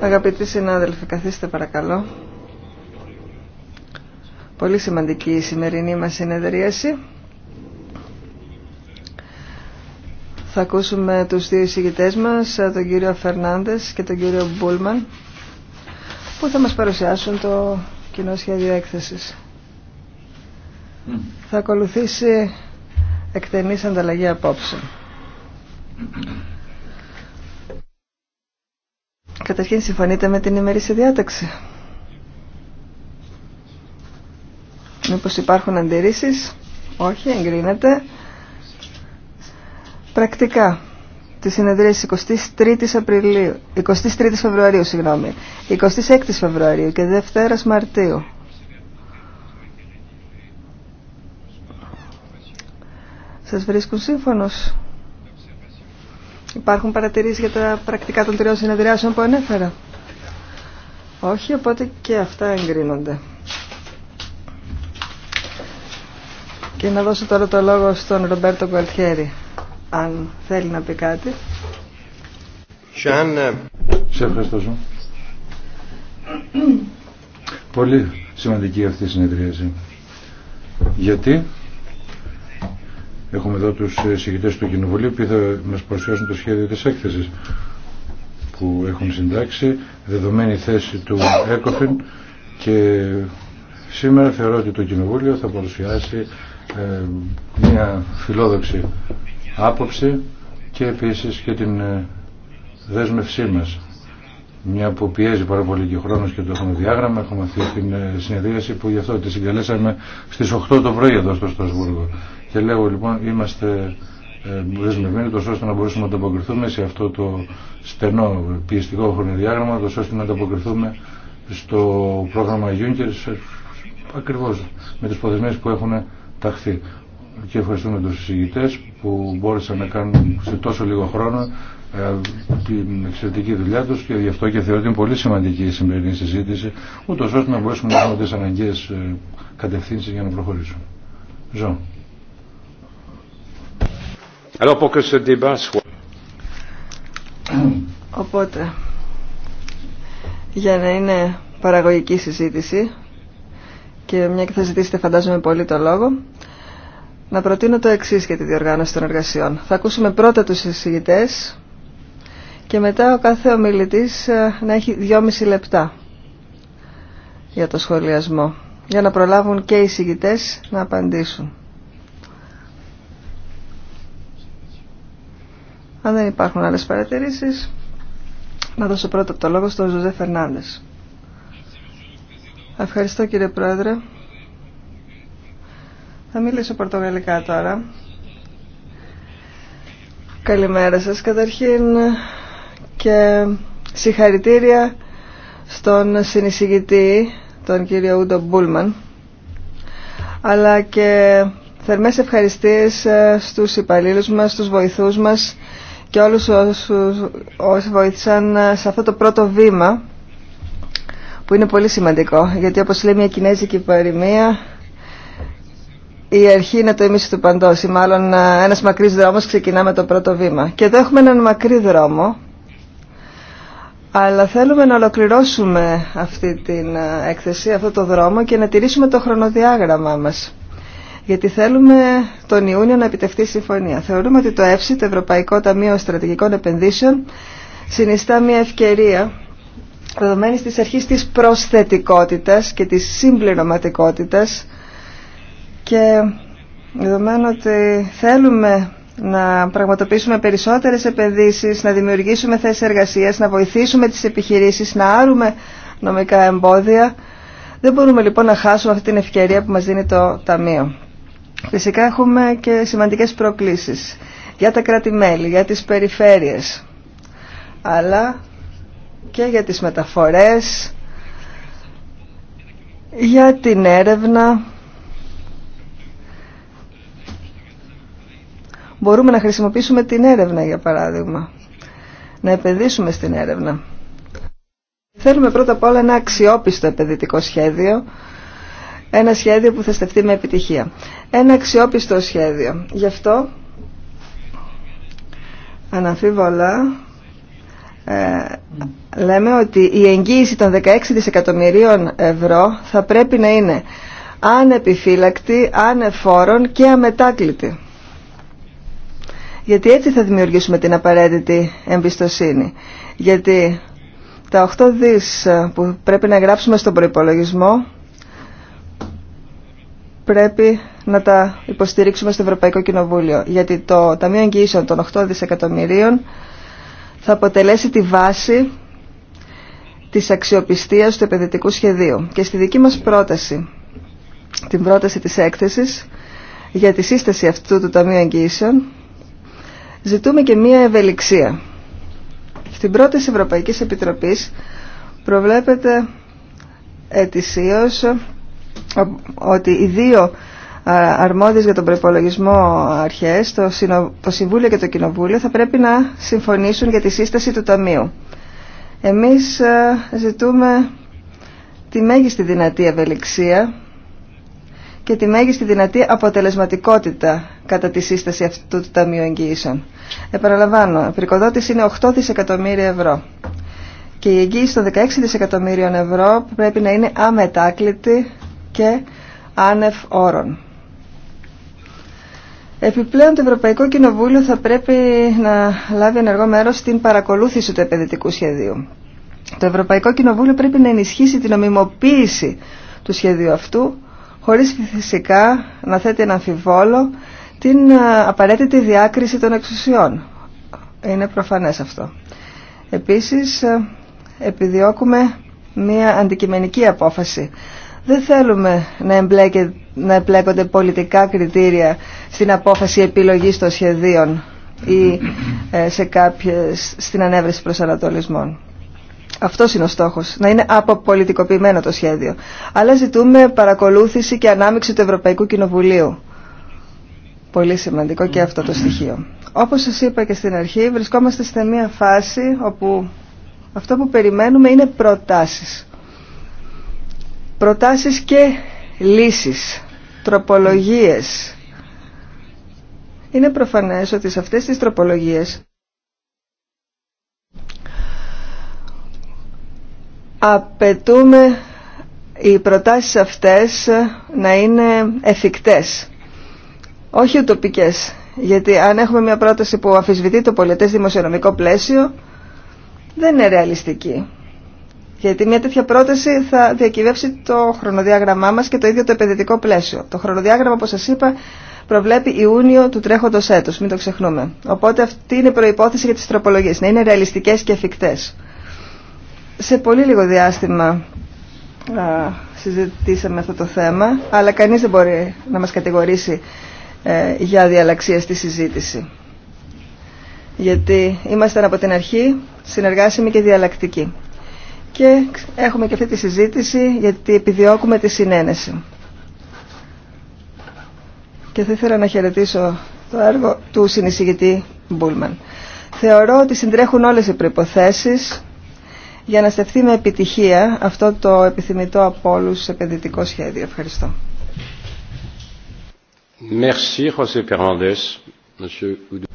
Αγαπητοί συνάδελφοι, καθίστε παρακαλώ. Πολύ σημαντική η σημερινή μας συνεδρίαση. Θα ακούσουμε τους δύο εισηγητές μας, τον κύριο Φερνάνδες και τον κύριο Μπούλμαν, που θα μας παρουσιάσουν το κοινό σχέδιο έκθεσης. Θα ακολουθήσει εκτενής ανταλλαγή απόψε. Καταρχήν συμφωνείτε με την ημερήσια διάταξη. Μήπως υπάρχουν αντιρρήσεις. Όχι, εγκρίνεται. Πρακτικά. Τη συνεδρία 23 Απριλίου, 23 Φεβρουαρίου, συγγνώμη, 26 Φεβρουαρίου και Δευτέρα Μαρτίου. Σας βρίσκουν σύμφωνος. Υπάρχουν παρατηρήσεις για τα πρακτικά των τριών συνεδριάσεων που ανέφερα. Όχι, οπότε και αυτά εγκρίνονται. Και να δώσω τώρα το λόγο στον Ρομπέρτο Γκουαλτιέρη, αν θέλει να πει κάτι. Ε, Σε ευχαριστώ Πολύ σημαντική αυτή η συνεδρίαση. Γιατί Έχουμε εδώ τους ε, συγκητές του Κοινοβουλίου που θα μας παρουσιάσουν το σχέδιο της έκθεσης που έχουν συντάξει, δεδομένη θέση του ΕΚΟΦΗΝ και σήμερα θεωρώ ότι το Κοινοβούλιο θα παρουσιάσει ε, μια φιλόδοξη άποψη και επίσης και την ε, δέσμευσή μας. Μια που πιέζει πάρα πολύ και ο χρόνος και το έχουμε διάγραμμα. έχουμε αυτή την συνεδρίαση που γι' αυτό τη συγκαλέσαμε στις 8 το πρωί εδώ στο Στρασβούργο. Και λέω λοιπόν είμαστε ε, δεσμευμένοι τόσο ώστε να μπορέσουμε να ανταποκριθούμε σε αυτό το στενό πιεστικό χρονοδιάγραμμα, τόσο ώστε να ανταποκριθούμε στο πρόγραμμα Juncker ακριβώς με τις προθεσμίες που έχουν ταχθεί. Και ευχαριστούμε τους συζητητές που μπόρεσαν να κάνουν σε τόσο λίγο χρόνο ε, την εξαιρετική δουλειά τους και γι' αυτό και θεωρώ ότι είναι πολύ σημαντική η σημερινή συζήτηση ούτως ώστε να μπορέσουμε να έχουμε τις αναγκαίες ε, για να προχωρήσουμε. Ζω. Alors pour Οπότε, για να είναι παραγωγική συζήτηση και μια και θα ζητήσετε φαντάζομαι πολύ το λόγο, να προτείνω το εξής για τη διοργάνωση των εργασιών. Θα ακούσουμε πρώτα τους συζητητές και μετά ο κάθε ομιλητής ε, να έχει δυόμιση λεπτά για το σχολιασμό, για να προλάβουν και οι συζητητές να απαντήσουν. Αν δεν υπάρχουν άλλες παρατηρήσεις, να δώσω πρώτα το λόγο στον Ζωζέ Φερνάνδες. Ευχαριστώ κύριε Πρόεδρε. Θα μιλήσω πορτογαλικά τώρα. Καλημέρα σας καταρχήν και συγχαρητήρια στον συνεισηγητή, τον κύριο Ούντο Μπούλμαν, αλλά και θερμές ευχαριστίες ε, στους υπαλλήλους μας, στους βοηθούς μας και όλους όσους, όσοι βοήθησαν ε, σε αυτό το πρώτο βήμα που είναι πολύ σημαντικό γιατί όπως λέει μια κινέζικη παροιμία η αρχή είναι το εμείς του παντός ή μάλλον ε, ένας μακρύς δρόμος ξεκινά με το πρώτο βήμα και εδώ έχουμε έναν μακρύ δρόμο αλλά θέλουμε να ολοκληρώσουμε αυτή την ε, έκθεση, αυτό το δρόμο και να τηρήσουμε το χρονοδιάγραμμά μας γιατί θέλουμε τον Ιούνιο να επιτευχθεί συμφωνία. Θεωρούμε ότι το ΕΦΣΙ, το Ευρωπαϊκό Ταμείο Στρατηγικών Επενδύσεων, συνιστά μια ευκαιρία δεδομένη τη αρχή τη προσθετικότητα και τη συμπληρωματικότητα. και δεδομένου ότι θέλουμε να πραγματοποιήσουμε περισσότερες επενδύσεις, να δημιουργήσουμε θέσεις εργασίας, να βοηθήσουμε τις επιχειρήσεις, να άρουμε νομικά εμπόδια. Δεν μπορούμε λοιπόν να χάσουμε αυτή την ευκαιρία που μας δίνει το Ταμείο. Φυσικά έχουμε και σημαντικές προκλήσεις για τα κράτη-μέλη, για τις περιφέρειες, αλλά και για τις μεταφορές, για την έρευνα. Μπορούμε να χρησιμοποιήσουμε την έρευνα, για παράδειγμα, να επενδύσουμε στην έρευνα. Θέλουμε πρώτα απ' όλα ένα αξιόπιστο επενδυτικό σχέδιο ένα σχέδιο που θα στεφτεί με επιτυχία. Ένα αξιόπιστο σχέδιο. Γι' αυτό αναμφίβολα ε, λέμε ότι η εγγύηση των 16 δισεκατομμυρίων ευρώ θα πρέπει να είναι ανεπιφύλακτη, ανεφόρον και αμετάκλητη. Γιατί έτσι θα δημιουργήσουμε την απαραίτητη εμπιστοσύνη. Γιατί τα 8 δις που πρέπει να γράψουμε στον προϋπολογισμό πρέπει να τα υποστηρίξουμε στο Ευρωπαϊκό Κοινοβούλιο, γιατί το Ταμείο Εγγυήσεων των 8 δισεκατομμυρίων θα αποτελέσει τη βάση της αξιοπιστίας του επενδυτικού σχεδίου. Και στη δική μας πρόταση, την πρόταση της έκθεσης για τη σύσταση αυτού του Ταμείου Εγγυήσεων, ζητούμε και μία ευελιξία. Στην πρόταση Ευρωπαϊκής Επιτροπής προβλέπεται ετησίως ότι οι δύο ε, αρμόδιες για τον προπολογισμό αρχές, το Συμβούλιο και το Κοινοβούλιο, θα πρέπει να συμφωνήσουν για τη σύσταση του Ταμείου. Εμείς ε, ζητούμε τη μέγιστη δυνατή ευελιξία και τη μέγιστη δυνατή αποτελεσματικότητα κατά τη σύσταση αυτού του Ταμείου Εγγυήσεων. Επαναλαμβάνω, η πρικοδότηση είναι 8 δισεκατομμύρια ευρώ και η εγγύηση των 16 δισεκατομμύριων ευρώ πρέπει να είναι αμετάκλητη και άνευ όρων. Επιπλέον το Ευρωπαϊκό Κοινοβούλιο θα πρέπει να λάβει ενεργό μέρος στην παρακολούθηση του επενδυτικού σχεδίου. Το Ευρωπαϊκό Κοινοβούλιο πρέπει να ενισχύσει την ομιμοποίηση του σχεδίου αυτού, χωρίς φυσικά να θέτει ένα αμφιβόλο την απαραίτητη διάκριση των εξουσιών. Είναι προφανές αυτό. Επίσης, ε, επιδιώκουμε μία αντικειμενική απόφαση δεν θέλουμε να, εμπλέκε, να εμπλέκονται πολιτικά κριτήρια στην απόφαση επιλογής των σχεδίων ή ε, σε κάποιες, στην ανέβρεση προσανατολισμών. Αυτό είναι ο στόχο, να είναι αποπολιτικοποιημένο το σχέδιο. Αλλά ζητούμε παρακολούθηση και ανάμειξη του Ευρωπαϊκού Κοινοβουλίου. Πολύ σημαντικό και αυτό το στοιχείο. Όπω σα είπα και στην αρχή, βρισκόμαστε σε μια φάση όπου αυτό που περιμένουμε είναι προτάσει προτάσεις και λύσεις, τροπολογίες. Είναι προφανές ότι σε αυτές τις τροπολογίες απαιτούμε οι προτάσεις αυτές να είναι εφικτές, όχι ουτοπικές. Γιατί αν έχουμε μια πρόταση που αφισβητεί το πολιτές δημοσιονομικό πλαίσιο, δεν είναι ρεαλιστική. Γιατί μια τέτοια πρόταση θα διακυβεύσει το χρονοδιάγραμμά μας και το ίδιο το επενδυτικό πλαίσιο. Το χρονοδιάγραμμα, όπως σας είπα, προβλέπει Ιούνιο του τρέχοντος έτους, μην το ξεχνούμε. Οπότε αυτή είναι η προϋπόθεση για τις τροπολογίες, να είναι ρεαλιστικές και εφικτές. Σε πολύ λίγο διάστημα α, συζητήσαμε αυτό το θέμα, αλλά κανείς δεν μπορεί να μας κατηγορήσει ε, για διαλαξία στη συζήτηση. Γιατί ήμασταν από την αρχή συνεργάσιμοι και διαλλακτικοί και έχουμε και αυτή τη συζήτηση γιατί επιδιώκουμε τη συνένεση. Και θα ήθελα να χαιρετήσω το έργο του συνεισηγητή Μπούλμαν. Θεωρώ ότι συντρέχουν όλες οι προϋποθέσεις για να στεφθεί με επιτυχία αυτό το επιθυμητό από όλου επενδυτικό σχέδιο. Ευχαριστώ.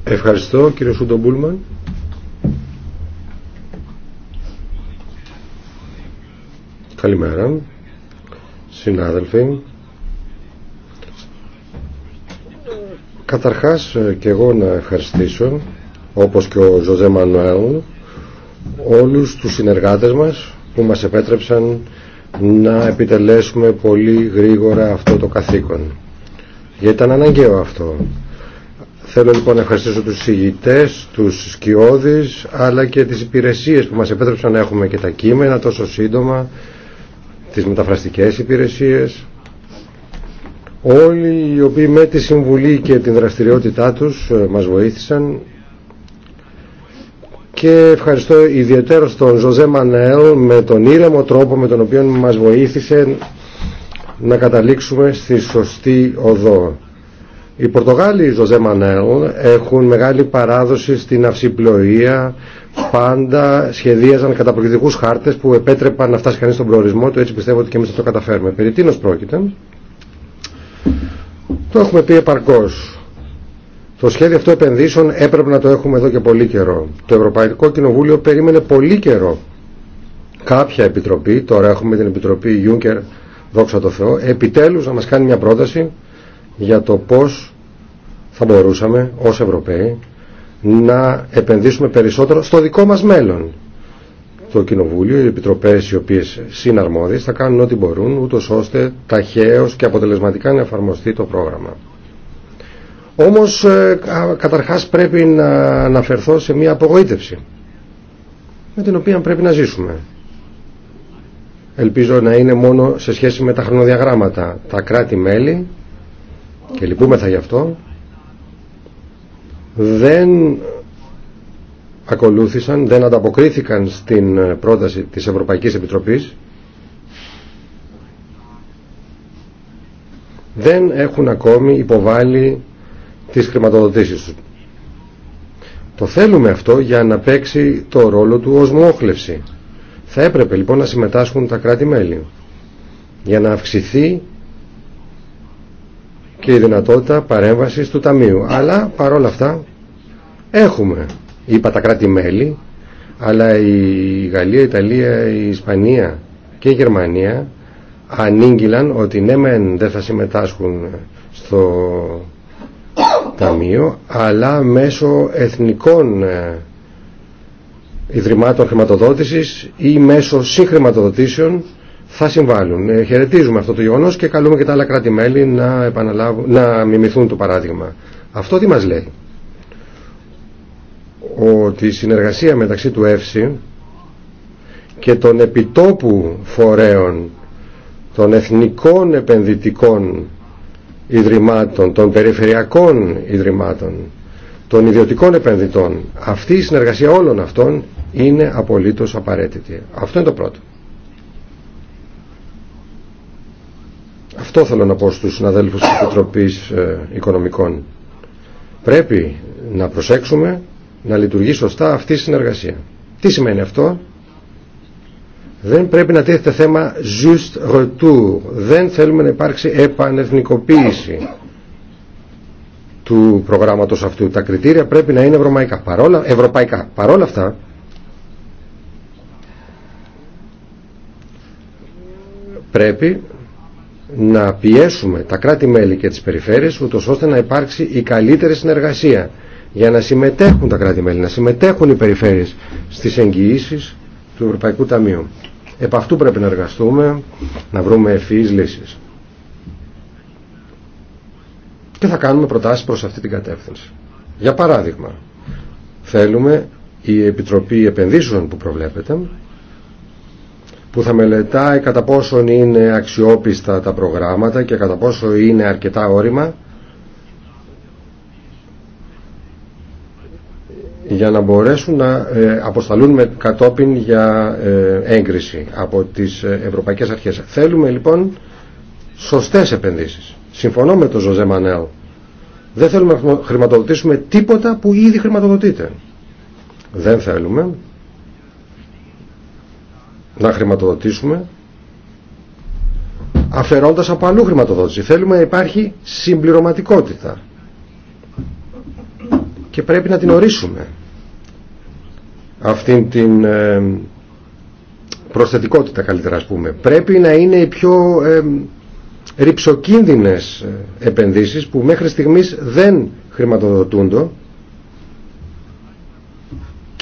Ευχαριστώ, κύριε Σούντο Μπούλμαν. Καλημέρα, συνάδελφοι. Καταρχάς ε, και εγώ να ευχαριστήσω, όπως και ο Ζωζέ Μανουέλ, όλους τους συνεργάτες μας που μας επέτρεψαν να επιτελέσουμε πολύ γρήγορα αυτό το καθήκον. Γιατί ήταν αναγκαίο αυτό. Θέλω λοιπόν να ευχαριστήσω τους συγητές, τους σκιώδεις, αλλά και τις υπηρεσίες που μας επέτρεψαν να έχουμε και τα κείμενα τόσο σύντομα τις μεταφραστικές υπηρεσίες, όλοι οι οποίοι με τη συμβουλή και την δραστηριότητά τους ε, μας βοήθησαν και ευχαριστώ ιδιαίτερα τον Ζωζέ Μανέλ με τον ήρεμο τρόπο με τον οποίο μας βοήθησε να καταλήξουμε στη σωστή οδό. Οι Πορτογάλοι, Ζωζέ Μανέλ, έχουν μεγάλη παράδοση στην αυσιπλοεία. Πάντα σχεδίαζαν καταπληκτικού χάρτε που επέτρεπαν να φτάσει κανεί στον προορισμό του. Έτσι πιστεύω ότι και εμεί θα το καταφέρουμε. Περί τίνο πρόκειται. Το έχουμε πει επαρκώ. Το σχέδιο αυτό επενδύσεων έπρεπε να το έχουμε εδώ και πολύ καιρό. Το Ευρωπαϊκό Κοινοβούλιο περίμενε πολύ καιρό κάποια επιτροπή, τώρα έχουμε την επιτροπή Juncker, δόξα τω Θεώ, επιτέλους να μας κάνει μια πρόταση για το πώς θα μπορούσαμε ως Ευρωπαίοι να επενδύσουμε περισσότερο στο δικό μας μέλλον. Το Κοινοβούλιο, οι επιτροπές οι οποίες συναρμόδιες θα κάνουν ό,τι μπορούν ούτως ώστε ταχαίως και αποτελεσματικά να εφαρμοστεί το πρόγραμμα. Όμως ε, καταρχάς πρέπει να αναφερθώ σε μια απογοήτευση με την οποία πρέπει να ζήσουμε. Ελπίζω να είναι μόνο σε σχέση με τα χρονοδιαγράμματα. Τα κράτη-μέλη και λυπούμεθα γι' αυτό δεν ακολούθησαν, δεν ανταποκρίθηκαν στην ε, πρόταση της Ευρωπαϊκής Επιτροπής δεν έχουν ακόμη υποβάλει τις χρηματοδοτήσεις τους. Το θέλουμε αυτό για να παίξει το ρόλο του ως μόχλευση. Θα έπρεπε λοιπόν να συμμετάσχουν τα κράτη-μέλη για να αυξηθεί και η δυνατότητα παρέμβασης του Ταμείου. Αλλά παρόλα αυτά έχουμε, είπα τα κράτη-μέλη, αλλά η Γαλλία, η Ιταλία, η Ισπανία και η Γερμανία ανήγγυλαν ότι ναι μεν δεν θα συμμετάσχουν στο Ταμείο, αλλά μέσω εθνικών ε, ιδρυμάτων χρηματοδότησης ή μέσω συγχρηματοδοτήσεων θα συμβάλλουν. Ε, χαιρετίζουμε αυτό το γεγονό και καλούμε και τα άλλα κράτη-μέλη να, επαναλάβουν, να μιμηθούν το παράδειγμα. Αυτό τι μας λέει. Ότι η συνεργασία μεταξύ του ΕΦΣΥ και των επιτόπου φορέων των εθνικών επενδυτικών ιδρυμάτων, των περιφερειακών ιδρυμάτων, των ιδιωτικών επενδυτών, αυτή η συνεργασία όλων αυτών είναι απολύτως απαραίτητη. Αυτό είναι το πρώτο. Αυτό θέλω να πω στους συναδέλφους της Επιτροπής ε, Οικονομικών. Πρέπει να προσέξουμε να λειτουργεί σωστά αυτή η συνεργασία. Τι σημαίνει αυτό? Δεν πρέπει να τίθεται θέμα just retour. Δεν θέλουμε να υπάρξει επανεθνικοποίηση του προγράμματος αυτού. Τα κριτήρια πρέπει να είναι ευρωπαϊκά. Παρόλα, ευρωπαϊκά. Παρόλα αυτά, πρέπει να πιέσουμε τα κράτη-μέλη και τις περιφέρειες ούτως ώστε να υπάρξει η καλύτερη συνεργασία για να συμμετέχουν τα κράτη-μέλη, να συμμετέχουν οι περιφέρειες στις εγγυήσεις του Ευρωπαϊκού Ταμείου. Επ' αυτού πρέπει να εργαστούμε, να βρούμε ευφυείς λύσεις. Και θα κάνουμε προτάσεις προς αυτή την κατεύθυνση. Για παράδειγμα, θέλουμε η Επιτροπή Επενδύσεων που προβλέπεται που θα μελετάει κατά πόσο είναι αξιόπιστα τα προγράμματα και κατά πόσο είναι αρκετά όρημα για να μπορέσουν να ε, αποσταλούν με κατόπιν για ε, έγκριση από τις ε, ευρωπαϊκές αρχές. Θέλουμε λοιπόν σωστές επενδύσεις. Συμφωνώ με τον Ζωζέ Μανέλ. Δεν θέλουμε να χρηματοδοτήσουμε τίποτα που ήδη χρηματοδοτείται. Δεν θέλουμε να χρηματοδοτήσουμε αφαιρώντας από αλλού χρηματοδότηση. Θέλουμε να υπάρχει συμπληρωματικότητα και πρέπει να την ορίσουμε αυτήν την προσθετικότητα καλύτερα ας πούμε. Πρέπει να είναι οι πιο ε, ρηψοκίνδυνες επενδύσεις που μέχρι στιγμής δεν χρηματοδοτούνται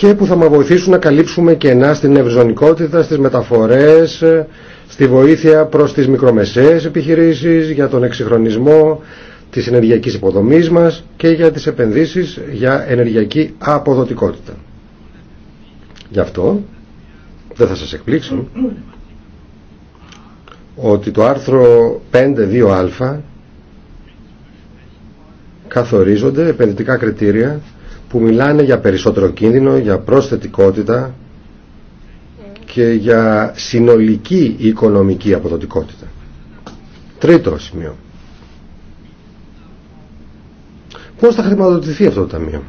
και που θα μα βοηθήσουν να καλύψουμε κενά στην ευζωνικότητα, στις μεταφορές, στη βοήθεια προς τις μικρομεσαίες επιχειρήσεις, για τον εξυγχρονισμό της ενεργειακής υποδομής μας και για τις επενδύσεις για ενεργειακή αποδοτικότητα. Γι' αυτό δεν θα σας εκπλήξω ότι το άρθρο 5.2α καθορίζονται επενδυτικά κριτήρια που μιλάνε για περισσότερο κίνδυνο, για προσθετικότητα και για συνολική οικονομική αποδοτικότητα. Τρίτο σημείο. Πώς θα χρηματοδοτηθεί αυτό το ταμείο.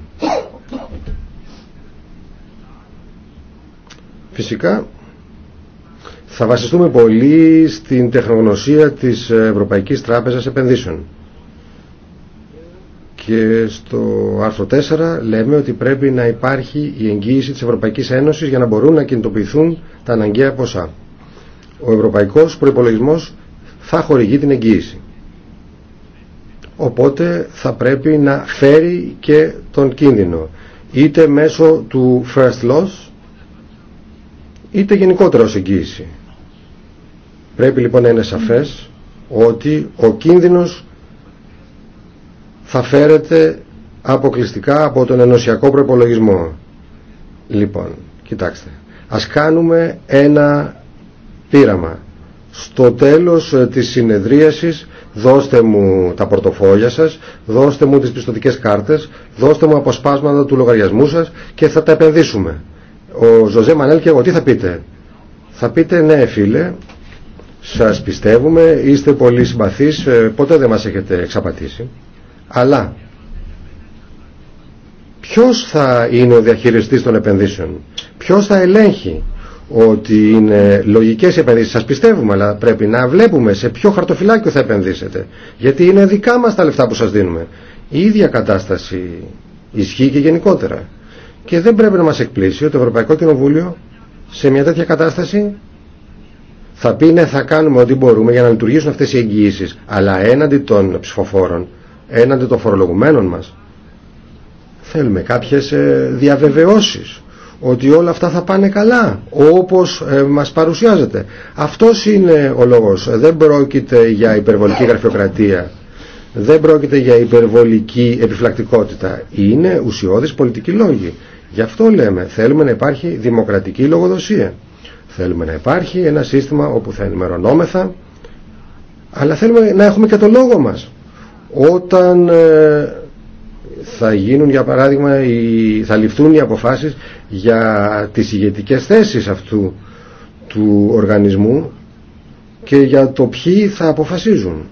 Φυσικά θα βασιστούμε πολύ στην τεχνογνωσία της Ευρωπαϊκής Τράπεζας Επενδύσεων. Και στο άρθρο 4 λέμε ότι πρέπει να υπάρχει η εγγύηση της Ευρωπαϊκής Ένωσης για να μπορούν να κινητοποιηθούν τα αναγκαία ποσά. Ο ευρωπαϊκός προϋπολογισμός θα χορηγεί την εγγύηση. Οπότε θα πρέπει να φέρει και τον κίνδυνο. Είτε μέσω του first loss, είτε γενικότερα ως εγγύηση. Πρέπει λοιπόν να είναι σαφές ότι ο κίνδυνος θα φέρετε αποκλειστικά από τον ενωσιακό προπολογισμό. Λοιπόν, κοιτάξτε, ας κάνουμε ένα πείραμα. Στο τέλος ε, της συνεδρίασης δώστε μου τα πορτοφόλια σας, δώστε μου τις πιστοτικές κάρτες, δώστε μου αποσπάσματα του λογαριασμού σας και θα τα επενδύσουμε. Ο Ζωζέ Μανέλ και εγώ τι θα πείτε. Θα πείτε ναι φίλε, σας πιστεύουμε, είστε πολύ συμπαθείς, ε, ποτέ δεν μας έχετε εξαπατήσει. Αλλά ποιος θα είναι ο διαχειριστής των επενδύσεων, ποιος θα ελέγχει ότι είναι λογικές επενδύσεις. Σας πιστεύουμε, αλλά πρέπει να βλέπουμε σε ποιο χαρτοφυλάκιο θα επενδύσετε. Γιατί είναι δικά μας τα λεφτά που σας δίνουμε. Η ίδια κατάσταση ισχύει και γενικότερα. Και δεν πρέπει να μας εκπλήσει ότι το Ευρωπαϊκό Κοινοβούλιο σε μια τέτοια κατάσταση θα πει ναι θα κάνουμε ό,τι μπορούμε για να λειτουργήσουν αυτές οι εγγυήσεις αλλά έναντι των ψηφοφόρων έναντι των φορολογουμένων μας. Θέλουμε κάποιες ε, διαβεβαιώσεις ότι όλα αυτά θα πάνε καλά όπως ε, μας παρουσιάζεται. Αυτός είναι ο λόγος. Δεν πρόκειται για υπερβολική γραφειοκρατία. Δεν πρόκειται για υπερβολική επιφλακτικότητα Είναι ουσιώδης πολιτική λόγη Γι' αυτό λέμε θέλουμε να υπάρχει δημοκρατική λογοδοσία. Θέλουμε να υπάρχει ένα σύστημα όπου θα ενημερωνόμεθα αλλά θέλουμε να έχουμε και το λόγο μας όταν ε, θα γίνουν για παράδειγμα θα ληφθούν οι αποφάσεις για τις ηγετικέ θέσεις αυτού του οργανισμού και για το ποιοι θα αποφασίζουν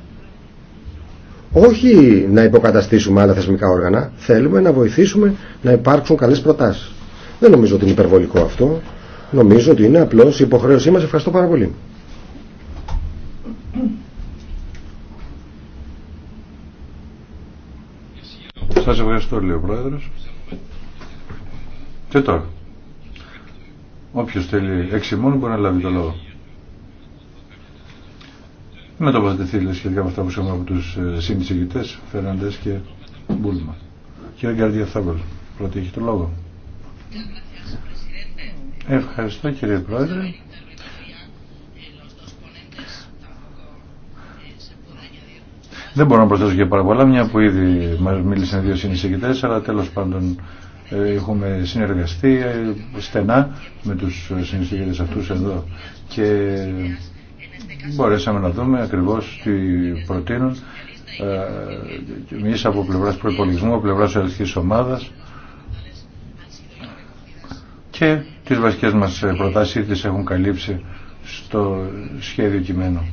όχι να υποκαταστήσουμε άλλα θεσμικά όργανα θέλουμε να βοηθήσουμε να υπάρξουν καλές προτάσεις δεν νομίζω ότι είναι υπερβολικό αυτό νομίζω ότι είναι απλώς η υποχρέωσή μας ευχαριστώ πάρα πολύ Σας ευχαριστώ, λέει ο Πρόεδρος. Και τώρα. Όποιος θέλει έξι μόνο μπορεί να λάβει το λόγο. το Με το λέει, σχετικά με αυτά που είχαμε από τους ε, συνεισηγητές, φερναντές και Μπούλμα. Κύριε Γκάρδια Θάβολ, πρώτη έχει το λόγο. Ευχαριστώ κύριε Πρόεδρε. Δεν μπορώ να προσθέσω και πάρα πολλά, μια που ήδη μας μίλησαν δύο συνεισηγητές, αλλά τέλος πάντων ε, έχουμε συνεργαστεί ε, στενά με τους συνεισηγητές αυτούς εδώ και μπορέσαμε να δούμε ακριβώς τι προτείνουν ε, εμείς από πλευράς προϋπολογισμού, από πλευράς ομάδα ομάδας και τις βασικές μας προτάσεις τις έχουν καλύψει στο σχέδιο κειμένου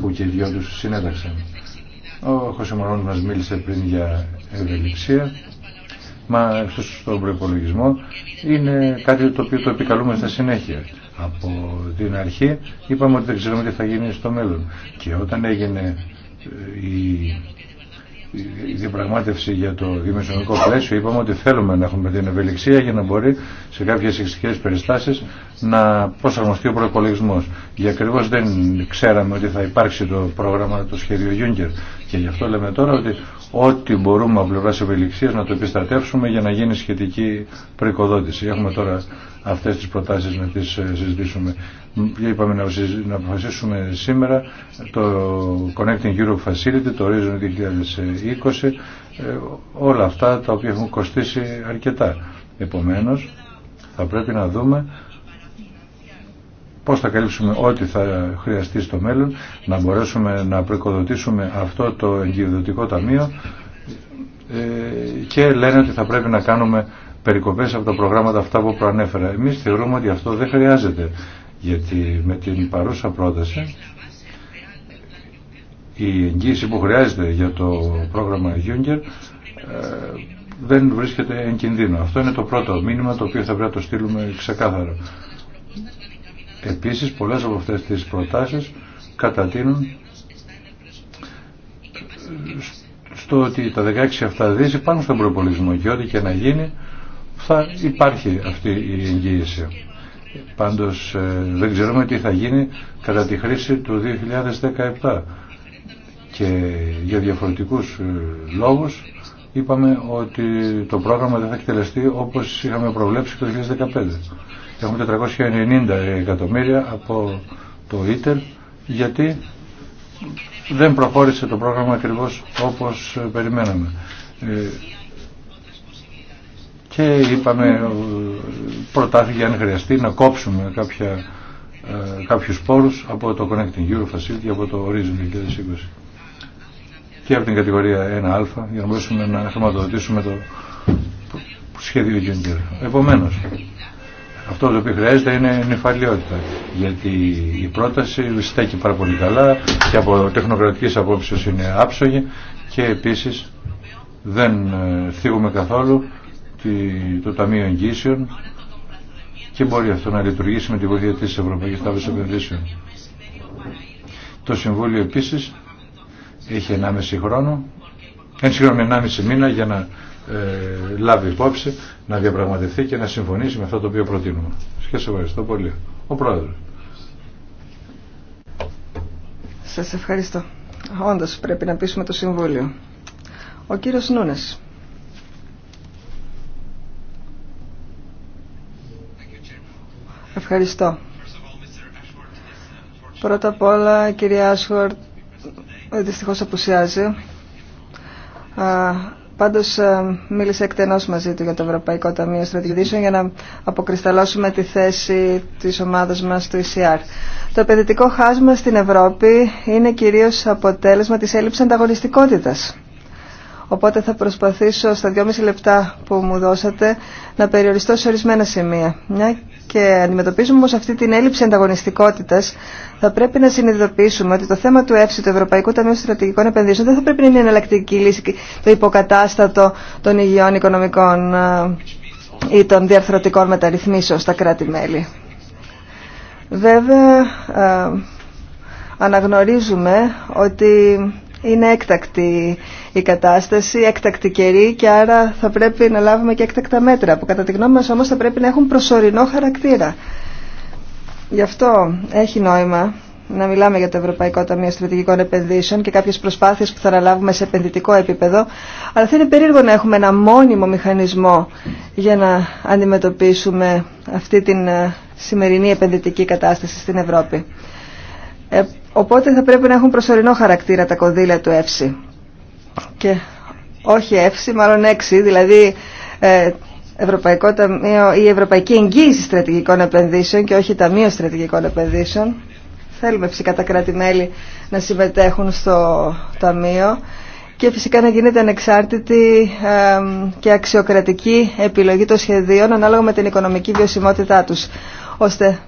που και οι δυο τους συνέταξαν. Ο Χωσιμονών μας μίλησε πριν για ευελιξία, μα στον προπολογισμό είναι κάτι το οποίο το επικαλούμε στα συνέχεια. Από την αρχή είπαμε ότι δεν ξέρουμε τι θα γίνει στο μέλλον. Και όταν έγινε ε, η η διαπραγμάτευση για το δημοσιονομικό πλαίσιο είπαμε ότι θέλουμε να έχουμε την ευελιξία για να μπορεί σε κάποιες εξωτικές περιστάσεις να προσαρμοστεί ο προπολογισμό. Για ακριβώ δεν ξέραμε ότι θα υπάρξει το πρόγραμμα, το σχέδιο Juncker. Και γι' αυτό λέμε τώρα ότι ό,τι μπορούμε από πλευρά ευελιξία να το επιστρατεύσουμε για να γίνει σχετική προοικοδότηση. Έχουμε τώρα αυτές τις προτάσεις να τις ε, συζητήσουμε. είπαμε να, να αποφασίσουμε σήμερα το Connecting Europe Facility, το Horizon 2020, ε, όλα αυτά τα οποία έχουν κοστίσει αρκετά. Επομένως, θα πρέπει να δούμε πώς θα καλύψουμε ό,τι θα χρειαστεί στο μέλλον, να μπορέσουμε να προοικοδοτήσουμε αυτό το εγκυβδοτικό ταμείο ε, και λένε ότι θα πρέπει να κάνουμε περικοπές από τα προγράμματα αυτά που προανέφερα. Εμείς θεωρούμε ότι αυτό δεν χρειάζεται, γιατί με την παρούσα πρόταση η εγγύηση που χρειάζεται για το πρόγραμμα Juncker ε, δεν βρίσκεται εν κινδύνο. Αυτό είναι το πρώτο μήνυμα το οποίο θα πρέπει να το στείλουμε ξεκάθαρο. Επίσης πολλές από αυτές τις προτάσεις κατατείνουν στο ότι τα 16 αυτά δις υπάρχουν στον προπολισμό και ό,τι και να γίνει θα υπάρχει αυτή η εγγύηση. Πάντως ε, δεν ξέρουμε τι θα γίνει κατά τη χρήση του 2017 και για διαφορετικούς ε, λόγους είπαμε ότι το πρόγραμμα δεν θα εκτελεστεί όπως είχαμε προβλέψει το 2015. Έχουμε 490 εκατομμύρια από το ΙΤΕΛ γιατί δεν προχώρησε το πρόγραμμα ακριβώς όπως ε, περιμέναμε και είπαμε προτάθηκε αν χρειαστεί να κόψουμε κάποια, ε, κάποιους πόρους από το Connecting Euro Facility από το Horizon 2020 και από την κατηγορία 1α για να μπορέσουμε να χρηματοδοτήσουμε το σχέδιο Juncker. Επομένω, αυτό το οποίο χρειάζεται είναι νυφαλιότητα. Γιατί η πρόταση στέκει πάρα πολύ καλά και από τεχνοκρατικής απόψεως είναι άψογη και επίσης δεν ε, θίγουμε καθόλου το Ταμείο Εγγύσεων και μπορεί αυτό να λειτουργήσει με τη βοήθεια της Ευρωπαϊκής Τάβης Επενδύσεων. Το Συμβούλιο επίσης έχει 1,5 χρόνο, εν συγγνώμη 1,5 μήνα για να ε, λάβει υπόψη, να διαπραγματευτεί και να συμφωνήσει με αυτό το οποίο προτείνουμε. Και ευχαριστώ πολύ. Ο Πρόεδρος. Σας ευχαριστώ. Όντως πρέπει να πείσουμε το Συμβούλιο. Ο κύριος Νούνες. Ευχαριστώ. Πρώτα απ' όλα, κυρία Άσχορτ, δυστυχώ απουσιάζει. Πάντω, ε, μίλησε εκτενώ μαζί του για το Ευρωπαϊκό Ταμείο Στρατηγικών για να αποκρισταλώσουμε τη θέση τη ομάδα μα του ECR. Το επενδυτικό χάσμα στην Ευρώπη είναι κυρίω αποτέλεσμα τη έλλειψη ανταγωνιστικότητα. Οπότε θα προσπαθήσω στα δυόμιση λεπτά που μου δώσατε να περιοριστώ σε ορισμένα σημεία. Μια και αντιμετωπίζουμε όμως αυτή την έλλειψη ανταγωνιστικότητας, θα πρέπει να συνειδητοποιήσουμε ότι το θέμα του ΕΦΣΙ, του Ευρωπαϊκού Ταμείου Στρατηγικών Επενδύσεων, δεν θα πρέπει να είναι εναλλακτική λύση το υποκατάστατο των υγιών οικονομικών ε, ή των διαρθρωτικών μεταρρυθμίσεων στα κράτη-μέλη. Βέβαια, ε, αναγνωρίζουμε ότι είναι έκτακτη η κατάσταση, έκτακτη καιρή και άρα θα πρέπει να λάβουμε και έκτακτα μέτρα που κατά τη γνώμη μας όμως θα πρέπει να έχουν προσωρινό χαρακτήρα. Γι' αυτό έχει νόημα να μιλάμε για το Ευρωπαϊκό Ταμείο Στρατηγικών Επενδύσεων και κάποιες προσπάθειες που θα αναλάβουμε σε επενδυτικό επίπεδο, αλλά θα είναι περίεργο να έχουμε ένα μόνιμο μηχανισμό για να αντιμετωπίσουμε αυτή την ε, σημερινή επενδυτική κατάσταση στην Ευρώπη. Ε, οπότε θα πρέπει να έχουν προσωρινό χαρακτήρα τα κονδύλια του ΕΦΣΥ. Και όχι ΕΦΣΥ, μάλλον ΕΞΥ, δηλαδή ε, Ευρωπαϊκό Ταμείο ή Ευρωπαϊκή Εγγύηση Στρατηγικών Επενδύσεων και όχι Ταμείο Στρατηγικών Επενδύσεων. Θέλουμε φυσικά τα κράτη-μέλη να συμμετέχουν στο Ταμείο και φυσικά να γίνεται ανεξάρτητη και αξιοκρατική επιλογή των σχεδίων ανάλογα με την οικονομική βιωσιμότητά τους, ώστε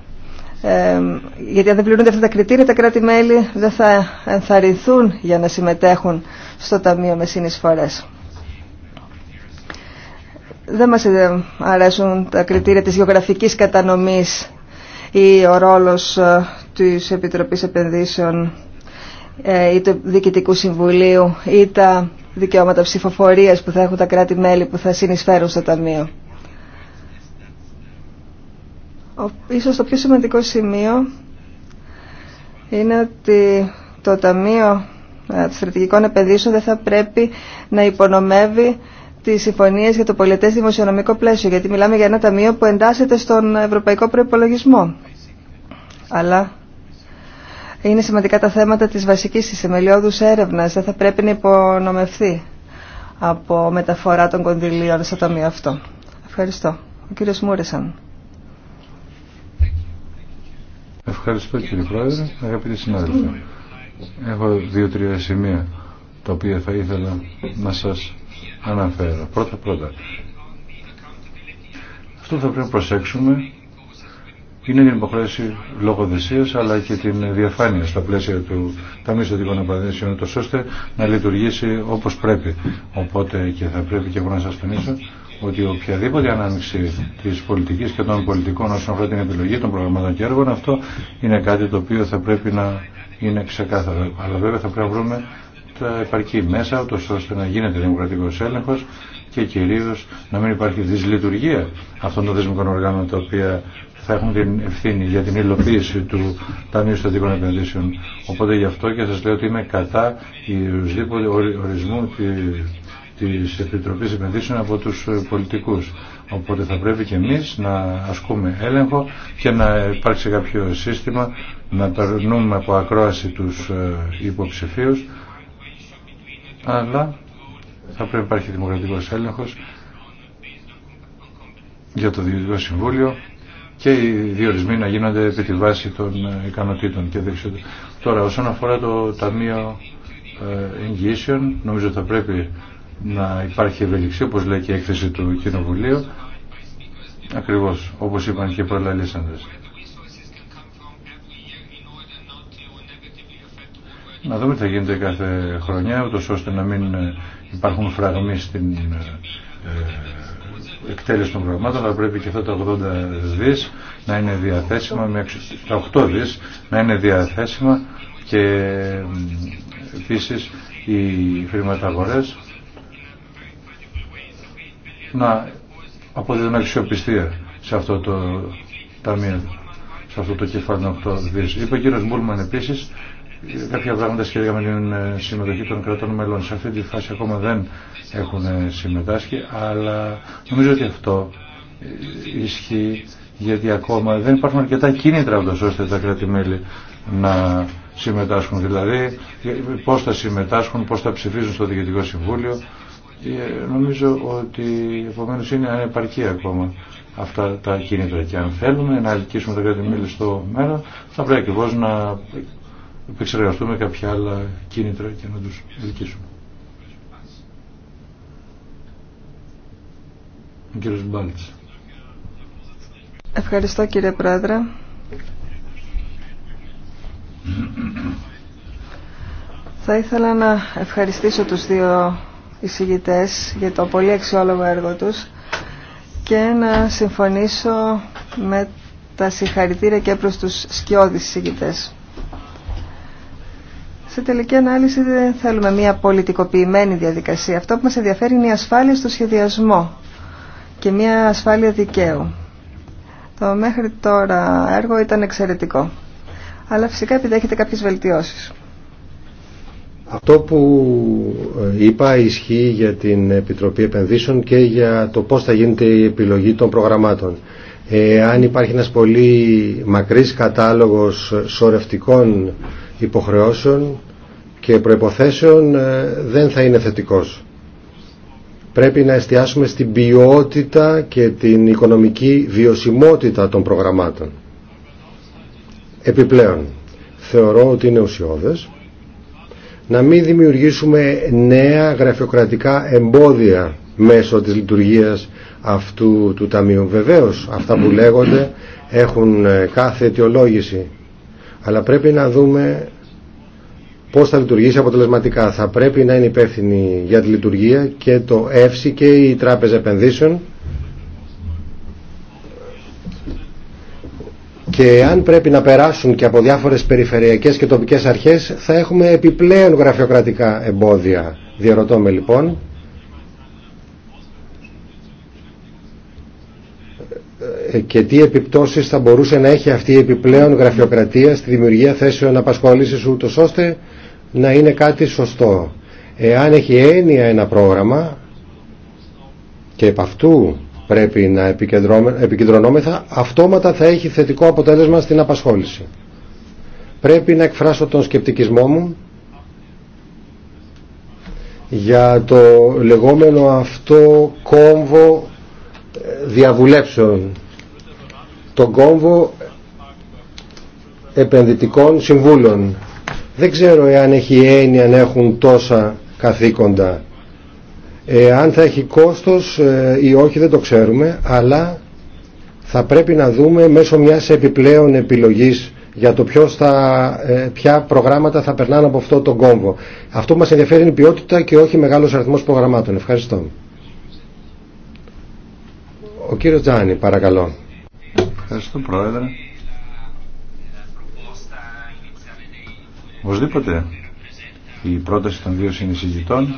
γιατί αν δεν πληρούνται αυτά τα κριτήρια τα κράτη-μέλη δεν θα ενθαρρυνθούν για να συμμετέχουν στο Ταμείο με συνεισφορές. Δεν μας αρέσουν τα κριτήρια της γεωγραφικής κατανομής ή ο ρόλος ε, της Επιτροπής Επενδύσεων ε, ή του Διοικητικού Συμβουλίου ή τα δικαιώματα ψηφοφορίας που θα έχουν τα κράτη-μέλη που θα συνεισφέρουν στο Ταμείο. Ίσως το πιο σημαντικό σημείο είναι ότι το Ταμείο ε, Στρατηγικών Επενδύσεων δεν θα πρέπει να υπονομεύει τι συμφωνίε για το πολιτέ δημοσιονομικό πλαίσιο, γιατί μιλάμε για ένα ταμείο που εντάσσεται στον ευρωπαϊκό προπολογισμό. Αλλά είναι σημαντικά τα θέματα τη βασική, τη θεμελιώδου έρευνα. Δεν θα πρέπει να υπονομευθεί από μεταφορά των κονδυλίων στο ταμείο αυτό. Ευχαριστώ. Ο κύριο Μούρεσαν. Ευχαριστώ κύριε Πρόεδρε, αγαπητοί συνάδελφοι. Έχω δύο-τρία σημεία τα οποία θα ήθελα να σας αναφέρω. Πρώτα πρώτα. Αυτό που θα πρέπει να προσέξουμε είναι την υποχρέωση λογοδεσία αλλά και την διαφάνεια στα πλαίσια του Ταμείου Στατικών Απαντήσεων, ώστε να λειτουργήσει όπω πρέπει. Οπότε και θα πρέπει και εγώ να σας τονίσω ότι οποιαδήποτε ανάμειξη τη πολιτική και των πολιτικών όσον αφορά την επιλογή των προγραμμάτων και έργων, αυτό είναι κάτι το οποίο θα πρέπει να είναι ξεκάθαρο. Αλλά βέβαια θα πρέπει να βρούμε τα επαρκή μέσα, ώστε να γίνεται δημοκρατικό έλεγχο και κυρίω να μην υπάρχει δυσλειτουργία αυτών των δεσμικών οργάνων τα οποία θα έχουν την ευθύνη για την υλοποίηση του Ταμείου Στατικών Επενδύσεων. Οπότε γι' αυτό και σα λέω ότι είμαι κατά ορισμού της Επιτροπής Επενδύσεων από τους ε, πολιτικούς. Οπότε θα πρέπει και εμείς να ασκούμε έλεγχο και να υπάρξει κάποιο σύστημα να περνούμε από ακρόαση τους ε, υποψηφίους αλλά θα πρέπει να υπάρχει δημοκρατικός έλεγχος για το Διευθυντικό Συμβούλιο και οι διορισμοί να γίνονται επί τη βάση των ε, ικανοτήτων και δεξιότητων. Τώρα, όσον αφορά το Ταμείο Εγγύσεων νομίζω θα πρέπει να υπάρχει ευελιξία, όπως λέει και η έκθεση του Κοινοβουλίου, ακριβώς όπως είπαν και οι Να δούμε τι θα γίνεται κάθε χρονιά, ούτως ώστε να μην υπάρχουν φραγμοί στην ε, εκτέλεση των προγραμμάτων, θα πρέπει και αυτά τα 80 δις να είναι διαθέσιμα, με, τα 8 δις να είναι διαθέσιμα και ε, επίσης οι χρηματαγορές να αποδίδουν αξιοπιστία σε αυτό το ταμείο, σε αυτό το κεφάλαιο 8 δις. Είπε ο κύριος Μπούλμαν επίσης κάποια πράγματα σχετικά με την ε, συμμετοχή των κρατών μελών. Σε αυτή τη φάση ακόμα δεν έχουν συμμετάσχει, αλλά νομίζω ότι αυτό ε, ισχύει γιατί ακόμα δεν υπάρχουν αρκετά κίνητρα ώστε τα κράτη-μέλη να συμμετάσχουν. Δηλαδή, ε, πώς θα συμμετάσχουν, πώς θα ψηφίζουν στο Διοικητικό Συμβούλιο, νομίζω ότι επομένω είναι ανεπαρκή ακόμα αυτά τα κίνητρα και αν θέλουμε να ελκύσουμε τα κάτι μέλη στο μέλλον θα πρέπει ακριβώ να επεξεργαστούμε κάποια άλλα κίνητρα και να τους ελκύσουμε. Ευχαριστώ κύριε Πρόεδρε. Θα ήθελα να ευχαριστήσω τους δύο εισηγητές για το πολύ αξιόλογο έργο τους και να συμφωνήσω με τα συγχαρητήρια και προς τους σκιώδεις εισηγητές. Σε τελική ανάλυση δεν θέλουμε μια πολιτικοποιημένη διαδικασία. Αυτό που μας ενδιαφέρει είναι η ασφάλεια στο σχεδιασμό και μια ασφάλεια δικαίου. Το μέχρι τώρα έργο ήταν εξαιρετικό. Αλλά φυσικά επιδέχεται κάποιες βελτιώσεις. Αυτό που ε, είπα ισχύει για την Επιτροπή Επενδύσεων και για το πώς θα γίνεται η επιλογή των προγραμμάτων. Ε, αν υπάρχει ένας πολύ μακρύς κατάλογος σωρευτικών υποχρεώσεων και προϋποθέσεων ε, δεν θα είναι θετικός. Πρέπει να εστιάσουμε στην ποιότητα και την οικονομική βιωσιμότητα των προγραμμάτων. Επιπλέον, θεωρώ ότι είναι ουσιώδες να μην δημιουργήσουμε νέα γραφειοκρατικά εμπόδια μέσω της λειτουργίας αυτού του Ταμείου. Βεβαίως αυτά που λέγονται έχουν ε, κάθε αιτιολόγηση αλλά πρέπει να δούμε πώς θα λειτουργήσει αποτελεσματικά. Θα πρέπει να είναι υπεύθυνη για τη λειτουργία και το ΕΦΣΙ και η Τράπεζα Επενδύσεων και αν πρέπει να περάσουν και από διάφορες περιφερειακές και τοπικές αρχές θα έχουμε επιπλέον γραφειοκρατικά εμπόδια. Διαρωτώ με λοιπόν. Ε, και τι επιπτώσεις θα μπορούσε να έχει αυτή η επιπλέον γραφειοκρατία στη δημιουργία θέσεων απασχόλησης ούτως ώστε να είναι κάτι σωστό. Εάν έχει έννοια ένα πρόγραμμα και επ' αυτού πρέπει να επικεντρωνόμεθα, αυτόματα θα έχει θετικό αποτέλεσμα στην απασχόληση. Πρέπει να εκφράσω τον σκεπτικισμό μου για το λεγόμενο αυτό κόμβο ε, διαβουλέψεων. Το κόμβο επενδυτικών συμβούλων. Δεν ξέρω εάν έχει έννοια να έχουν τόσα καθήκοντα ε, αν θα έχει κόστος ε, ή όχι δεν το ξέρουμε, αλλά θα πρέπει να δούμε μέσω μιας επιπλέον επιλογής για το ποιος θα, ε, ποια προγράμματα θα περνάνε από αυτό το κόμβο. Αυτό που μας ενδιαφέρει είναι η ποιότητα και όχι μεγάλος αριθμός προγραμμάτων. Ευχαριστώ. Ο κύριος Τζάνι, παρακαλώ. Ευχαριστώ, Πρόεδρε. Οπωσδήποτε η πρόταση των δύο συνεισηγητών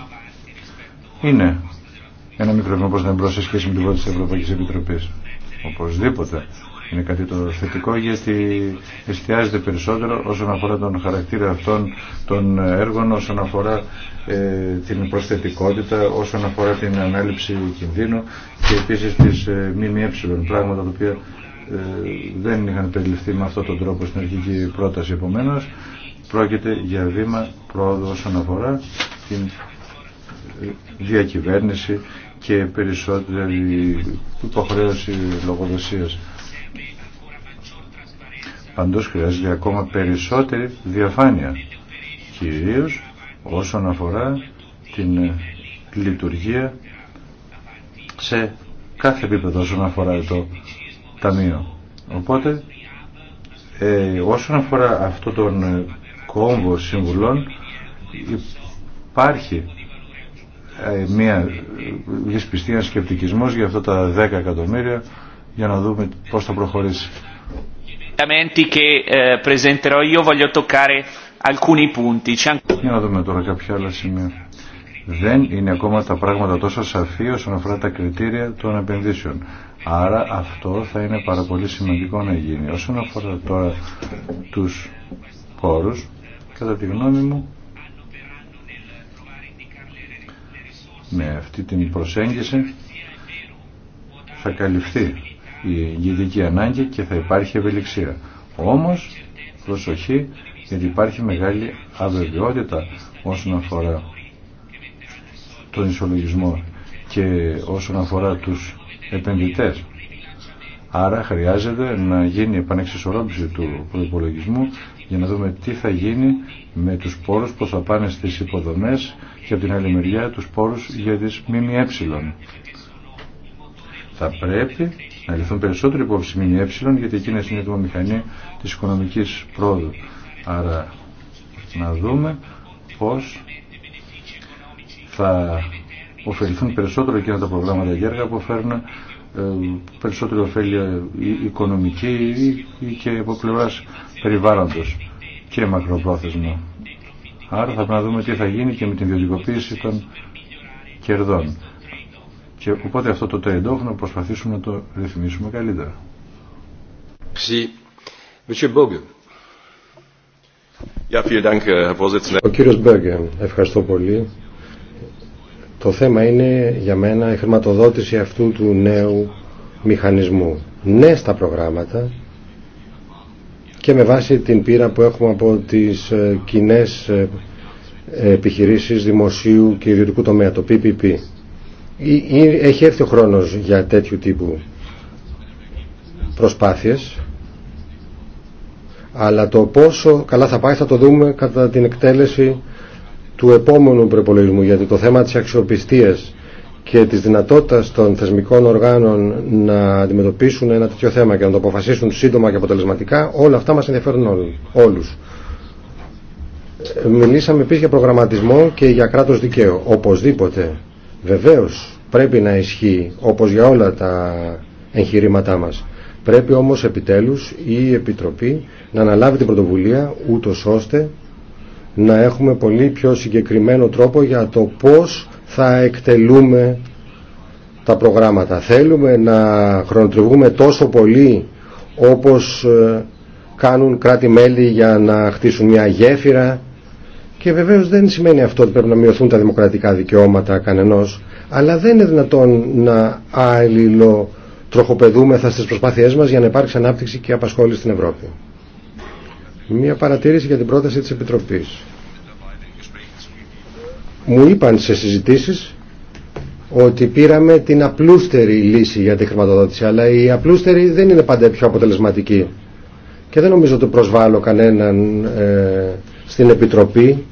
είναι ένα μικρό βήμα προς την σε σχέση με την πρόταση της Ευρωπαϊκής Επιτροπής. Οπωσδήποτε είναι κάτι το θετικό γιατί εστιάζεται περισσότερο όσον αφορά τον χαρακτήρα αυτών των έργων, όσον αφορά ε, την προσθετικότητα, όσον αφορά την ανάληψη κινδύνου και επίσης τις ε, μη πράγματα τα οποία ε, δεν είχαν περιληφθεί με αυτόν τον τρόπο στην αρχική πρόταση. Επομένως, πρόκειται για βήμα πρόοδο όσον αφορά την διακυβέρνηση και περισσότερη υποχρέωση λογοδοσίας. Παντός χρειάζεται ακόμα περισσότερη διαφάνεια, κυρίως όσον αφορά την λειτουργία σε κάθε επίπεδο όσον αφορά το Ταμείο. Οπότε, ε, όσον αφορά αυτό τον κόμβο συμβουλών, υπάρχει ε, μια δυσπιστία, σκεπτικισμό για αυτά τα 10 εκατομμύρια για να δούμε πώ θα προχωρήσει. Ε, για να δούμε τώρα κάποια άλλα σημεία. Δεν είναι ακόμα τα πράγματα τόσο σαφή όσον αφορά τα κριτήρια των επενδύσεων. Άρα αυτό θα είναι πάρα πολύ σημαντικό να γίνει. Όσον αφορά τώρα τους πόρους, κατά τη γνώμη μου, Με αυτή την προσέγγιση θα καλυφθεί η γενική ανάγκη και θα υπάρχει ευελιξία. Όμως, προσοχή, γιατί υπάρχει μεγάλη αβεβαιότητα όσον αφορά τον ισολογισμό και όσον αφορά τους επενδυτές. Άρα χρειάζεται να γίνει επανεξισορρόπηση του προϋπολογισμού για να δούμε τι θα γίνει με τους πόρους που θα πάνε στις υποδομές και από την άλλη μεριά τους πόρους για τις ΜΜΕ. Θα πρέπει να λυθούν περισσότερο υπόψη ΜΜΕ γιατί εκείνες είναι το μηχανή της οικονομικής πρόοδου. Άρα να δούμε πώς θα ωφεληθούν περισσότερο εκείνα τα προγράμματα και έργα που φέρνουν ε, περισσότερη ωφέλεια οικονομική ή και από πλευράς περιβάλλοντος και μακροπρόθεσμο. Άρα θα πρέπει να δούμε τι θα γίνει και με την ιδιωτικοποίηση των κερδών. Και οπότε αυτό το trade να προσπαθήσουμε να το ρυθμίσουμε καλύτερα. Ο κύριος Μπέγκε, ευχαριστώ πολύ. Το θέμα είναι για μένα η χρηματοδότηση αυτού του νέου μηχανισμού. Ναι στα προγράμματα, και με βάση την πείρα που έχουμε από τις ε, κοινέ ε, επιχειρήσεις δημοσίου και ιδιωτικού τομέα, το PPP. Έχει έρθει ο χρόνος για τέτοιου τύπου προσπάθειες αλλά το πόσο καλά θα πάει θα το δούμε κατά την εκτέλεση του επόμενου προπολογισμού γιατί το θέμα της αξιοπιστίας και της δυνατότητας των θεσμικών οργάνων να αντιμετωπίσουν ένα τέτοιο θέμα και να το αποφασίσουν σύντομα και αποτελεσματικά, όλα αυτά μας ενδιαφέρουν όλους. Μιλήσαμε επίσης για προγραμματισμό και για κράτος δικαίου. Οπωσδήποτε, βεβαίως, πρέπει να ισχύει, όπως για όλα τα εγχειρήματά μας. Πρέπει όμως επιτέλους η Επιτροπή να αναλάβει την πρωτοβουλία ούτω ώστε να έχουμε πολύ πιο συγκεκριμένο τρόπο για το πώς θα εκτελούμε τα προγράμματα. Θέλουμε να χρονοτριβούμε τόσο πολύ όπως ε, κάνουν κράτη-μέλη για να χτίσουν μια γέφυρα και βεβαίως δεν σημαίνει αυτό ότι πρέπει να μειωθούν τα δημοκρατικά δικαιώματα κανενός αλλά δεν είναι δυνατόν να αλληλοτροχοπεδούμεθα στις προσπάθειές μας για να υπάρξει ανάπτυξη και απασχόληση στην Ευρώπη. Μία παρατήρηση για την πρόταση της Επιτροπής. Μου είπαν σε συζητήσεις ότι πήραμε την απλούστερη λύση για τη χρηματοδότηση, αλλά η απλούστερη δεν είναι πάντα πιο αποτελεσματική. Και δεν νομίζω ότι προσβάλλω κανέναν ε, στην Επιτροπή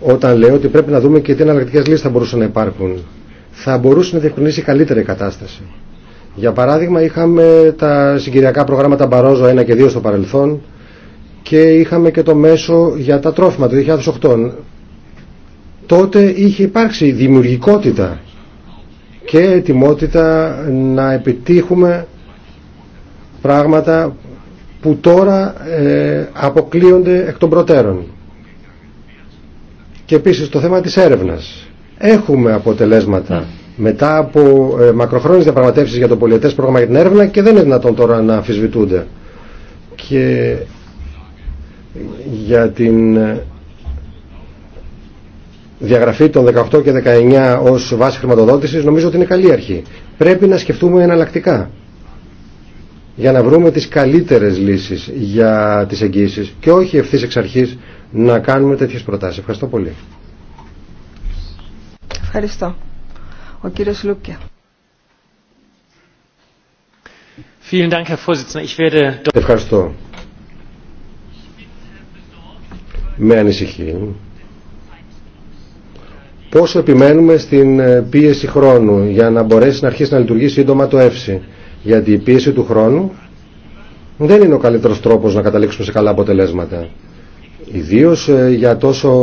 όταν λέω ότι πρέπει να δούμε και τι εναλλακτικές λύσεις θα μπορούσαν να υπάρχουν. Θα μπορούσε να διευκρινίσει καλύτερη κατάσταση. Για παράδειγμα, είχαμε τα συγκυριακά προγράμματα Μπαρόζο 1 και 2 στο παρελθόν, και είχαμε και το μέσο για τα τρόφιμα το 2008 τότε είχε υπάρξει δημιουργικότητα και ετοιμότητα να επιτύχουμε πράγματα που τώρα ε, αποκλείονται εκ των προτέρων. Και επίσης το θέμα της έρευνας. Έχουμε αποτελέσματα ναι. μετά από ε, μακροχρόνιες διαπραγματεύσεις για το πολιετές πρόγραμμα για την έρευνα και δεν είναι δυνατόν τώρα να αφισβητούνται Και για την ε, διαγραφή των 18 και 19 ως βάση χρηματοδότησης νομίζω ότι είναι καλή αρχή. Πρέπει να σκεφτούμε εναλλακτικά για να βρούμε τις καλύτερες λύσεις για τις εγγύησεις και όχι ευθύς εξ αρχής να κάνουμε τέτοιες προτάσεις. Ευχαριστώ πολύ. Ευχαριστώ. Ο κύριος Λούκια. Ευχαριστώ. με ανησυχεί πόσο επιμένουμε στην ε, πίεση χρόνου για να μπορέσει να αρχίσει να λειτουργεί σύντομα το ΕΦΣΥ. Γιατί η πίεση του χρόνου δεν είναι ο καλύτερος τρόπος να καταλήξουμε σε καλά αποτελέσματα. Ιδίω ε, για τόσο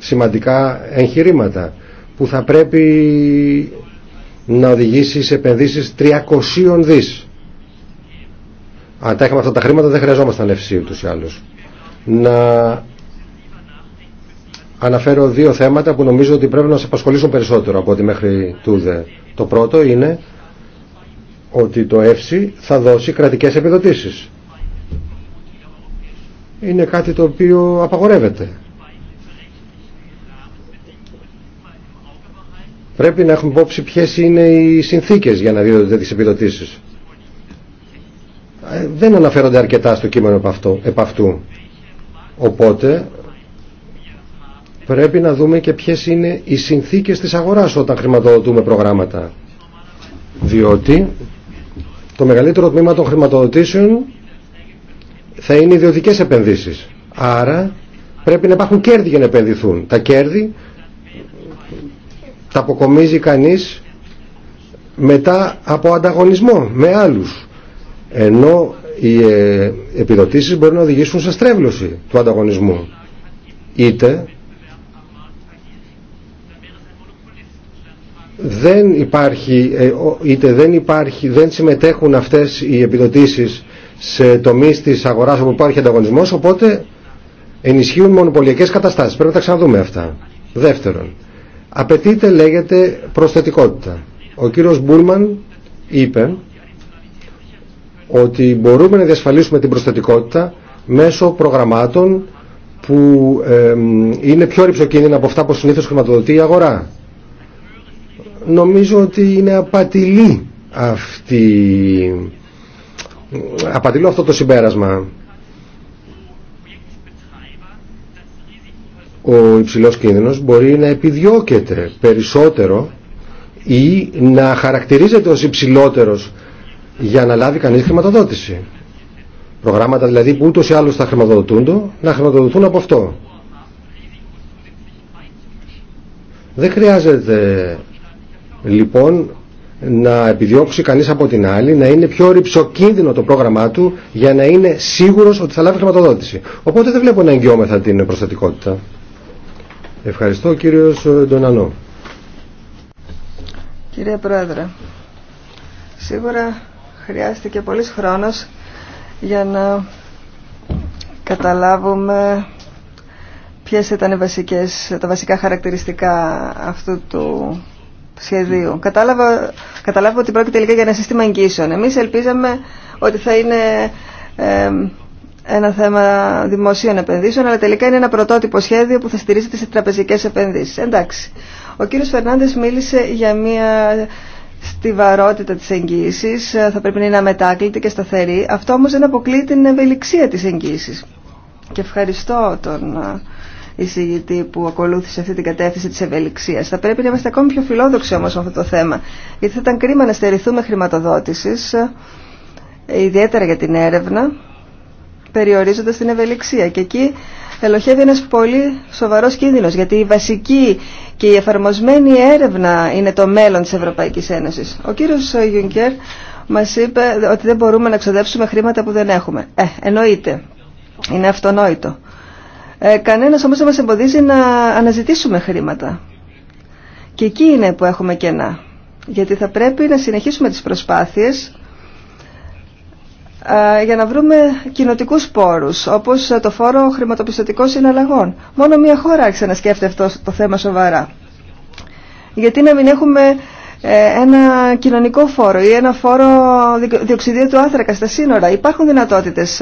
σημαντικά εγχειρήματα που θα πρέπει να οδηγήσει σε επενδύσεις 300 δις. Αν τα έχουμε αυτά τα χρήματα δεν χρειαζόμασταν ευσύ τους ή Να αναφέρω δύο θέματα που νομίζω ότι πρέπει να σε απασχολήσουν περισσότερο από ό,τι μέχρι τούδε. Το πρώτο είναι ότι το ΕΦΣΙ θα δώσει κρατικές επιδοτήσεις. Είναι κάτι το οποίο απαγορεύεται. Πρέπει να έχουμε υπόψη ποιες είναι οι συνθήκες για να δίνονται τις επιδοτήσεις. Ε, δεν αναφέρονται αρκετά στο κείμενο επ' αυτού. Οπότε πρέπει να δούμε και ποιες είναι οι συνθήκες της αγοράς όταν χρηματοδοτούμε προγράμματα. Διότι το μεγαλύτερο τμήμα των χρηματοδοτήσεων θα είναι ιδιωτικέ επενδύσεις. Άρα πρέπει να υπάρχουν κέρδη για να επενδυθούν. Τα κέρδη τα αποκομίζει κανείς μετά από ανταγωνισμό με άλλους. Ενώ οι ε, επιδοτήσεις μπορούν να οδηγήσουν σε στρέβλωση του ανταγωνισμού. Είτε δεν υπάρχει, ε, είτε δεν, υπάρχει, δεν συμμετέχουν αυτές οι επιδοτήσεις σε τομείς της αγοράς όπου υπάρχει ανταγωνισμός, οπότε ενισχύουν μονοπωλιακές καταστάσεις. Πρέπει να τα ξαναδούμε αυτά. Δεύτερον, απαιτείται λέγεται προσθετικότητα. Ο κύριος Μπούλμαν είπε ότι μπορούμε να διασφαλίσουμε την προσθετικότητα μέσω προγραμμάτων που είναι πιο ρηψοκίνδυνα από αυτά που συνήθως χρηματοδοτεί η αγορά νομίζω ότι είναι απατηλή αυτή απατηλό αυτό το συμπέρασμα ο υψηλός κίνδυνος μπορεί να επιδιώκεται περισσότερο ή να χαρακτηρίζεται ως υψηλότερος για να λάβει κανείς χρηματοδότηση προγράμματα δηλαδή που ούτως ή άλλως θα χρηματοδοτούνται να χρηματοδοτούν από αυτό δεν χρειάζεται λοιπόν να επιδιώξει κανείς από την άλλη να είναι πιο ρηψοκίνδυνο το πρόγραμμά του για να είναι σίγουρος ότι θα λάβει χρηματοδότηση. Οπότε δεν βλέπω να εγγυόμεθα την προστατικότητα. Ευχαριστώ κύριος Ντονανό. Κύριε Πρόεδρε, σίγουρα χρειάστηκε πολλής χρόνος για να καταλάβουμε ποιες ήταν οι βασικές, τα βασικά χαρακτηριστικά αυτού του σχεδίου. Κατάλαβα, κατάλαβα ότι πρόκειται τελικά για ένα σύστημα εγγύσεων. Εμεί ελπίζαμε ότι θα είναι ένα θέμα δημοσίων επενδύσεων, αλλά τελικά είναι ένα πρωτότυπο σχέδιο που θα στηρίζεται σε τραπεζικέ επενδύσει. Εντάξει. Ο κύριο Φερνάνδες μίλησε για μια στη βαρότητα της εγγύησης, θα πρέπει να είναι αμετάκλητη και σταθερή. Αυτό όμω δεν αποκλείει την ευελιξία τη εγγύηση. Και ευχαριστώ τον εισηγητή που ακολούθησε αυτή την κατεύθυνση της ευελιξίας. Θα πρέπει να είμαστε ακόμη πιο φιλόδοξοι όμως με αυτό το θέμα, γιατί θα ήταν κρίμα να στερηθούμε χρηματοδότησης, ε, ιδιαίτερα για την έρευνα, περιορίζοντας την ευελιξία. Και εκεί ελοχεύει ένας πολύ σοβαρός κίνδυνος, γιατί η βασική και η εφαρμοσμένη έρευνα είναι το μέλλον της Ευρωπαϊκής Ένωσης. Ο κύριος Γιουνκέρ μας είπε ότι δεν μπορούμε να ξοδέψουμε χρήματα που δεν έχουμε. Ε, εννοείται. Είναι αυτονόητο. Ε, κανένας όμως δεν μας εμποδίζει να αναζητήσουμε χρήματα. Και εκεί είναι που έχουμε κενά. Γιατί θα πρέπει να συνεχίσουμε τις προσπάθειες για να βρούμε κοινοτικού πόρους, όπως το φόρο χρηματοπιστωτικών συναλλαγών. Μόνο μία χώρα άρχισε να σκέφτεται αυτό το θέμα σοβαρά. Γιατί να μην έχουμε ε, ένα κοινωνικό φόρο ή ένα φόρο διοξιδίου του άνθρακα στα σύνορα. Υπάρχουν δυνατότητες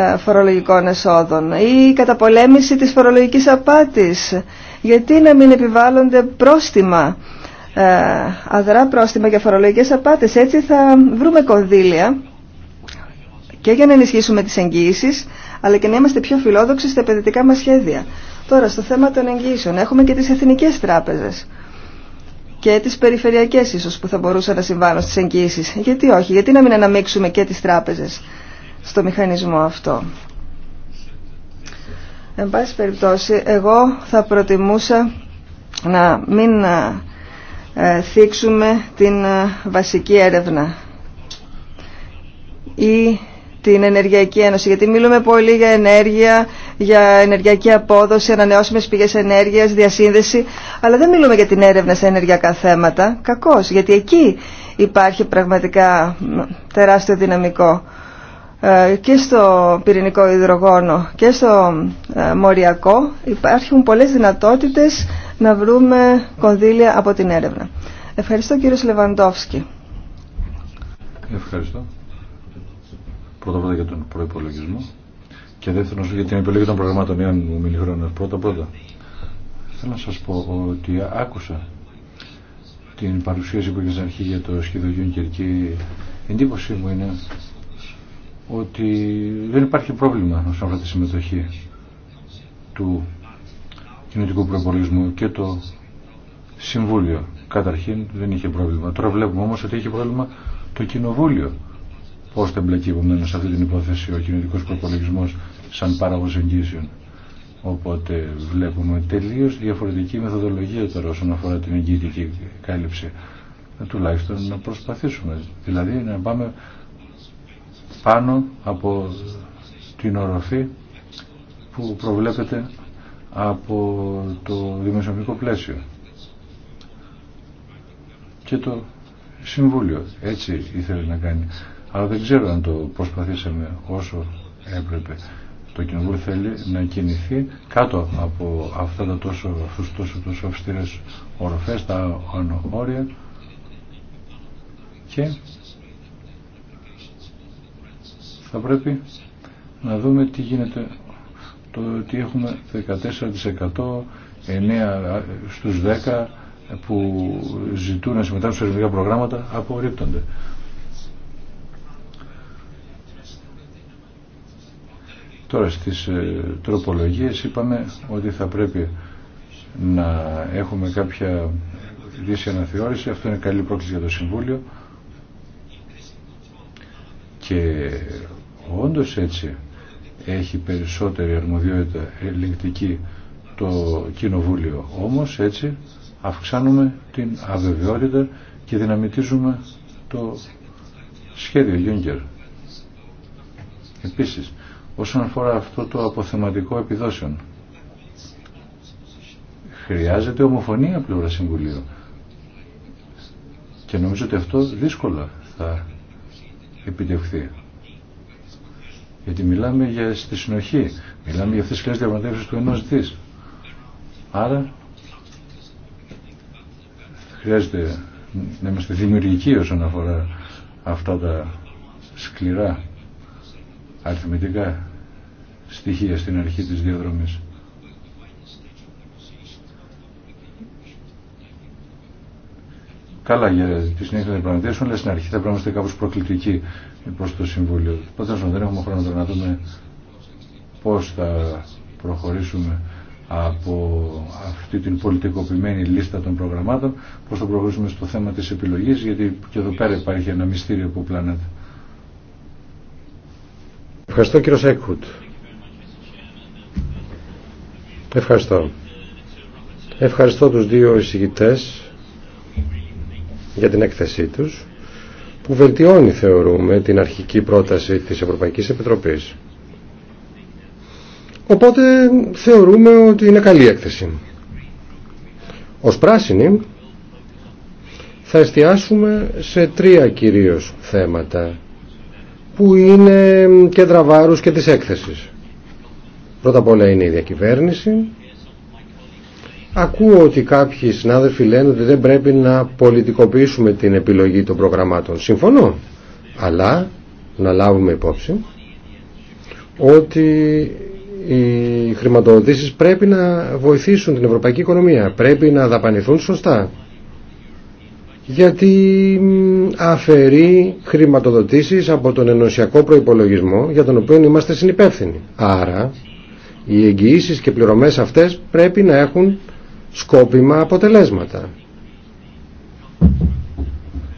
ε, φορολογικών εσόδων ή η καταπολέμηση της φορολογικής απάτης. Γιατί να μην επιβάλλονται πρόστιμα, ε, αδρά πρόστιμα για φορολογικές απάτες. Έτσι θα βρούμε κονδύλια και για να ενισχύσουμε τις εγγύησεις, αλλά και να είμαστε πιο φιλόδοξοι στα επενδυτικά μας σχέδια. Τώρα, στο θέμα των εγγύησεων, έχουμε και τις εθνικές τράπεζες και τις περιφερειακές ίσως που θα μπορούσαν να συμβάλλουν στις εγγύησεις. Γιατί όχι, γιατί να μην αναμίξουμε και τις τράπεζες στο μηχανισμό αυτό. Εν πάση περιπτώσει, εγώ θα προτιμούσα να μην ε, ε, θίξουμε την ε, βασική έρευνα ή την Ενεργειακή Ένωση, γιατί μιλούμε πολύ για ενέργεια, για ενεργειακή απόδοση, ανανεώσιμες πηγές ενέργειας, διασύνδεση, αλλά δεν μιλούμε για την έρευνα σε ενεργειακά θέματα, κακώς, γιατί εκεί υπάρχει πραγματικά τεράστιο δυναμικό ε, και στο πυρηνικό υδρογόνο και στο ε, μοριακό υπάρχουν πολλές δυνατότητες να βρούμε κονδύλια από την έρευνα. Ευχαριστώ κύριο Λεβαντόφσκι. Ευχαριστώ. Πρώτα πρώτα για τον προϋπολογισμό και δεύτερον για την επιλογή των προγραμμάτων εάν μου Πρώτα πρώτα θέλω να σας πω ότι άκουσα την παρουσίαση που έγινε στην αρχή για το σχέδιο Γιούνκερ και εντύπωσή μου είναι ότι δεν υπάρχει πρόβλημα όσον αφορά τη συμμετοχή του κοινωνικού προπολογισμού και το Συμβούλιο. Καταρχήν δεν είχε πρόβλημα. Τώρα βλέπουμε όμως ότι έχει πρόβλημα το Κοινοβούλιο. Πώς θα εμπλακεί επομένω σε αυτή την υπόθεση ο κοινωνικός προπολογισμό σαν παράγος εγγύσεων. Οπότε βλέπουμε τελείως διαφορετική μεθοδολογία τώρα όσον αφορά την εγγυητική κάλυψη. Τουλάχιστον να προσπαθήσουμε. Δηλαδή να πάμε πάνω από την οροφή που προβλέπεται από το δημοσιονομικό πλαίσιο και το Συμβούλιο. Έτσι ήθελε να κάνει. Αλλά δεν ξέρω αν το προσπαθήσαμε όσο έπρεπε. Το Κοινοβούλιο θέλει να κινηθεί κάτω από αυτά τα τόσο, αυτούς τόσο, τόσο αυστηρές οροφές, τα όρια και θα πρέπει να δούμε τι γίνεται το ότι έχουμε 14% 9 στους 10 που ζητούν να συμμετάσχουν σε ελληνικά προγράμματα απορρίπτονται. Τώρα στις ε, τροπολογίες είπαμε ότι θα πρέπει να έχουμε κάποια δύση αναθεώρηση. Αυτό είναι καλή πρόκληση για το Συμβούλιο και Όντως έτσι έχει περισσότερη αρμοδιότητα ελεγκτική το κοινοβούλιο. Όμως έτσι αυξάνουμε την αβεβαιότητα και δυναμητίζουμε το σχέδιο Γιούγκερ. Επίσης, όσον αφορά αυτό το αποθεματικό επιδόσεων, χρειάζεται ομοφωνία πλευρά Συμβουλίου. Και νομίζω ότι αυτό δύσκολα θα επιτευχθεί. Γιατί μιλάμε για στη συνοχή, μιλάμε για αυτέ τι σκληρές διαπραγματεύσει του ενός της. Άρα χρειάζεται να είμαστε δημιουργικοί όσον αφορά αυτά τα σκληρά αριθμητικά στοιχεία στην αρχή της διαδρομής. Καλά για τη συνέχεια των επαναδέσεων, αλλά στην αρχή θα πρέπει να είμαστε κάπως προκλητικοί προς το Συμβούλιο. Προτάσουμε, δεν έχουμε χρόνο να δούμε πώς θα προχωρήσουμε από αυτή την πολιτικοποιημένη λίστα των προγραμμάτων, πώς θα προχωρήσουμε στο θέμα της επιλογής, γιατί και εδώ πέρα υπάρχει ένα μυστήριο που πλανάται. Ευχαριστώ κύριο Σέκουτ. Ευχαριστώ. Ευχαριστώ τους δύο εισηγητές για την έκθεσή τους που βελτιώνει θεωρούμε την αρχική πρόταση της Ευρωπαϊκής Επιτροπής. Οπότε θεωρούμε ότι είναι καλή έκθεση. Ως πράσινη, θα εστιάσουμε σε τρία κυρίως θέματα που είναι κέντρα βάρους και της έκθεσης. Πρώτα απ' όλα είναι η διακυβέρνηση, Ακούω ότι κάποιοι συνάδελφοι λένε ότι δεν πρέπει να πολιτικοποιήσουμε την επιλογή των προγραμμάτων. Συμφωνώ. Αλλά να λάβουμε υπόψη ότι οι χρηματοδοτήσεις πρέπει να βοηθήσουν την ευρωπαϊκή οικονομία. Πρέπει να δαπανηθούν σωστά. Γιατί αφαιρεί χρηματοδοτήσεις από τον ενωσιακό προϋπολογισμό για τον οποίο είμαστε συνυπεύθυνοι. Άρα οι εγγυήσει και πληρωμές αυτές πρέπει να έχουν σκόπιμα αποτελέσματα.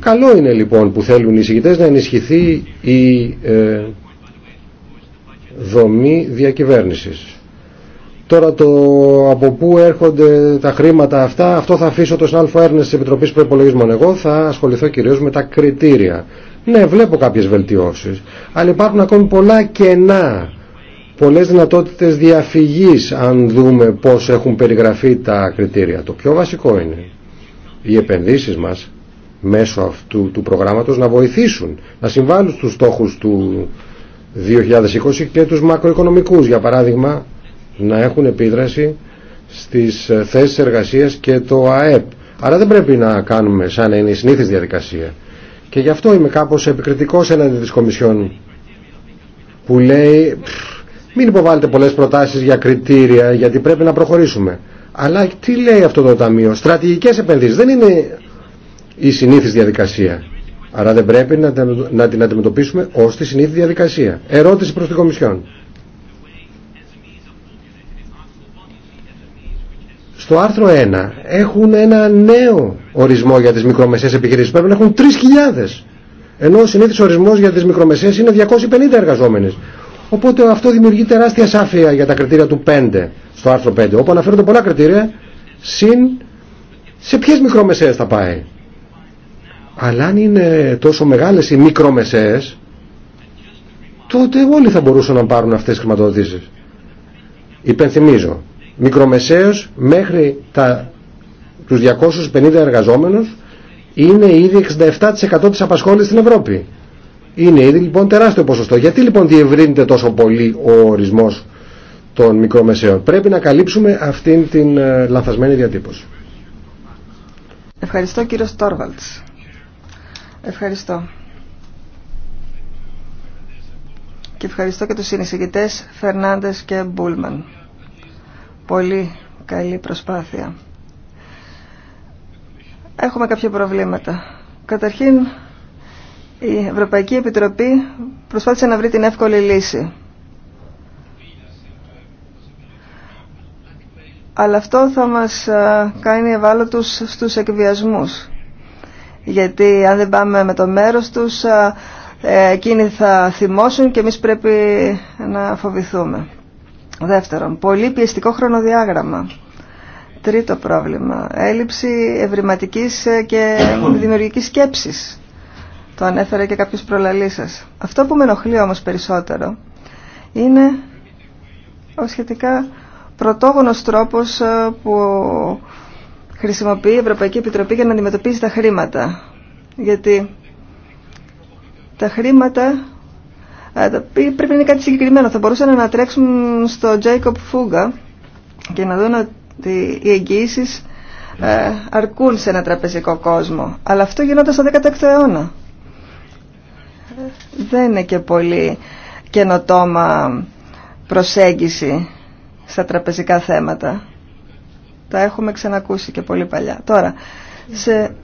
Καλό είναι λοιπόν που θέλουν οι συγκητές να ενισχυθεί η ε, δομή διακυβέρνησης. Τώρα το από πού έρχονται τα χρήματα αυτά, αυτό θα αφήσω το συνάλφο έρνες της Επιτροπής Προϋπολογισμών. Εγώ θα ασχοληθώ κυρίως με τα κριτήρια. Ναι, βλέπω κάποιες βελτιώσεις, αλλά υπάρχουν ακόμη πολλά κενά πολλές δυνατότητες διαφυγής αν δούμε πώς έχουν περιγραφεί τα κριτήρια. Το πιο βασικό είναι οι επενδύσεις μας μέσω αυτού του προγράμματος να βοηθήσουν, να συμβάλλουν στους στόχους του 2020 και τους μακροοικονομικούς, για παράδειγμα, να έχουν επίδραση στις θέσεις εργασίας και το ΑΕΠ. Άρα δεν πρέπει να κάνουμε σαν να είναι η συνήθις διαδικασία. Και γι' αυτό είμαι κάπως επικριτικός έναντι της Κομισιόν που λέει μην υποβάλλετε πολλέ προτάσει για κριτήρια, γιατί πρέπει να προχωρήσουμε. Αλλά τι λέει αυτό το Ταμείο. Στρατηγικέ επενδύσει Δεν είναι η συνήθι διαδικασία. Άρα δεν πρέπει να την αντιμετωπίσουμε ω τη συνήθι διαδικασία. Ερώτηση προ την Κομισιόν. Στο άρθρο 1 έχουν ένα νέο ορισμό για τις μικρομεσαίες επιχειρήσεις. Πρέπει να έχουν 3.000. Ενώ ο συνήθις ορισμός για τις μικρομεσαίες είναι 250 εργαζόμενες. Οπότε αυτό δημιουργεί τεράστια σάφεια για τα κριτήρια του 5, στο άρθρο 5, όπου αναφέρονται πολλά κριτήρια, συν σε ποιε μικρομεσαίε θα πάει. Αλλά αν είναι τόσο μεγάλε οι μικρομεσαίε, τότε όλοι θα μπορούσαν να πάρουν αυτέ τι χρηματοδοτήσει. Υπενθυμίζω, μικρομεσαίος μέχρι τα, τους 250 εργαζόμενους είναι ήδη 67% της απασχόλησης στην Ευρώπη. Είναι ήδη λοιπόν τεράστιο ποσοστό. Γιατί λοιπόν διευρύνεται τόσο πολύ ο ορισμό των μικρομεσαίων. Πρέπει να καλύψουμε αυτήν την ε, λαθασμένη διατύπωση. Ευχαριστώ κύριο Στόρβαλτς. Ευχαριστώ. Και ευχαριστώ και τους συνεισηγητές Φερνάντες και Μπούλμαν. Πολύ καλή προσπάθεια. Έχουμε κάποια προβλήματα. Καταρχήν η Ευρωπαϊκή Επιτροπή προσπάθησε να βρει την εύκολη λύση. Αλλά αυτό θα μας ε, κάνει ευάλωτους στους εκβιασμούς. Γιατί αν δεν πάμε με το μέρος τους, ε, ε, εκείνοι θα θυμώσουν και εμείς πρέπει να φοβηθούμε. Δεύτερον, πολύ πιεστικό χρονοδιάγραμμα. Τρίτο πρόβλημα, έλλειψη ευρηματικής και δημιουργικής σκέψης. Το ανέφερε και κάποιος προλαλής σας. Αυτό που με ενοχλεί όμως περισσότερο είναι ο σχετικά πρωτόγονος τρόπος ε, που χρησιμοποιεί η Ευρωπαϊκή Επιτροπή για να αντιμετωπίζει τα χρήματα. Γιατί τα χρήματα ε, πρέπει να είναι κάτι συγκεκριμένο. Θα μπορούσαν να τρέξουν στο Jacob Φούγκα και να δουν ότι οι εγγύησεις ε, αρκούν σε ένα τραπεζικό κόσμο. Αλλά αυτό γινόταν στο 16ο αιώνα δεν είναι και πολύ καινοτόμα προσέγγιση στα τραπεζικά θέματα. Τα έχουμε ξανακούσει και πολύ παλιά. Τώρα, σε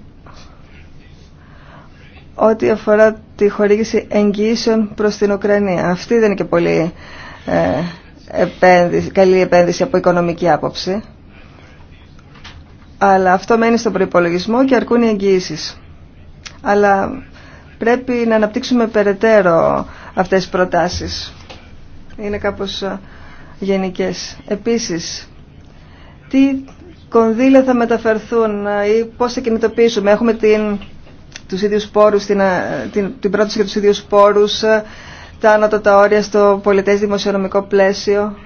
ό,τι αφορά τη χορήγηση εγγυήσεων προς την Ουκρανία. Αυτή δεν είναι και πολύ ε, καλή επένδυση από οικονομική άποψη. Αλλά αυτό μένει στον προϋπολογισμό και αρκούν οι εγγυήσεις. Αλλά πρέπει να αναπτύξουμε περαιτέρω αυτές τις προτάσεις. Είναι κάπως ε, γενικές. Επίσης, τι κονδύλια θα μεταφερθούν ε, ή πώς θα κινητοποιήσουμε. Έχουμε την, τους ίδιους πόρους, την, ε, την, την πρόταση για τους ίδιους πόρους, τα άνωτα όρια στο πολιτές δημοσιονομικό πλαίσιο.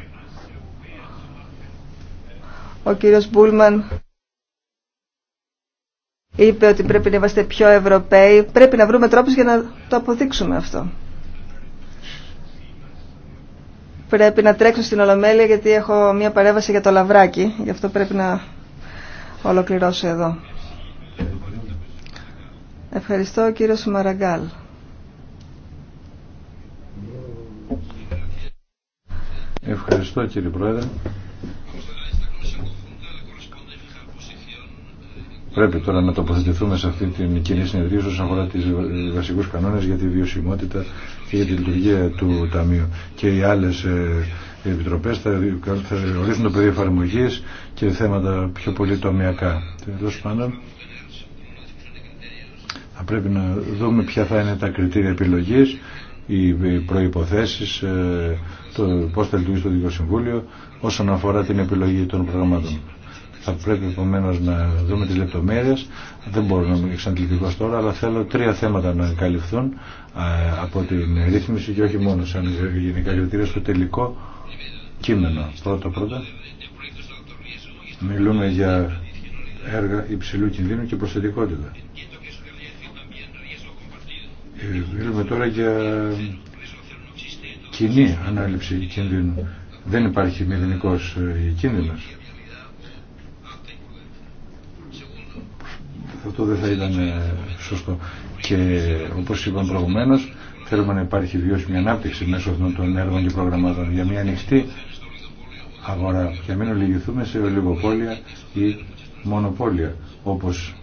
Ο κύριος Μπούλμαν είπε ότι πρέπει να είμαστε πιο Ευρωπαίοι. Πρέπει να βρούμε τρόπους για να το αποδείξουμε αυτό. Πρέπει να τρέξω στην Ολομέλεια γιατί έχω μια παρέμβαση για το λαβράκι. Γι' αυτό πρέπει να ολοκληρώσω εδώ. Ευχαριστώ κύριο Σουμαραγκάλ. Ευχαριστώ κύριε Πρόεδρε. Πρέπει τώρα να τοποθετηθούμε σε αυτή την κοινή συνεδρία όσον αφορά τις βασικούς κανόνες για τη βιωσιμότητα και για τη λειτουργία του Ταμείου. Και οι άλλες ε, επιτροπές θα, θα ορίσουν το πεδίο εφαρμογή και θέματα πιο πολύ τομιακά. Τέλο πάντων, θα πρέπει να δούμε ποια θα είναι τα κριτήρια επιλογής, οι προϋποθέσεις, ε, το, πώς θα λειτουργήσει το Δικό Συμβούλιο όσον αφορά την επιλογή των προγραμμάτων. Θα πρέπει επομένω να δούμε τι λεπτομέρειε. Δεν μπορώ να είμαι εξαντλητικό τώρα, αλλά θέλω τρία θέματα να καλυφθούν ε, από την ρύθμιση και όχι μόνο σαν γενικά κριτήρια στο τελικό κείμενο. Πρώτα πρώτα, μιλούμε για έργα υψηλού κινδύνου και προσθετικότητα. Ε, μιλούμε τώρα για κοινή ανάληψη κινδύνου. Δεν υπάρχει μηδενικός ε, κίνδυνος. αυτό δεν θα ήταν ε, σωστό. Και όπως είπαμε προηγουμένως, θέλουμε να υπάρχει βιώσιμη ανάπτυξη μέσω αυτών των έργων και προγραμμάτων για μια ανοιχτή αγορά. και μην ολιγηθούμε σε ολιγοπόλια ή μονοπόλια, όπως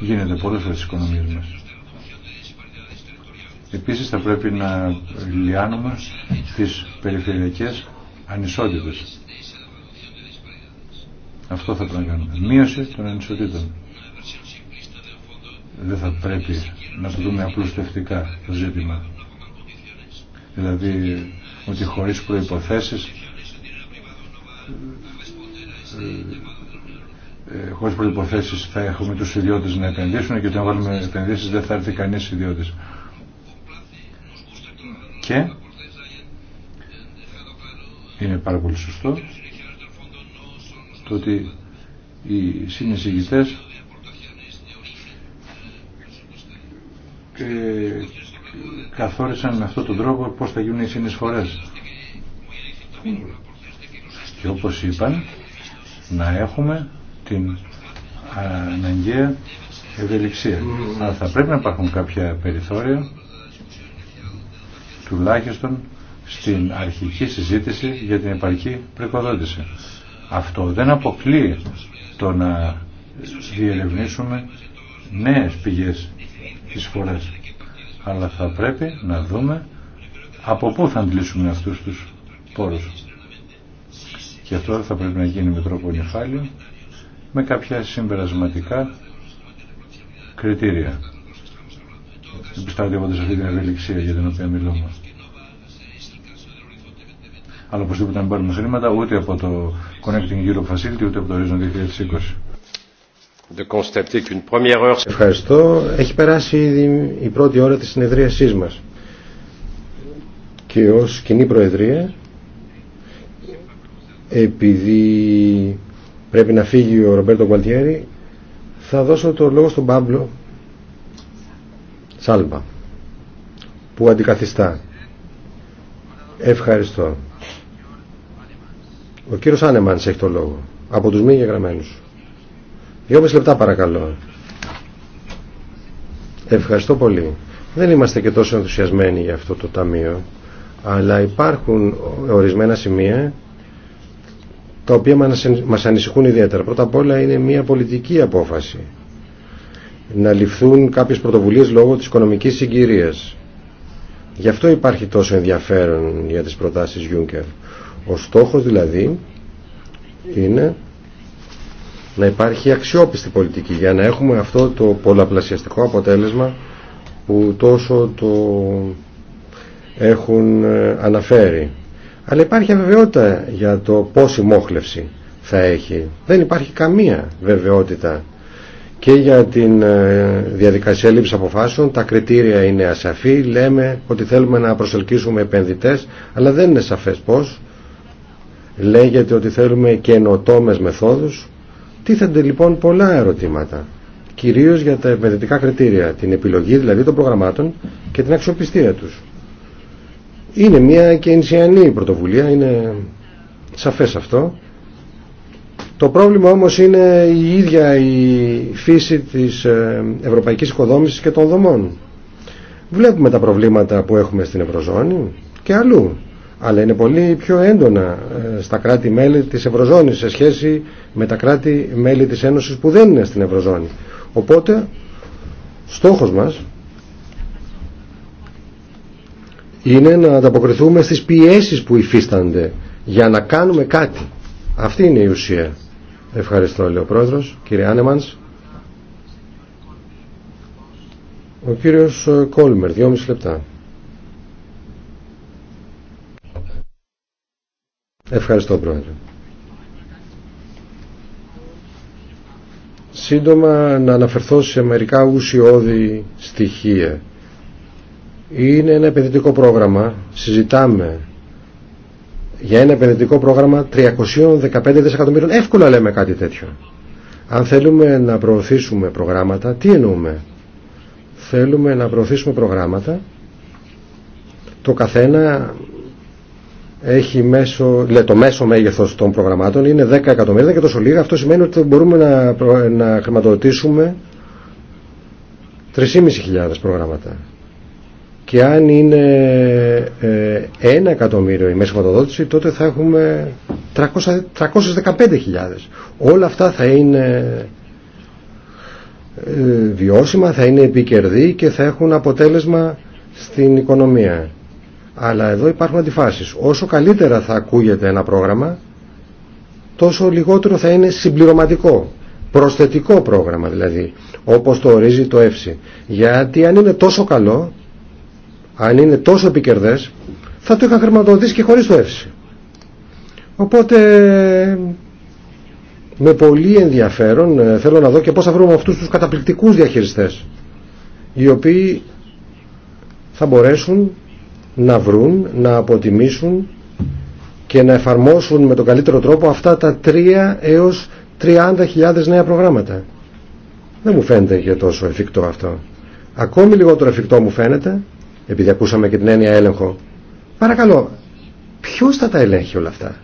γίνεται πολλές φορές στις οικονομίες μας. Επίσης θα πρέπει να λιάνουμε τις περιφερειακές ανισότητες. Αυτό θα πρέπει να κάνουμε. Μείωση των ανισοτήτων δεν θα πρέπει να το δούμε απλουστευτικά το ζήτημα. Δηλαδή ότι χωρίς προϋποθέσεις ε, ε, χωρίς προϋποθέσεις θα έχουμε τους ιδιώτες να επενδύσουν και όταν βάλουμε επενδύσεις δεν θα έρθει κανείς ιδιώτης. Και είναι πάρα πολύ σωστό το ότι οι συνεισηγητές καθόρισαν με αυτόν τον τρόπο πώς θα γίνουν οι συνεισφορές. Και όπως είπαν, να έχουμε την αναγκαία ευελιξία. Αλλά θα πρέπει να υπάρχουν κάποια περιθώρια, τουλάχιστον στην αρχική συζήτηση για την επαρκή πρεκοδότηση. Αυτό δεν αποκλείει το να διερευνήσουμε νέες πηγές τις φορές. Αλλά θα πρέπει να δούμε από πού θα αντλήσουμε αυτούς τους πόρους. Και αυτό θα πρέπει να γίνει με τρόπο νυφάλιο, με κάποια συμπερασματικά κριτήρια. Επιστρατεύοντας αυτή την ευελιξία για την οποία μιλούμε. Αλλά οπωσδήποτε να πάρουμε χρήματα ούτε από το Connecting Europe Facility ούτε από το Horizon 2020. Ευχαριστώ. Έχει περάσει ήδη η πρώτη ώρα της συνεδρίασή μας. Και ως κοινή προεδρία, επειδή πρέπει να φύγει ο Ρομπέρτο Γκουαλτιέρη, θα δώσω το λόγο στον Πάμπλο Σάλμπα, που αντικαθιστά. Ευχαριστώ. Ο κύριος Άνεμανς έχει το λόγο, από τους μη γεγραμμένους. Δυόμιση λεπτά παρακαλώ. Ευχαριστώ πολύ. Δεν είμαστε και τόσο ενθουσιασμένοι για αυτό το ταμείο, αλλά υπάρχουν ορισμένα σημεία τα οποία μας ανησυχούν ιδιαίτερα. Πρώτα απ' όλα είναι μια πολιτική απόφαση να ληφθούν κάποιες πρωτοβουλίες λόγω της οικονομικής συγκυρίας. Γι' αυτό υπάρχει τόσο ενδιαφέρον για τις προτάσεις Juncker. Ο στόχος δηλαδή είναι να υπάρχει αξιόπιστη πολιτική για να έχουμε αυτό το πολλαπλασιαστικό αποτέλεσμα που τόσο το έχουν ε, αναφέρει. Αλλά υπάρχει αβεβαιότητα για το πόση μόχλευση θα έχει. Δεν υπάρχει καμία βεβαιότητα και για την ε, διαδικασία λήψη αποφάσεων τα κριτήρια είναι ασαφή. Λέμε ότι θέλουμε να προσελκύσουμε επενδυτές, αλλά δεν είναι σαφές πώς. Λέγεται ότι θέλουμε καινοτόμε μεθόδους Τίθενται λοιπόν πολλά ερωτήματα, κυρίως για τα επενδυτικά κριτήρια, την επιλογή δηλαδή των προγραμμάτων και την αξιοπιστία τους. Είναι μια και ενσιανή πρωτοβουλία, είναι σαφές αυτό. Το πρόβλημα όμως είναι η ίδια η φύση της ε, ευρωπαϊκής οικοδόμησης και των δομών. Βλέπουμε τα προβλήματα που έχουμε στην Ευρωζώνη και αλλού αλλά είναι πολύ πιο έντονα ε, στα κράτη-μέλη της Ευρωζώνης σε σχέση με τα κράτη-μέλη της Ένωσης που δεν είναι στην Ευρωζώνη. Οπότε, στόχος μας είναι να ανταποκριθούμε στις πιέσεις που υφίστανται για να κάνουμε κάτι. Αυτή είναι η ουσία. Ευχαριστώ, λέει ο Πρόεδρος, κύριε Άνεμανς. Ο κύριος ε, Κόλμερ, δυόμιση λεπτά. Ευχαριστώ πρόεδρε. Σύντομα να αναφερθώ σε μερικά ουσιώδη στοιχεία. Είναι ένα επενδυτικό πρόγραμμα, συζητάμε για ένα επενδυτικό πρόγραμμα 315 δισεκατομμύρων. Εύκολα λέμε κάτι τέτοιο. Αν θέλουμε να προωθήσουμε προγράμματα, τι εννοούμε. Θέλουμε να προωθήσουμε προγράμματα το καθένα έχει μέσο, το μέσο μέγεθος των προγραμμάτων είναι 10 εκατομμύρια και τόσο λίγα. Αυτό σημαίνει ότι μπορούμε να, να χρηματοδοτήσουμε 3.500 προγράμματα. Και αν είναι 1 ε, εκατομμύριο η μέση χρηματοδότηση, τότε θα έχουμε 315.000. Όλα αυτά θα είναι ε, βιώσιμα, θα είναι επικερδή και θα έχουν αποτέλεσμα στην οικονομία. Αλλά εδώ υπάρχουν αντιφάσεις. Όσο καλύτερα θα ακούγεται ένα πρόγραμμα, τόσο λιγότερο θα είναι συμπληρωματικό. Προσθετικό πρόγραμμα δηλαδή, όπως το ορίζει το ΕΦΣΙ. Γιατί αν είναι τόσο καλό, αν είναι τόσο επικερδές, θα το είχα χρηματοδοτήσει και χωρίς το ΕΦΣΙ. Οπότε με πολύ ενδιαφέρον ε, θέλω να δω και πώς θα βρούμε αυτούς τους καταπληκτικούς διαχειριστές οι οποίοι θα μπορέσουν να βρουν, να αποτιμήσουν και να εφαρμόσουν με τον καλύτερο τρόπο αυτά τα 3 έως 30.000 νέα προγράμματα. Δεν μου φαίνεται για τόσο εφικτό αυτό. Ακόμη λιγότερο εφικτό μου φαίνεται, επειδή ακούσαμε και την έννοια έλεγχο. Παρακαλώ, ποιο θα τα ελέγχει όλα αυτά.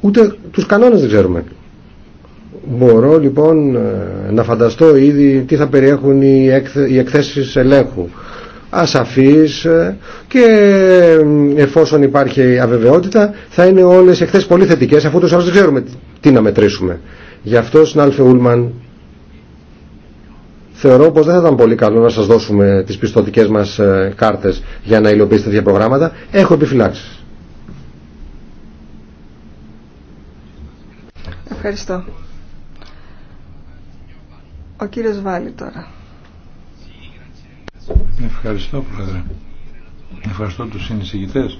Ούτε τους κανόνες δεν ξέρουμε. Μπορώ λοιπόν ε, να φανταστώ ήδη τι θα περιέχουν οι εκθέσεις ελέγχου ασαφείς ε, και εφόσον υπάρχει αβεβαιότητα θα είναι όλες οι πολύ θετικές αφού τους δεν ξέρουμε τι να μετρήσουμε. Γι' αυτό, συνάλφε Ούλμαν, θεωρώ πως δεν θα ήταν πολύ καλό να σας δώσουμε τις πιστοτικές μας ε, κάρτες για να υλοποιήσετε τέτοια προγράμματα. Έχω επιφυλάξεις. Ευχαριστώ. Ο κύριος Βάλλη τώρα. Ευχαριστώ Πρόεδρε. Ευχαριστώ τους συνεισηγητές.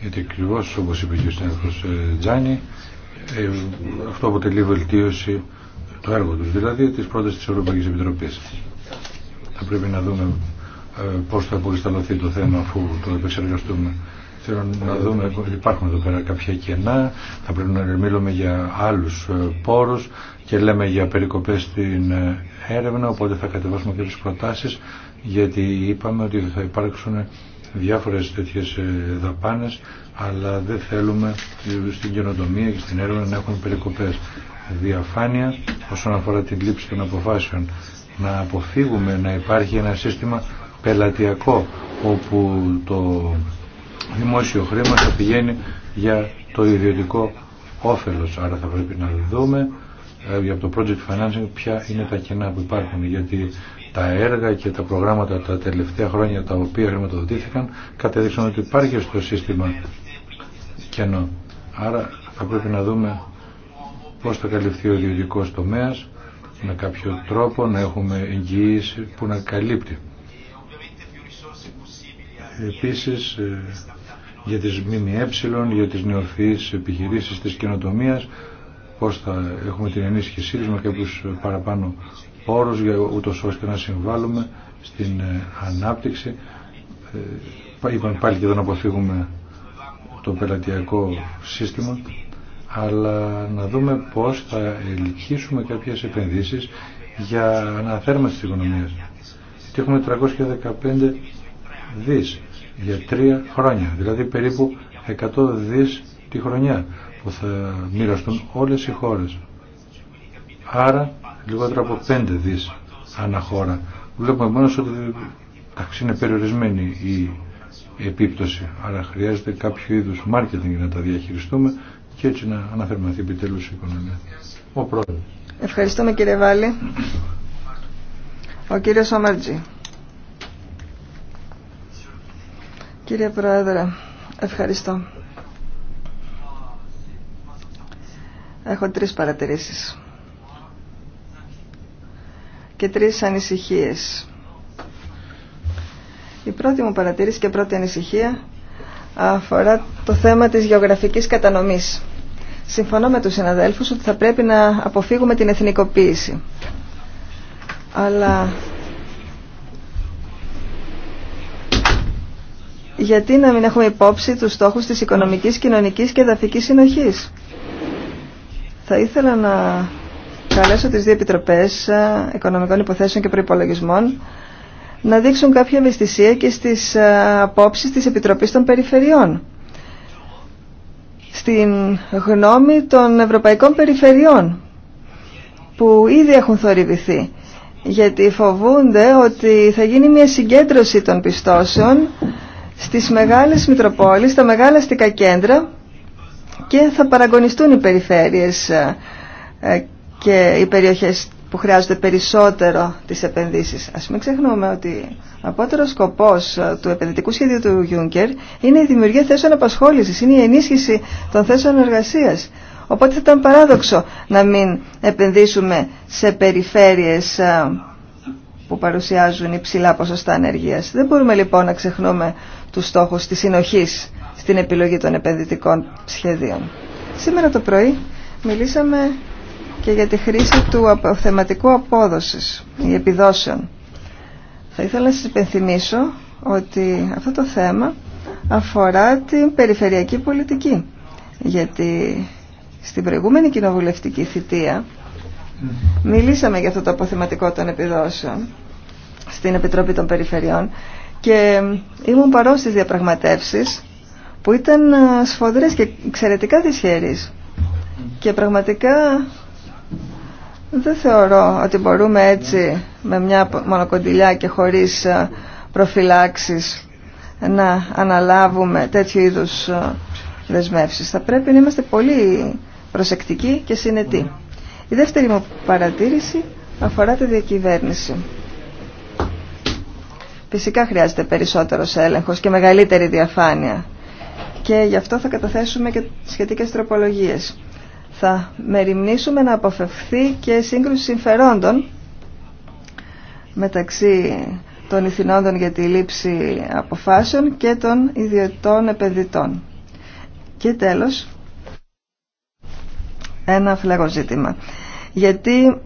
Γιατί ακριβώ όπω είπε και ο ε, Τζάνι, ε, αυτό αποτελεί βελτίωση του έργου του δηλαδή της πρόταση τη Ευρωπαϊκή Επιτροπή. Θα πρέπει να δούμε ε, πώ θα αποκρισταλωθεί το θέμα αφού το επεξεργαστούμε. Θέλω να δούμε, υπάρχουν εδώ πέρα κάποια κενά, θα πρέπει να μιλούμε για άλλους ε, πόρου και λέμε για περικοπές στην ε, έρευνα, οπότε θα κατεβάσουμε και τις προτάσεις, γιατί είπαμε ότι θα υπάρξουν διάφορες τέτοιες ε, δαπάνες, αλλά δεν θέλουμε στην καινοτομία και στην έρευνα να έχουν περικοπές. Διαφάνεια όσον αφορά την λήψη των αποφάσεων. Να αποφύγουμε να υπάρχει ένα σύστημα πελατειακό, όπου το δημόσιο χρήμα θα πηγαίνει για το ιδιωτικό όφελος. Άρα θα πρέπει να δούμε για το project financing ποια είναι τα κενά που υπάρχουν γιατί τα έργα και τα προγράμματα τα τελευταία χρόνια τα οποία χρηματοδοτήθηκαν κατέδειξαν ότι υπάρχει στο σύστημα κενό. Άρα θα πρέπει να δούμε πώς θα καλυφθεί ο ιδιωτικό τομέα με κάποιο τρόπο να έχουμε εγγυήσει που να καλύπτει. Επίσης ε, για τις ΜΜΕ, για τις νεοφυείς επιχειρήσεις της καινοτομίας πώς θα έχουμε την ενίσχυσή τους και κάποιους παραπάνω όρους για ούτως ώστε να συμβάλλουμε στην ε, ανάπτυξη. Ε, είπαμε πάλι και δεν αποφύγουμε το πελατειακό σύστημα αλλά να δούμε πώς θα ελκύσουμε κάποιες επενδύσεις για αναθέρμανση της οικονομίας. Και έχουμε 315 δι για τρία χρόνια, δηλαδή περίπου 100 δι τη χρονιά που θα μοιραστούν όλες οι χώρες. Άρα λιγότερο από πέντε δις ανά χώρα. Βλέπουμε μόνο ότι είναι περιορισμένη η επίπτωση. Άρα χρειάζεται κάποιο είδους marketing για να τα διαχειριστούμε και έτσι να αναφερμαθεί επιτέλου η οικονομία. Ο πρόεδρος. Ευχαριστούμε κύριε Βάλη, Ο κύριος Ομαρτζή. Κύριε Πρόεδρε, ευχαριστώ. Έχω τρεις παρατηρήσεις και τρεις ανησυχίες. Η πρώτη μου παρατήρηση και πρώτη ανησυχία αφορά το θέμα της γεωγραφικής κατανομής. Συμφωνώ με τους συναδέλφους ότι θα πρέπει να αποφύγουμε την εθνικοποίηση. Αλλά γιατί να μην έχουμε υπόψη τους στόχους της οικονομικής, κοινωνικής και εδαφικής συνοχής. Θα ήθελα να καλέσω τις δύο επιτροπές ε, οικονομικών υποθέσεων και προϋπολογισμών να δείξουν κάποια ευαισθησία και στις ε, απόψεις της Επιτροπής των Περιφερειών. Στην γνώμη των Ευρωπαϊκών Περιφερειών που ήδη έχουν θορυβηθεί γιατί φοβούνται ότι θα γίνει μια συγκέντρωση των πιστώσεων στις μεγάλες Μητροπόλεις, στα μεγάλα αστικά κέντρα και θα παραγωνιστούν οι περιφέρειες ε, ε, και οι περιοχές που χρειάζονται περισσότερο τις επενδύσεις. Ας μην ξεχνούμε ότι ο απότερος σκοπός ε, του επενδυτικού σχεδίου του Juncker είναι η δημιουργία θέσεων απασχόλησης, είναι η ενίσχυση των θέσεων εργασίας. Οπότε θα ήταν παράδοξο να μην επενδύσουμε σε περιφέρειες που παρουσιάζουν υψηλά ποσοστά ανεργίας. Δεν μπορούμε λοιπόν να ξεχνούμε τους στόχους της συνοχής στην επιλογή των επενδυτικών σχεδίων. Σήμερα το πρωί μιλήσαμε και για τη χρήση του θεματικού απόδοσης ή επιδόσεων. Θα ήθελα να σας υπενθυμίσω ότι αυτό το θέμα αφορά την περιφερειακή πολιτική. Γιατί στην προηγούμενη κοινοβουλευτική θητεία Μιλήσαμε για αυτό το αποθεματικό των επιδόσεων στην Επιτροπή των Περιφερειών και ήμουν παρόν στις διαπραγματεύσεις που ήταν ε, σφοδρές και εξαιρετικά δυσχερείς και πραγματικά δεν θεωρώ ότι μπορούμε έτσι με μια μονοκοντιλιά και χωρίς ε, προφυλάξεις να αναλάβουμε τέτοιου είδους ε, δεσμεύσεις. Θα πρέπει να είμαστε πολύ προσεκτικοί και συνετοί. Η δεύτερη μου παρατήρηση αφορά τη διακυβέρνηση. Φυσικά χρειάζεται περισσότερος έλεγχος και μεγαλύτερη διαφάνεια και γι' αυτό θα καταθέσουμε και σχετικές τροπολογίες. Θα μεριμνήσουμε να αποφευθεί και σύγκρουση συμφερόντων μεταξύ των ηθινόντων για τη λήψη αποφάσεων και των ιδιωτών επενδυτών. Και τέλος, ένα φλέγο ζήτημα γιατί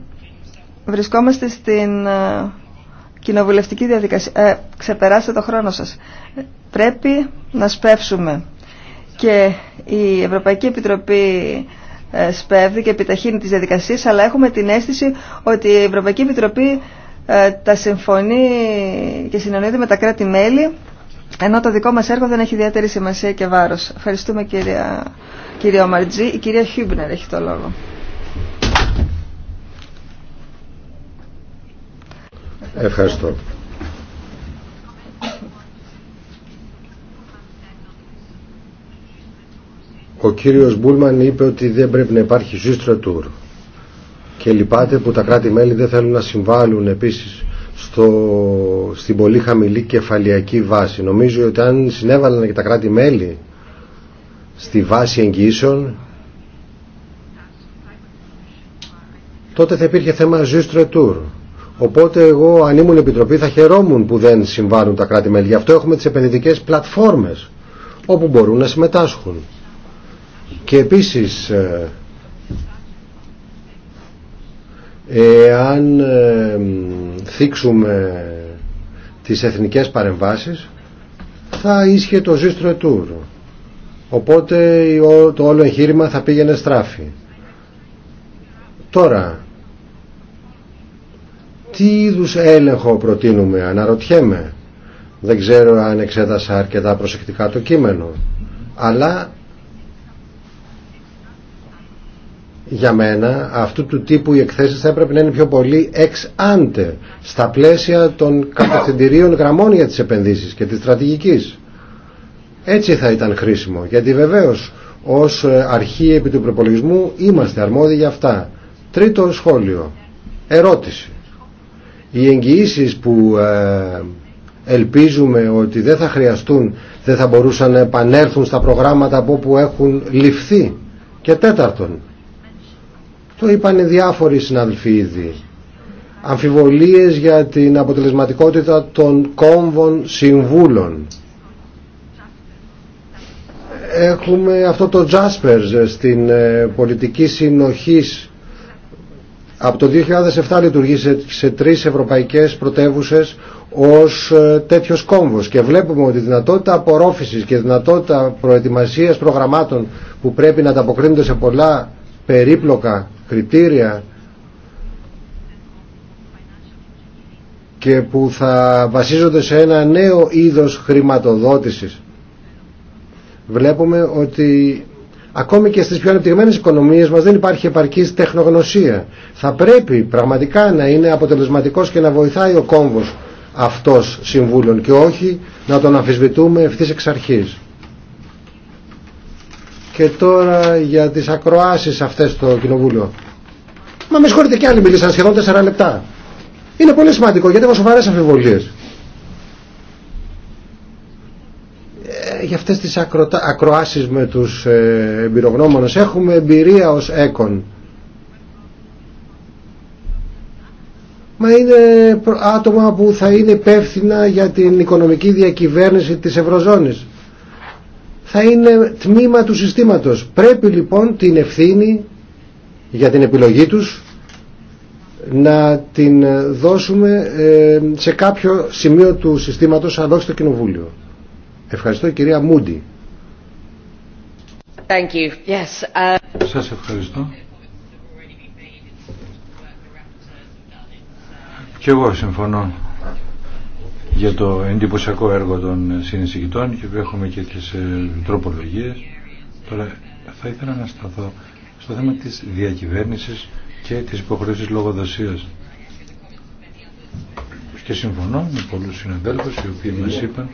βρισκόμαστε στην ε, κοινοβουλευτική διαδικασία. Ε, ξεπεράστε το χρόνο σας. Πρέπει να σπεύσουμε. Και η Ευρωπαϊκή Επιτροπή ε, σπεύδει και επιταχύνει τις διαδικασίες, αλλά έχουμε την αίσθηση ότι η Ευρωπαϊκή Επιτροπή ε, τα συμφωνεί και συνεννοείται με τα κράτη-μέλη, ενώ το δικό μας έργο δεν έχει ιδιαίτερη σημασία και βάρος. Ευχαριστούμε κυρία, κυρία Ομαρτζή. Η κυρία Χιούμπνερ έχει το λόγο. Ευχαριστώ. Ο κύριος Μπούλμαν είπε ότι δεν πρέπει να υπάρχει ζήστρο τουρ και λυπάται που τα κράτη-μέλη δεν θέλουν να συμβάλλουν επίσης στο, στην πολύ χαμηλή κεφαλιακή βάση. Νομίζω ότι αν συνέβαλαν και τα κράτη-μέλη στη βάση εγγύσεων τότε θα υπήρχε θέμα ζήστρο τουρ Οπότε εγώ αν ήμουν επιτροπή θα χαιρόμουν που δεν συμβάλλουν τα κράτη-μέλη. Γι' αυτό έχουμε τις επενδυτικές πλατφόρμες όπου μπορούν να συμμετάσχουν. Και επίσης ε, εάν ε, θίξουμε τις εθνικές παρεμβάσεις θα ίσχυε το ζήστρο ετούρ. Οπότε το όλο εγχείρημα θα πήγαινε στράφη. Τώρα, τι είδου έλεγχο προτείνουμε, αναρωτιέμαι. Δεν ξέρω αν εξέτασα αρκετά προσεκτικά το κείμενο. Αλλά για μένα αυτού του τύπου οι εκθέσεις θα έπρεπε να είναι πιο πολύ εξ άντε στα πλαίσια των κατευθυντηρίων γραμμών για τις επενδύσεις και της στρατηγικής. Έτσι θα ήταν χρήσιμο, γιατί βεβαίως ως αρχή επί του προπολογισμού είμαστε αρμόδιοι για αυτά. Τρίτο σχόλιο, ερώτηση. Οι εγγυήσει που ε, ελπίζουμε ότι δεν θα χρειαστούν, δεν θα μπορούσαν να επανέλθουν στα προγράμματα από όπου έχουν ληφθεί. Και τέταρτον, το είπαν διάφοροι συναδελφοί ήδη, αμφιβολίες για την αποτελεσματικότητα των κόμβων συμβούλων. Έχουμε αυτό το Τζάσπερς στην ε, πολιτική συνοχής από το 2007 λειτουργεί σε, σε τρεις ευρωπαϊκές πρωτεύουσες ως ε, τέτοιος κόμβος και βλέπουμε ότι η δυνατότητα απορρόφησης και η δυνατότητα προετοιμασίας προγραμμάτων που πρέπει να ανταποκρίνονται σε πολλά περίπλοκα κριτήρια και που θα βασίζονται σε ένα νέο είδος χρηματοδότησης. Βλέπουμε ότι Ακόμη και στις πιο ανεπτυγμένες οικονομίες μας δεν υπάρχει επαρκής τεχνογνωσία. Θα πρέπει πραγματικά να είναι αποτελεσματικός και να βοηθάει ο κόμβος αυτός συμβούλων και όχι να τον αμφισβητούμε ευθύ εξ αρχής. Και τώρα για τις ακροάσεις αυτές στο Κοινοβούλιο. Μα με συγχωρείτε και άλλοι μιλήσαν σχεδόν 4 λεπτά. Είναι πολύ σημαντικό γιατί έχω σοβαρές αμφιβολίες. για αυτές τις ακροάσεις με τους ε, εμπειρογνώμονες. Έχουμε εμπειρία ως έκον. Μα είναι άτομα που θα είναι υπεύθυνα για την οικονομική διακυβέρνηση της Ευρωζώνης. Θα είναι τμήμα του συστήματος. Πρέπει λοιπόν την ευθύνη για την επιλογή τους να την δώσουμε ε, σε κάποιο σημείο του συστήματος αλλά όχι Κοινοβούλιο. Ευχαριστώ κυρία Μούντι. Thank uh, Σας ευχαριστώ. Και εγώ συμφωνώ για το εντυπωσιακό έργο των συνεισηγητών και έχουμε και τις ε, τροπολογίες. Τώρα θα ήθελα να σταθώ στο θέμα της διακυβέρνησης και της υποχρέωσης λογοδοσίας. Και συμφωνώ με πολλούς συναδέλφους οι οποίοι μας είπαν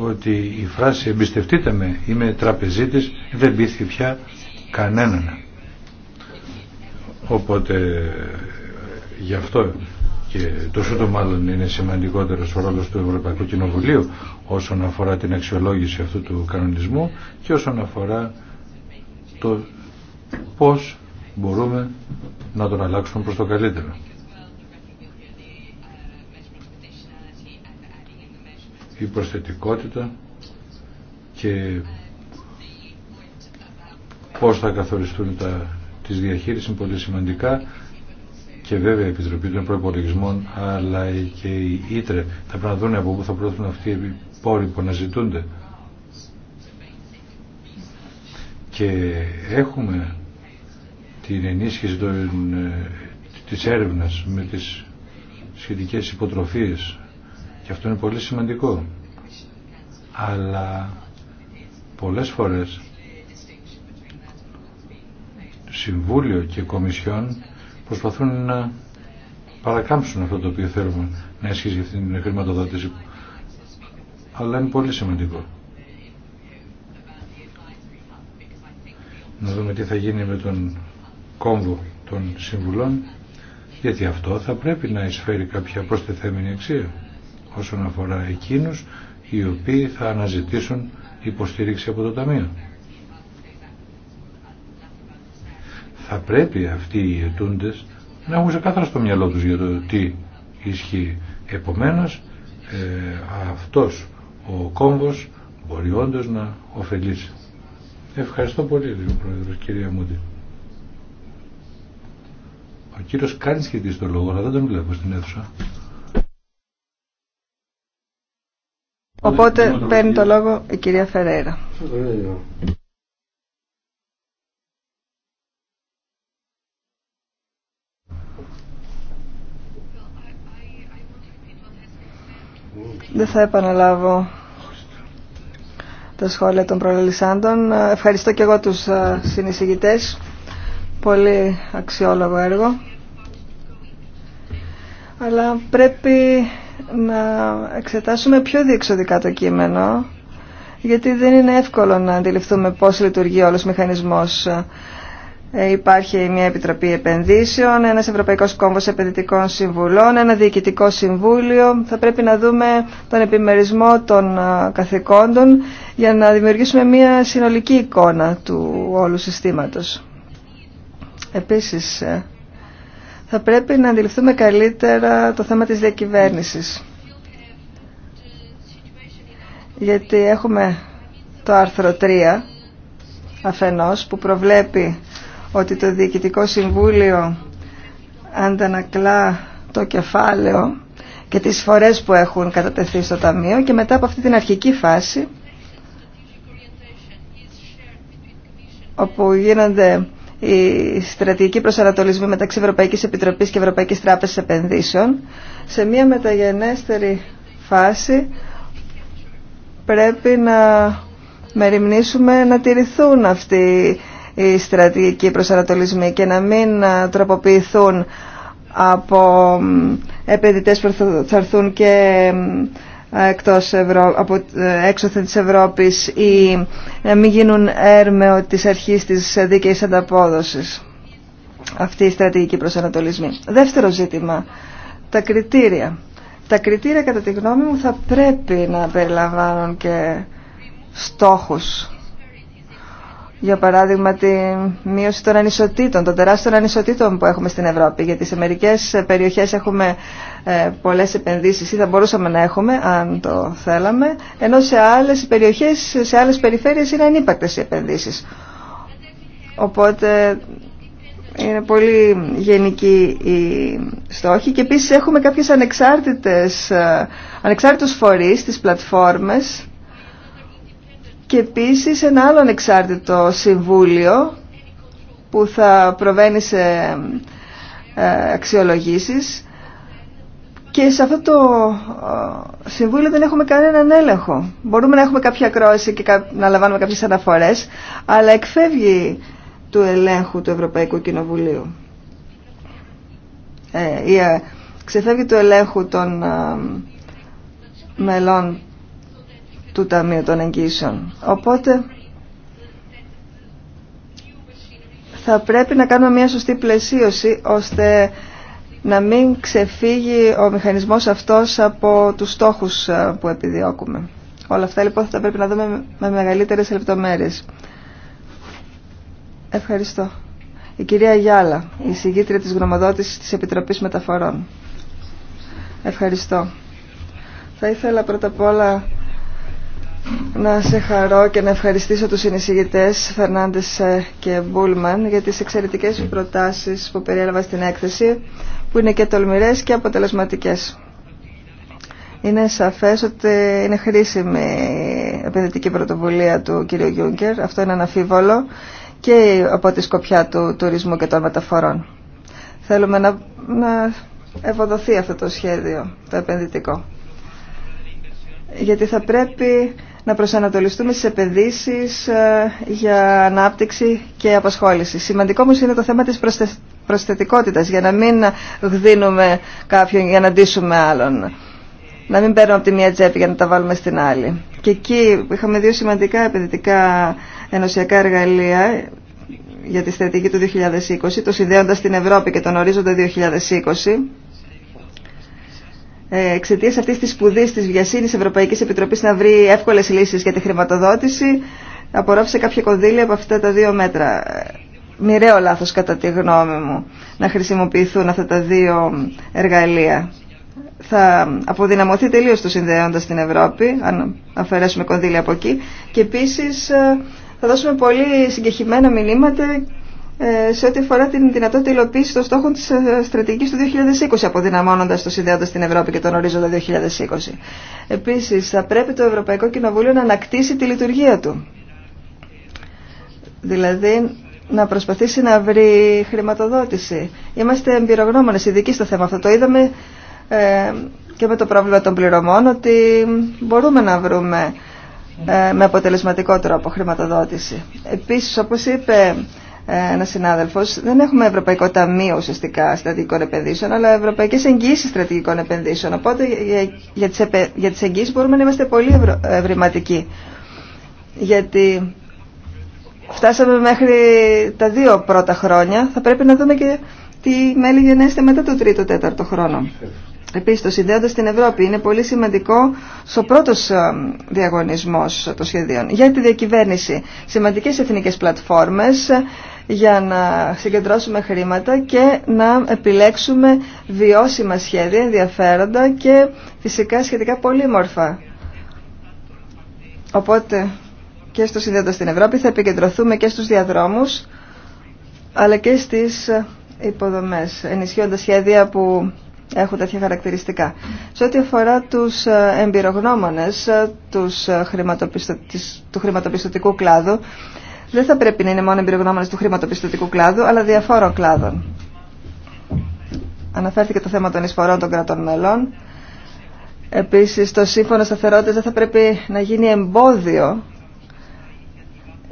ότι η φράση εμπιστευτείτε με, είμαι τραπεζίτης, δεν πείθει πια κανέναν. Οπότε γι' αυτό και τόσο το μάλλον είναι σημαντικότερος ο ρόλος του Ευρωπαϊκού Κοινοβουλίου όσον αφορά την αξιολόγηση αυτού του κανονισμού και όσον αφορά το πώς μπορούμε να τον αλλάξουμε προς το καλύτερο. η προσθετικότητα και πώς θα καθοριστούν τα, τις διαχείριση είναι πολύ σημαντικά και βέβαια η Επιτροπή των Προπολογισμών αλλά και η Ήτρε θα πρέπει να δουν από πού θα προωθούν αυτοί οι πόροι που αναζητούνται. Και έχουμε την ενίσχυση των, ε, της έρευνας με τις σχετικές υποτροφίες και αυτό είναι πολύ σημαντικό αλλά πολλές φορές Συμβούλιο και Κομισιόν προσπαθούν να παρακάμψουν αυτό το οποίο θέλουμε να ισχύσει αυτήν την χρηματοδότηση αλλά είναι πολύ σημαντικό να δούμε τι θα γίνει με τον κόμβο των συμβουλών γιατί αυτό θα πρέπει να εισφέρει κάποια προστιθέμενη αξία όσον αφορά εκείνους οι οποίοι θα αναζητήσουν υποστήριξη από το Ταμείο. Θα πρέπει αυτοί οι ετούντες να έχουν ξεκάθαρα στο μυαλό τους για το τι ισχύει. Επομένως, ε, αυτός ο κόμβος μπορεί όντως να ωφελήσει. Ευχαριστώ πολύ, κύριε Πρόεδρο, Πρόεδρος, κυρία Μούντι. Ο κύριος κάνει σχετί το λόγο, αλλά δεν τον βλέπω στην αίθουσα. Οπότε παίρνει το λόγο η κυρία Φερέρα. Δεν θα επαναλάβω τα σχόλια των προλαλισσάντων. Ευχαριστώ και εγώ τους ε, συνεισηγητές. Πολύ αξιόλογο έργο. Αλλά πρέπει να εξετάσουμε πιο διεξοδικά το κείμενο, γιατί δεν είναι εύκολο να αντιληφθούμε πώς λειτουργεί όλος ο μηχανισμός. Ε, υπάρχει μια Επιτροπή Επενδύσεων, ένας Ευρωπαϊκός Κόμβος Επενδυτικών Συμβουλών, ένα Διοικητικό Συμβούλιο. Θα πρέπει να δούμε τον επιμερισμό των καθηκόντων για να δημιουργήσουμε μια συνολική εικόνα του όλου συστήματος. Επίσης, ε, θα πρέπει να αντιληφθούμε καλύτερα το θέμα της διακυβέρνησης. Γιατί έχουμε το άρθρο 3 αφενός που προβλέπει ότι το Διοικητικό Συμβούλιο αντανακλά το κεφάλαιο και τις φορές που έχουν κατατεθεί στο Ταμείο και μετά από αυτή την αρχική φάση όπου γίνονται η στρατηγική προσανατολισμή μεταξύ Ευρωπαϊκής Επιτροπής και Ευρωπαϊκής Τράπεζας Επενδύσεων σε μια μεταγενέστερη φάση πρέπει να μεριμνήσουμε να τηρηθούν αυτοί οι στρατηγικοί προσανατολισμοί και να μην ε, τροποποιηθούν από επενδυτές που θα έρθουν και ε, εκτός από ε, έξωθεν της Ευρώπης ή να ε, μην γίνουν έρμεο της αρχής της δίκαιης ανταπόδοσης. Αυτή η στρατηγική προσανατολισμή. Δεύτερο ζήτημα, τα κριτήρια. Τα κριτήρια κατά τη γνώμη μου θα πρέπει να περιλαμβάνουν και στόχους για παράδειγμα, τη μείωση των ανισοτήτων, των τεράστιων ανισοτήτων που έχουμε στην Ευρώπη. Γιατί σε μερικέ περιοχέ έχουμε ε, πολλέ επενδύσει ή θα μπορούσαμε να έχουμε, αν το θέλαμε, ενώ σε άλλε περιοχέ, σε άλλε περιφέρειες είναι ανύπαρκτε οι επενδύσει. Οπότε είναι πολύ γενική η στόχη και επίσης έχουμε κάποιες ανεξάρτητες, φορεί ε, φορείς στις και επίσης ένα άλλο εξάρτητο συμβούλιο που θα προβαίνει σε ε, αξιολογήσεις και σε αυτό το ε, συμβούλιο δεν έχουμε κανέναν έλεγχο. Μπορούμε να έχουμε κάποια κρόση και να λαμβάνουμε κάποιες αναφορές, αλλά εκφεύγει του ελέγχου του Ευρωπαϊκού Κοινοβουλίου. Ε, ε ξεφεύγει του ελέγχου των μελών του Ταμείου των Εγγύσεων. Οπότε θα πρέπει να κάνουμε μια σωστή πλαισίωση ώστε να μην ξεφύγει ο μηχανισμός αυτός από τους στόχους ε, που επιδιώκουμε. Όλα αυτά λοιπόν θα πρέπει να δούμε με μεγαλύτερες λεπτομέρειες. Ευχαριστώ. Η κυρία Γιάλα, η συγγήτρια της γνωμοδότησης της Επιτροπής Μεταφορών. Ευχαριστώ. Θα ήθελα πρώτα απ' όλα να σε χαρώ και να ευχαριστήσω τους συνεισηγητές Φερνάντες ε, και Μπούλμαν για τις εξαιρετικές προτάσεις που περιέλαβα στην έκθεση που είναι και τολμηρές και αποτελεσματικές. Είναι σαφές ότι είναι χρήσιμη η επενδυτική πρωτοβουλία του κ. Γιούγκερ, αυτό είναι αναφίβολο και από τη σκοπιά του τουρισμού και των μεταφορών. Θέλουμε να, να ευοδοθεί αυτό το σχέδιο, το επενδυτικό. Γιατί θα πρέπει να προσανατολιστούμε στις επενδύσεις ε, για ανάπτυξη και απασχόληση. Σημαντικό όμως είναι το θέμα της προσθετικότητας για να μην γδίνουμε κάποιον για να ντύσουμε άλλον. Να μην παίρνουμε από τη μία τσέπη για να τα βάλουμε στην άλλη. Και εκεί είχαμε δύο σημαντικά επενδυτικά ενωσιακά εργαλεία για τη στρατηγική του 2020, το συνδέοντας την Ευρώπη και τον ορίζοντα 2020 ε, εξαιτία αυτή τη σπουδή τη βιασύνη Ευρωπαϊκή Επιτροπή να βρει εύκολε λύσει για τη χρηματοδότηση, απορρόφησε κάποια κονδύλια από αυτά τα δύο μέτρα. Ε, Μοιραίο λάθο, κατά τη γνώμη μου, να χρησιμοποιηθούν αυτά τα δύο εργαλεία. Θα αποδυναμωθεί τελείω το συνδέοντα στην Ευρώπη, αν αφαιρέσουμε κονδύλια από εκεί. Και επίση ε, θα δώσουμε πολύ συγκεχημένα μηνύματα ε, σε ό,τι αφορά την δυνατότητα υλοποίηση των στόχων της ε, στρατηγικής του 2020, αποδυναμώνοντας το συνδέοντα στην Ευρώπη και τον ορίζοντα 2020. Επίσης, θα πρέπει το Ευρωπαϊκό Κοινοβούλιο να ανακτήσει τη λειτουργία του. Δηλαδή, να προσπαθήσει να βρει χρηματοδότηση. Είμαστε εμπειρογνώμονες, ειδικοί στο θέμα αυτό. Το είδαμε ε, και με το πρόβλημα των πληρωμών, ότι μπορούμε να βρούμε με αποτελεσματικό τρόπο χρηματοδότηση. Επίσης, όπω είπε ε, ένα συνάδελφο, δεν έχουμε Ευρωπαϊκό Ταμείο ουσιαστικά στρατηγικών επενδύσεων, αλλά Ευρωπαϊκέ Εγγύσει στρατηγικών επενδύσεων. Οπότε για, για τι εγγύσει μπορούμε να είμαστε πολύ ευρηματικοί. Γιατί φτάσαμε μέχρι τα δύο πρώτα χρόνια, θα πρέπει να δούμε και τι μέλη γενέστε μετά το τρίτο τέταρτο χρόνο. Επίση, το συνδέοντα στην Ευρώπη είναι πολύ σημαντικό στο πρώτο ε, διαγωνισμό των σχεδίων. Για τη διακυβέρνηση, σημαντικέ εθνικέ πλατφόρμε για να συγκεντρώσουμε χρήματα και να επιλέξουμε βιώσιμα σχέδια, ενδιαφέροντα και φυσικά σχετικά πολύμορφα. Οπότε και στο Συνδέοντα στην Ευρώπη θα επικεντρωθούμε και στους διαδρόμους αλλά και στις ε, υποδομές, ενισχύοντας σχέδια που έχουν τέτοια χαρακτηριστικά. Σε ό,τι αφορά τους ε, εμπειρογνώμονες ε, του χρηματοπιστωτικού κλάδου, δεν θα πρέπει να είναι μόνο εμπειρογνώμονε του χρηματοπιστωτικού κλάδου, αλλά διαφόρων κλάδων. Αναφέρθηκε το θέμα των εισφορών των κρατών μελών. Επίσης, το σύμφωνο σταθερότητα δεν θα πρέπει να γίνει εμπόδιο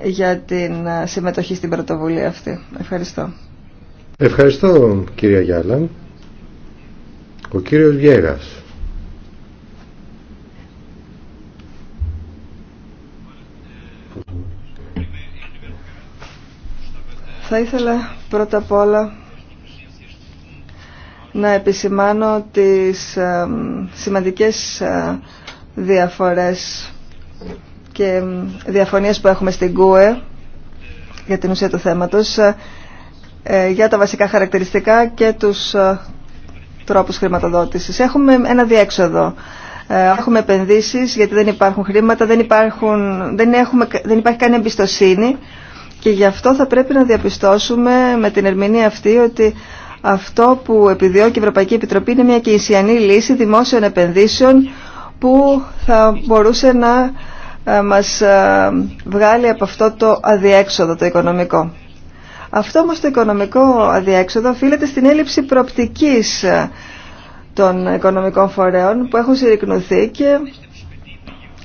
για την συμμετοχή στην πρωτοβουλία αυτή. Ευχαριστώ. Ευχαριστώ, κυρία Γιάλα. Ο κύριος Βιέγας. Θα ήθελα πρώτα απ' όλα να επισημάνω τις ε, σημαντικές ε, διαφορές και διαφωνίες που έχουμε στην ΚΟΕ για την ουσία του θέματος ε, για τα βασικά χαρακτηριστικά και τους τρόπους χρηματοδότησης. Έχουμε ένα διέξοδο. Έχουμε επενδύσεις γιατί δεν υπάρχουν χρήματα, δεν, υπάρχουν, δεν, έχουμε, δεν υπάρχει καν εμπιστοσύνη και γι' αυτό θα πρέπει να διαπιστώσουμε με την ερμηνεία αυτή ότι αυτό που επιδιώκει η Ευρωπαϊκή Επιτροπή είναι μια κεϊσιανή λύση δημόσιων επενδύσεων που θα μπορούσε να ε, μας ε, βγάλει από αυτό το αδιέξοδο το οικονομικό. Αυτό όμως το οικονομικό αδιέξοδο οφείλεται στην έλλειψη προπτικής ε, των οικονομικών φορέων που έχουν συρρυκνωθεί και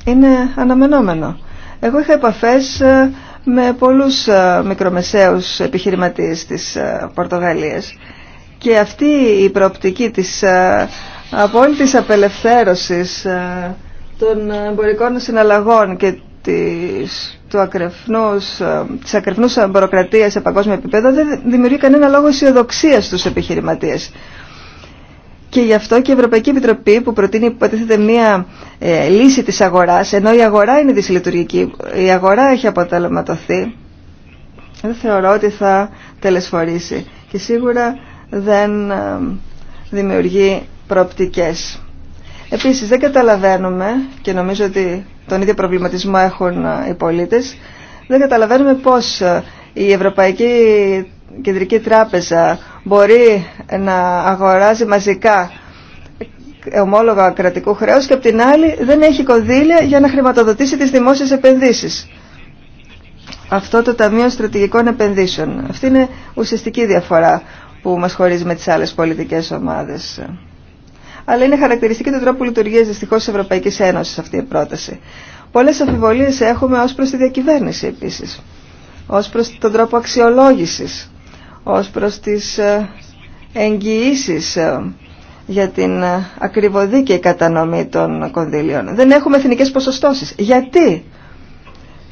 είναι αναμενόμενο. Εγώ είχα επαφές με πολλούς ε, μικρομεσαίους επιχειρηματίες της ε, Πορτογαλίας. Και αυτή η προοπτική της ε, απόλυτης απελευθέρωσης των εμπορικών συναλλαγών και της, του ακρεφνούς, της ακρεφνούς σε παγκόσμιο επίπεδο δεν δημιουργεί κανένα λόγο αισιοδοξία στους επιχειρηματίες. Και γι' αυτό και η Ευρωπαϊκή Επιτροπή που προτείνει υποτίθεται μία ε, λύση της αγοράς, ενώ η αγορά είναι δυσλειτουργική, η αγορά έχει αποτελεματωθεί, δεν θεωρώ ότι θα τελεσφορήσει και σίγουρα δεν ε, δημιουργεί προοπτικές. Επίσης δεν καταλαβαίνουμε και νομίζω ότι τον ίδιο προβληματισμό έχουν ε, οι πολίτες, δεν καταλαβαίνουμε πώς η Ευρωπαϊκή κεντρική τράπεζα μπορεί να αγοράζει μαζικά ομόλογα κρατικού χρέους και από την άλλη δεν έχει κονδύλια για να χρηματοδοτήσει τις δημόσιες επενδύσεις. Αυτό το Ταμείο Στρατηγικών Επενδύσεων. Αυτή είναι ουσιαστική διαφορά που μας χωρίζει με τις άλλες πολιτικές ομάδες. Αλλά είναι χαρακτηριστική του τρόπου λειτουργίας δυστυχώ τη Ευρωπαϊκή Ένωση αυτή η πρόταση. Πολλέ αφιβολίε έχουμε ω προ τη διακυβέρνηση επίση, ω προ τον τρόπο αξιολόγηση ως προς τις ε, εγγυήσει ε, για την ε, ακριβοδίκαιη κατανομή των κονδύλιων. Δεν έχουμε εθνικές ποσοστώσεις. Γιατί?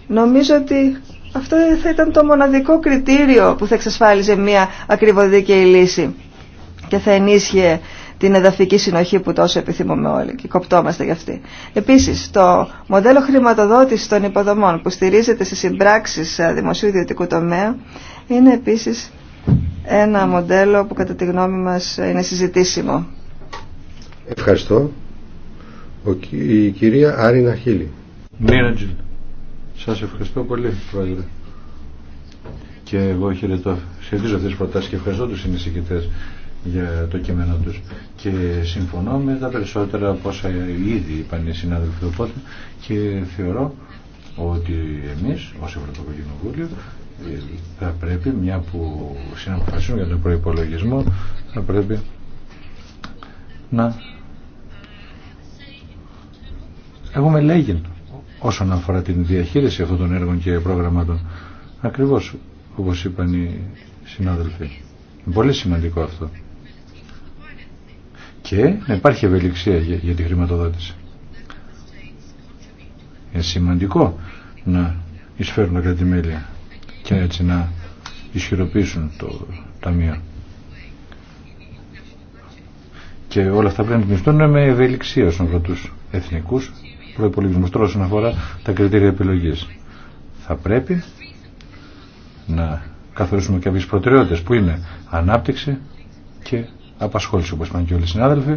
Νομίζω ότι αυτό θα ήταν το μοναδικό κριτήριο που θα εξασφάλιζε μια ακριβοδίκαιη λύση και θα ενίσχυε την εδαφική συνοχή που τόσο επιθυμούμε όλοι και κοπτόμαστε γι' αυτή. Επίσης, το μοντέλο χρηματοδότησης των υποδομών που στηρίζεται σε συμπράξεις δημοσίου ιδιωτικού τομέα είναι επίσης ένα μοντέλο που κατά τη γνώμη μας είναι συζητήσιμο. Ευχαριστώ. Ο, η κυρία Άρινα Χίλη. Μίρατζιλ. Ναι, Σας ευχαριστώ πολύ, Πρόεδρε. Και εγώ χαιρετώ. Σχετίζω αυτές τις προτάσεις και ευχαριστώ τους συνεισηγητές για το κείμενο τους. Και συμφωνώ με τα περισσότερα από όσα ήδη είπαν οι συνάδελφοι οπότε και θεωρώ ότι εμείς ως Ευρωπαϊκό Κοινοβούλιο θα πρέπει, μια που συναποφασίζουν για τον προϋπολογισμό, θα πρέπει να έχουμε λέγει όσον αφορά την διαχείριση αυτών των έργων και προγραμμάτων. Ακριβώς όπως είπαν οι συνάδελφοι. Είναι πολύ σημαντικό αυτό. Και να υπάρχει ευελιξία για, για τη χρηματοδότηση. Είναι σημαντικό να εισφέρουν τα κρατημέλια έτσι να ισχυροποιήσουν το Ταμείο. Και όλα αυτά πρέπει να ρυθμιστούν με ευελιξία όσον αφορά του εθνικού προπολογισμού. Τώρα, όσον αφορά τα κριτήρια επιλογή, θα πρέπει να καθορίσουμε κάποιε προτεραιότητε που είναι ανάπτυξη και απασχόληση. Όπω είπαν και όλοι οι συνάδελφοι,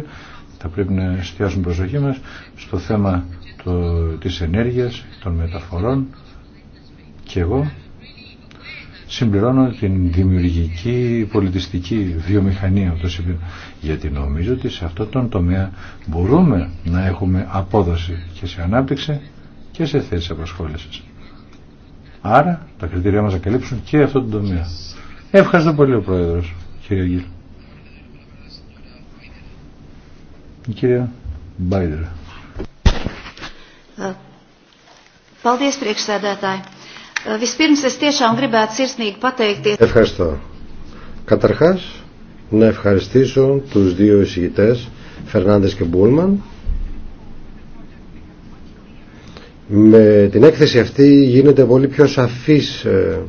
θα πρέπει να εστιάσουμε προσοχή μα στο θέμα το, της ενέργειας, των μεταφορών και εγώ συμπληρώνω την δημιουργική πολιτιστική βιομηχανία το γιατί νομίζω ότι σε αυτό τον τομέα μπορούμε να έχουμε απόδοση και σε ανάπτυξη και σε θέσεις απασχόλησης. Άρα τα κριτήρια μας θα καλύψουν και αυτό τον τομέα. Ευχαριστώ πολύ ο Πρόεδρος, κύριε Αγγίλ. Η κυρία Μπάιντερ. Ε, Paldies, priekšsēdētāji. Ευχαριστώ. Καταρχάς, να ευχαριστήσω τους δύο εισηγητές, Φερνάνδες και Μπούλμαν. Με την έκθεση αυτή γίνεται πολύ πιο σαφής ε,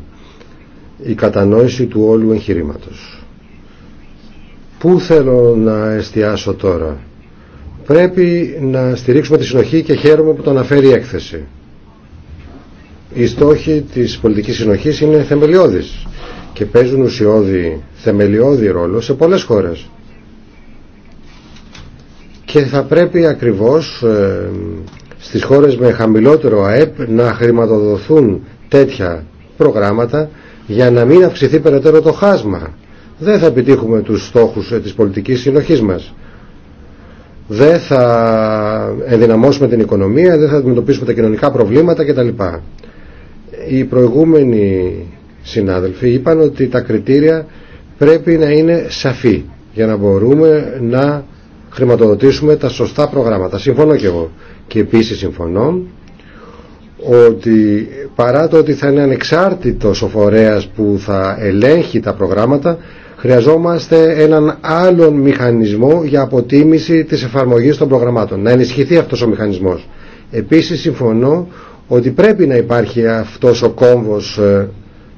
η κατανόηση του όλου εγχειρήματος. Πού θέλω να εστιάσω τώρα. Πρέπει να στηρίξουμε τη συνοχή και χαίρομαι που το αναφέρει η έκθεση οι στόχοι της πολιτικής συνοχής είναι θεμελιώδεις και παίζουν ουσιώδη, θεμελιώδη ρόλο σε πολλές χώρες. Και θα πρέπει ακριβώς ε, στις χώρες με χαμηλότερο ΑΕΠ να χρηματοδοθούν τέτοια προγράμματα για να μην αυξηθεί περαιτέρω το χάσμα. Δεν θα επιτύχουμε τους στόχους ε, της πολιτικής συνοχής μας. Δεν θα ενδυναμώσουμε την οικονομία, δεν θα αντιμετωπίσουμε τα κοινωνικά προβλήματα κτλ οι προηγούμενοι συνάδελφοι είπαν ότι τα κριτήρια πρέπει να είναι σαφή για να μπορούμε να χρηματοδοτήσουμε τα σωστά προγράμματα. Συμφωνώ και εγώ. Και επίσης συμφωνώ ότι παρά το ότι θα είναι ανεξάρτητος ο φορέας που θα ελέγχει τα προγράμματα χρειαζόμαστε έναν άλλον μηχανισμό για αποτίμηση της εφαρμογής των προγραμμάτων. Να ενισχυθεί αυτός ο μηχανισμός. Επίσης συμφωνώ ότι πρέπει να υπάρχει αυτός ο κόμβος ε,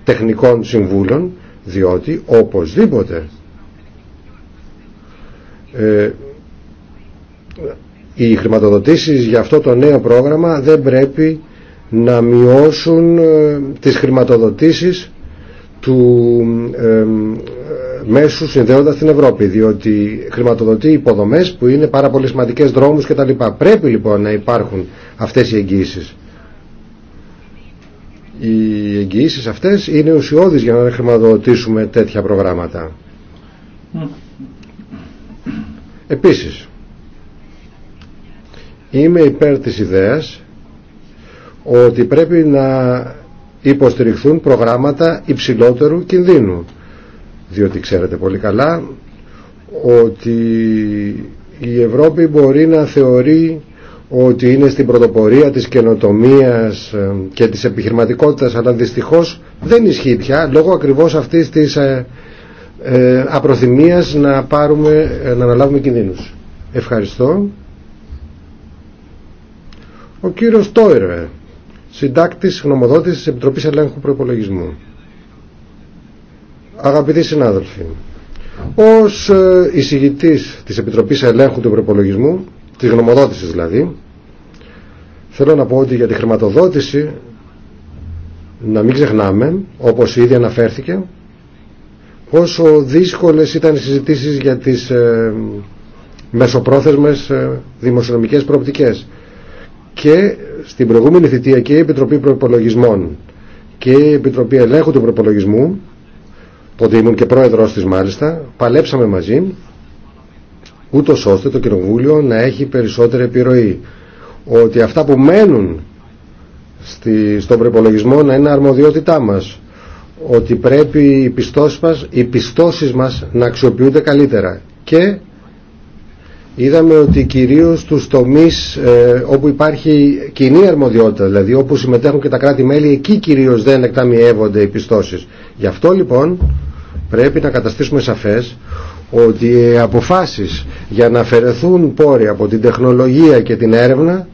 τεχνικών συμβούλων διότι οπωσδήποτε ε, οι χρηματοδοτήσεις για αυτό το νέο πρόγραμμα δεν πρέπει να μειώσουν ε, τις χρηματοδοτήσεις του ε, ε, μέσου συνδέοντας την Ευρώπη διότι χρηματοδοτεί υποδομές που είναι πάρα πολύ σημαντικές δρόμους κτλ. Πρέπει λοιπόν να υπάρχουν αυτές οι εγγύησεις. Οι εγγυήσεις αυτές είναι ουσιώδεις για να χρηματοδοτήσουμε τέτοια προγράμματα. Επίσης, είμαι υπέρ της ιδέας ότι πρέπει να υποστηριχθούν προγράμματα υψηλότερου κινδύνου. Διότι ξέρετε πολύ καλά ότι η Ευρώπη μπορεί να θεωρεί ότι είναι στην πρωτοπορία της καινοτομίας ε, και της επιχειρηματικότητας αλλά δυστυχώς δεν ισχύει πια λόγω ακριβώς αυτής της ε, ε, απροθυμίας να, πάρουμε, να αναλάβουμε κινδύνους. Ευχαριστώ. Ο κύριος Τόιρε, συντάκτης γνωμοδότης της Επιτροπής Ελέγχου Προπολογισμού. Αγαπητοί συνάδελφοι, ως εισηγητής της Επιτροπής Ελέγχου του Προπολογισμού τη γνωμοδότηση δηλαδή, θέλω να πω ότι για τη χρηματοδότηση να μην ξεχνάμε, όπως ήδη αναφέρθηκε, πόσο δύσκολες ήταν οι συζητήσεις για τις ε, μεσοπρόθεσμες ε, δημοσιονομικές προοπτικές. Και στην προηγούμενη θητεία και η Επιτροπή Προπολογισμών και η Επιτροπή Ελέγχου του Προπολογισμού, τότε ήμουν και πρόεδρος της μάλιστα, παλέψαμε μαζί ούτω ώστε το Κοινοβούλιο να έχει περισσότερη επιρροή. Ότι αυτά που μένουν στη, στον προπολογισμό να είναι αρμοδιότητά μας. Ότι πρέπει οι πιστώσει μα, οι μας να αξιοποιούνται καλύτερα. Και είδαμε ότι κυρίω του τομεί, ε, όπου υπάρχει κοινή αρμοδιότητα, δηλαδή όπου συμμετέχουν και τα κράτη-μέλη, εκεί κυρίω δεν εκταμιεύονται οι πιστώσει. Γι' αυτό λοιπόν πρέπει να καταστήσουμε σαφές ότι οι αποφάσεις για να αφαιρεθούν πόροι από την τεχνολογία και την έρευνα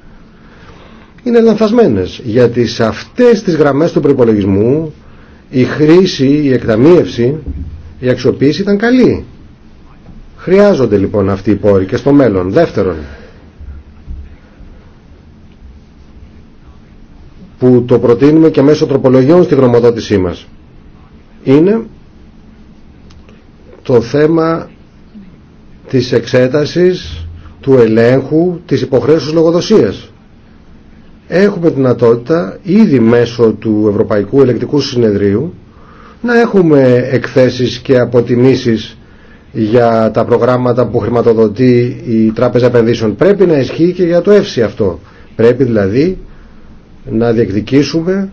είναι λανθασμένες γιατί σε αυτές τις γραμμές του προπολογισμού η χρήση, η εκταμίευση η αξιοποίηση ήταν καλή. Χρειάζονται λοιπόν αυτοί οι πόροι και στο μέλλον. Δεύτερον, που το προτείνουμε και μέσω τροπολογιών στη γνωμοδότησή μας, είναι το θέμα της εξέτασης, του ελέγχου, της υποχρέωσης λογοδοσίας. Έχουμε δυνατότητα ήδη μέσω του Ευρωπαϊκού Ελεκτικού Συνεδρίου να έχουμε εκθέσεις και αποτιμήσεις για τα προγράμματα που χρηματοδοτεί η Τράπεζα Επενδύσεων. Πρέπει να ισχύει και για το ΕΦΣΙ αυτό. Πρέπει δηλαδή να διεκδικήσουμε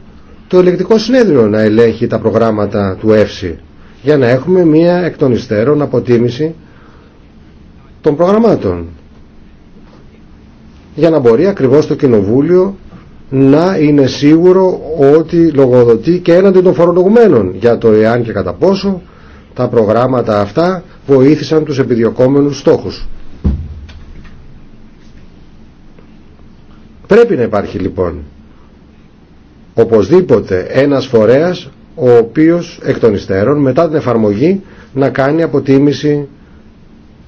το ελεκτικό συνέδριο να ελέγχει τα προγράμματα του ΕΦΣΙ για να έχουμε μία εκ των υστέρων αποτίμηση των προγραμμάτων για να μπορεί ακριβώς το Κοινοβούλιο να είναι σίγουρο ότι λογοδοτεί και έναντι των φορολογουμένων για το εάν και κατά πόσο τα προγράμματα αυτά βοήθησαν τους επιδιωκόμενους στόχους. Πρέπει να υπάρχει λοιπόν οπωσδήποτε ένας φορέας ο οποίος εκ των υστέρων μετά την εφαρμογή να κάνει αποτίμηση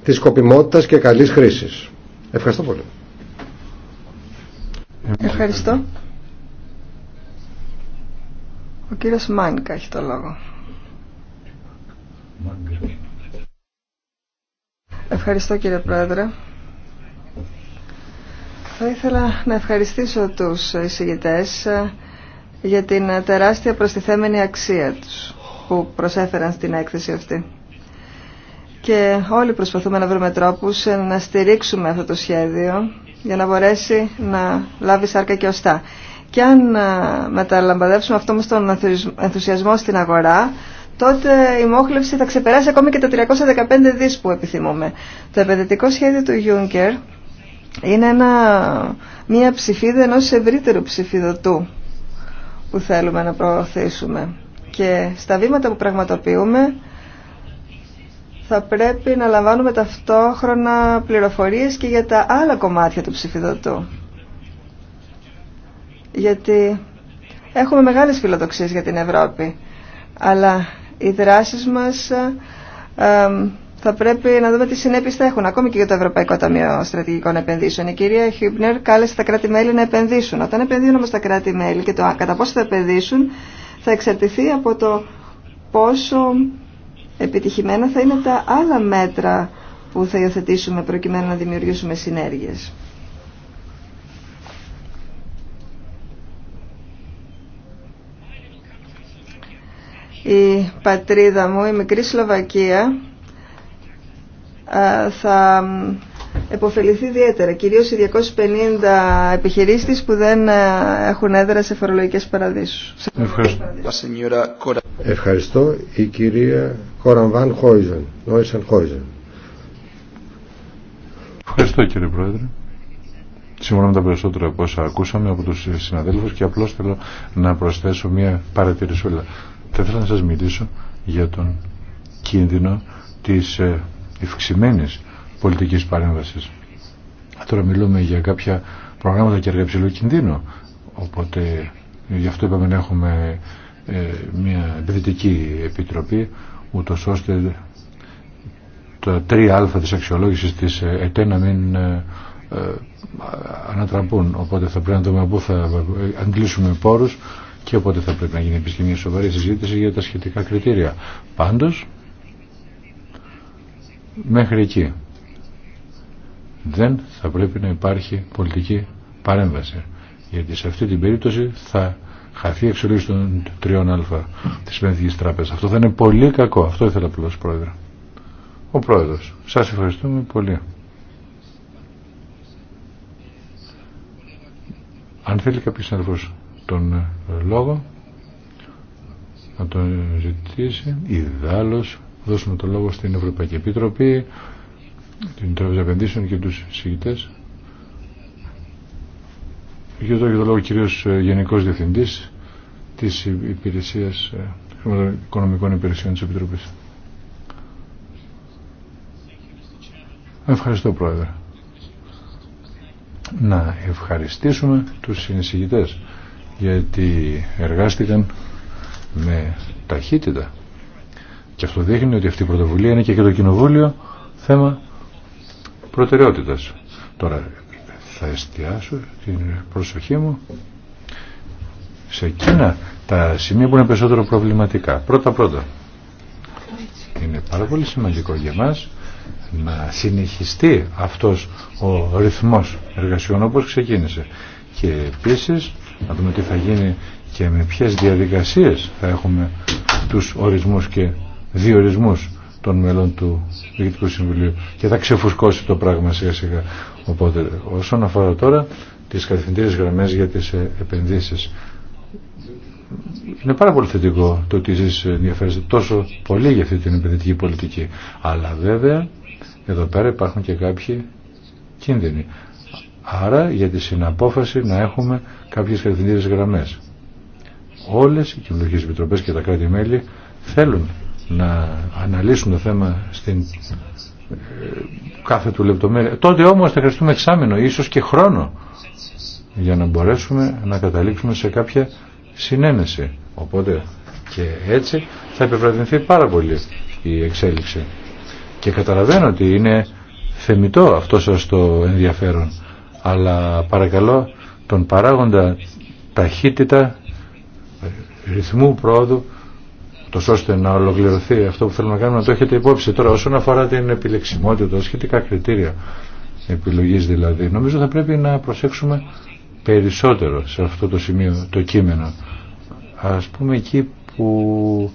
της σκοπιμότητας και καλής χρήσης. Ευχαριστώ πολύ. Ευχαριστώ. Ο κύριος Μάνικα έχει το λόγο. Ευχαριστώ κύριε Πρόεδρε. Θα ήθελα να ευχαριστήσω τους εισηγητές για την τεράστια προστιθέμενη αξία τους που προσέφεραν στην έκθεση αυτή. Και όλοι προσπαθούμε να βρούμε τρόπους να στηρίξουμε αυτό το σχέδιο για να μπορέσει να λάβει σάρκα και οστά. Και αν ε, μεταλαμπαδεύσουμε αυτό με τον ενθουσιασμό στην αγορά, τότε η μόχλευση θα ξεπεράσει ακόμη και τα 315 δις που επιθυμούμε. Το επενδυτικό σχέδιο του Juncker είναι ένα, μια ψηφίδα ενός ευρύτερου ψηφιδοτού που θέλουμε να προωθήσουμε. Και στα βήματα που πραγματοποιούμε θα πρέπει να λαμβάνουμε ταυτόχρονα πληροφορίες και για τα άλλα κομμάτια του ψηφιδωτού. Γιατί έχουμε μεγάλες φιλοδοξίες για την Ευρώπη, αλλά οι δράσεις μας ε, θα πρέπει να δούμε τι συνέπειε θα έχουν ακόμη και για το Ευρωπαϊκό Ταμείο Στρατηγικών Επενδύσεων. Η κυρία Χιούμπνερ κάλεσε τα κράτη-μέλη να επενδύσουν. Όταν επενδύουν όμω τα κράτη-μέλη και το κατά πόσο θα επενδύσουν θα εξαρτηθεί από το πόσο επιτυχημένα θα είναι τα άλλα μέτρα που θα υιοθετήσουμε προκειμένου να δημιουργήσουμε συνέργειε. Η πατρίδα μου, η μικρή Σλοβακία, ε, θα επωφεληθεί ιδιαίτερα, κυρίως οι 250 επιχειρήσεις που δεν ε, έχουν έδρα σε φορολογικές παραδείσους. Ευχαριστώ. Ευχαριστώ η κυρία Κοραμβάν Χόιζεν, Νόησαν Ευχαριστώ κύριε Πρόεδρε. Σύμφωνα με τα περισσότερα από όσα ακούσαμε από τους συναδέλφους και απλώς θέλω να προσθέσω μια παρατηρησούλα. Θα ήθελα να σας μιλήσω για τον κίνδυνο της ε, ευξημένης πολιτικής παρέμβασης. Τώρα μιλούμε για κάποια προγράμματα και εργαψηλού κινδύνου, οπότε γι' αυτό είπαμε να έχουμε ε, μια επιδυτική επιτροπή, ούτω ώστε τα 3α της αξιολόγησης της ε, ΕΤΕ να μην ε, ανατραπούν. Οπότε θα πρέπει να δούμε πού θα αντλήσουμε πόρους και οπότε θα πρέπει να γίνει επίσης μια σοβαρή συζήτηση για τα σχετικά κριτήρια. Πάντως, μέχρι εκεί. Δεν θα πρέπει να υπάρχει πολιτική παρέμβαση. Γιατί σε αυτή την περίπτωση θα χαθεί η των τριών α τη Πενθυγή Τράπεζα. Αυτό θα είναι πολύ κακό. Αυτό ήθελα απλώ, Πρόεδρε. Ο Πρόεδρο. Σα ευχαριστούμε πολύ. Αν θέλει κάποιο συνάδελφο τον ε, λόγο, να τον ζητήσει. Ιδάλω δώσουμε το λόγο στην Ευρωπαϊκή Επιτροπή, την Τράπεζα Επενδύσεων και τους συγκητές. Και εδώ και το λόγο κυρίως ε, Γενικός Διευθυντής της Υπηρεσίας ε, Οικονομικών Υπηρεσιών της Επιτροπής. Ευχαριστώ Πρόεδρε. Να ευχαριστήσουμε τους συνεισηγητές γιατί εργάστηκαν με ταχύτητα και αυτό δείχνει ότι αυτή η πρωτοβουλία είναι και για το Κοινοβούλιο θέμα προτεραιότητας. Τώρα θα εστιάσω την προσοχή μου σε εκείνα τα σημεία που είναι περισσότερο προβληματικά. Πρώτα πρώτα. Είναι πάρα πολύ σημαντικό για μας να συνεχιστεί αυτός ο ρυθμός εργασιών όπως ξεκίνησε. Και επίσης να δούμε τι θα γίνει και με ποιες διαδικασίες θα έχουμε τους ορισμούς και διορισμούς των μελών του Διοικητικού Συμβουλίου και θα ξεφουσκώσει το πράγμα σιγά σιγά. Οπότε όσον αφορά τώρα τις καθημερινές γραμμές για τις ε, επενδύσεις είναι πάρα πολύ θετικό το ότι εσείς ενδιαφέρεστε τόσο πολύ για αυτή την επενδυτική πολιτική. Αλλά βέβαια εδώ πέρα υπάρχουν και κάποιοι κίνδυνοι. Άρα για τη συναπόφαση να έχουμε κάποιες καθημερινές γραμμές. Όλες οι κοινωνικές επιτροπές και τα κράτη-μέλη θέλουν να αναλύσουν το θέμα στην ε, κάθε του λεπτομέρεια. Τότε όμως θα χρειαστούμε εξάμεινο, ίσως και χρόνο για να μπορέσουμε να καταλήξουμε σε κάποια συνένεση. Οπότε και έτσι θα επιβραδυνθεί πάρα πολύ η εξέλιξη. Και καταλαβαίνω ότι είναι θεμητό αυτό σας το ενδιαφέρον, αλλά παρακαλώ τον παράγοντα ταχύτητα, ρυθμού πρόοδου ούτω ώστε να ολοκληρωθεί αυτό που θέλουμε να κάνουμε να το έχετε υπόψη. Τώρα όσον αφορά την επιλεξιμότητα, σχετικά κριτήρια επιλογής δηλαδή, νομίζω θα πρέπει να προσέξουμε περισσότερο σε αυτό το σημείο το κείμενο. Ας πούμε εκεί που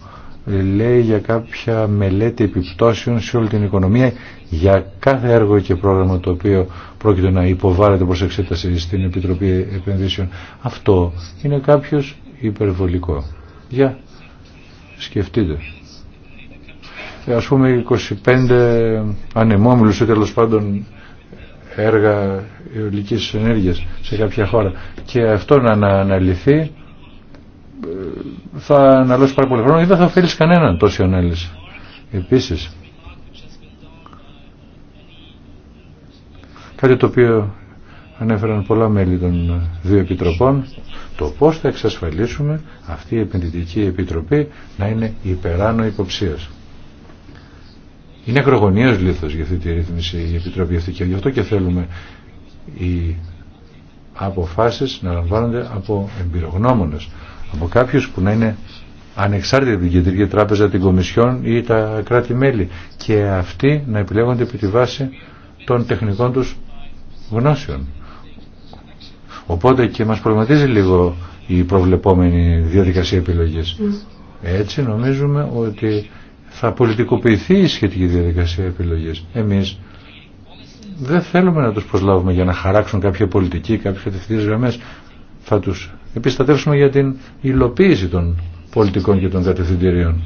λέει για κάποια μελέτη επιπτώσεων σε όλη την οικονομία για κάθε έργο και πρόγραμμα το οποίο πρόκειται να υποβάλλεται προς εξέταση στην Επιτροπή Επενδύσεων. Αυτό είναι κάποιος υπερβολικό. Για Σκεφτείτε. Ε, ας πούμε 25 ανεμόμυλους ή τέλο πάντων έργα αιωλικής ενέργειας σε κάποια χώρα και αυτό να αναλυθεί ε, θα αναλώσει πάρα πολύ χρόνο ή δεν θα ωφέλεις κανέναν τόση ανάλυση. Επίσης, κάτι το οποίο ανέφεραν πολλά μέλη των δύο επιτροπών το πώς θα εξασφαλίσουμε αυτή η επενδυτική επιτροπή να είναι υπεράνω υποψίας. Είναι ακρογωνίας λίθος για αυτή τη ρύθμιση η επιτροπή αυτή και γι' αυτό και θέλουμε οι αποφάσεις να λαμβάνονται από εμπειρογνώμονες, από κάποιους που να είναι ανεξάρτητοι από την Κεντρική Τράπεζα, την Κομισιόν ή τα κράτη-μέλη και αυτοί να επιλέγονται επί τη βάση των τεχνικών τους γνώσεων. Οπότε και μας προβληματίζει λίγο η προβλεπόμενη διαδικασία επιλογής. Mm. Έτσι νομίζουμε ότι θα πολιτικοποιηθεί η σχετική διαδικασία επιλογής. Εμείς δεν θέλουμε να τους προσλάβουμε για να χαράξουν κάποια πολιτική, κάποιες κατευθυντικές γραμμές. Θα τους επιστατεύσουμε για την υλοποίηση των πολιτικών και των κατευθυντηρίων.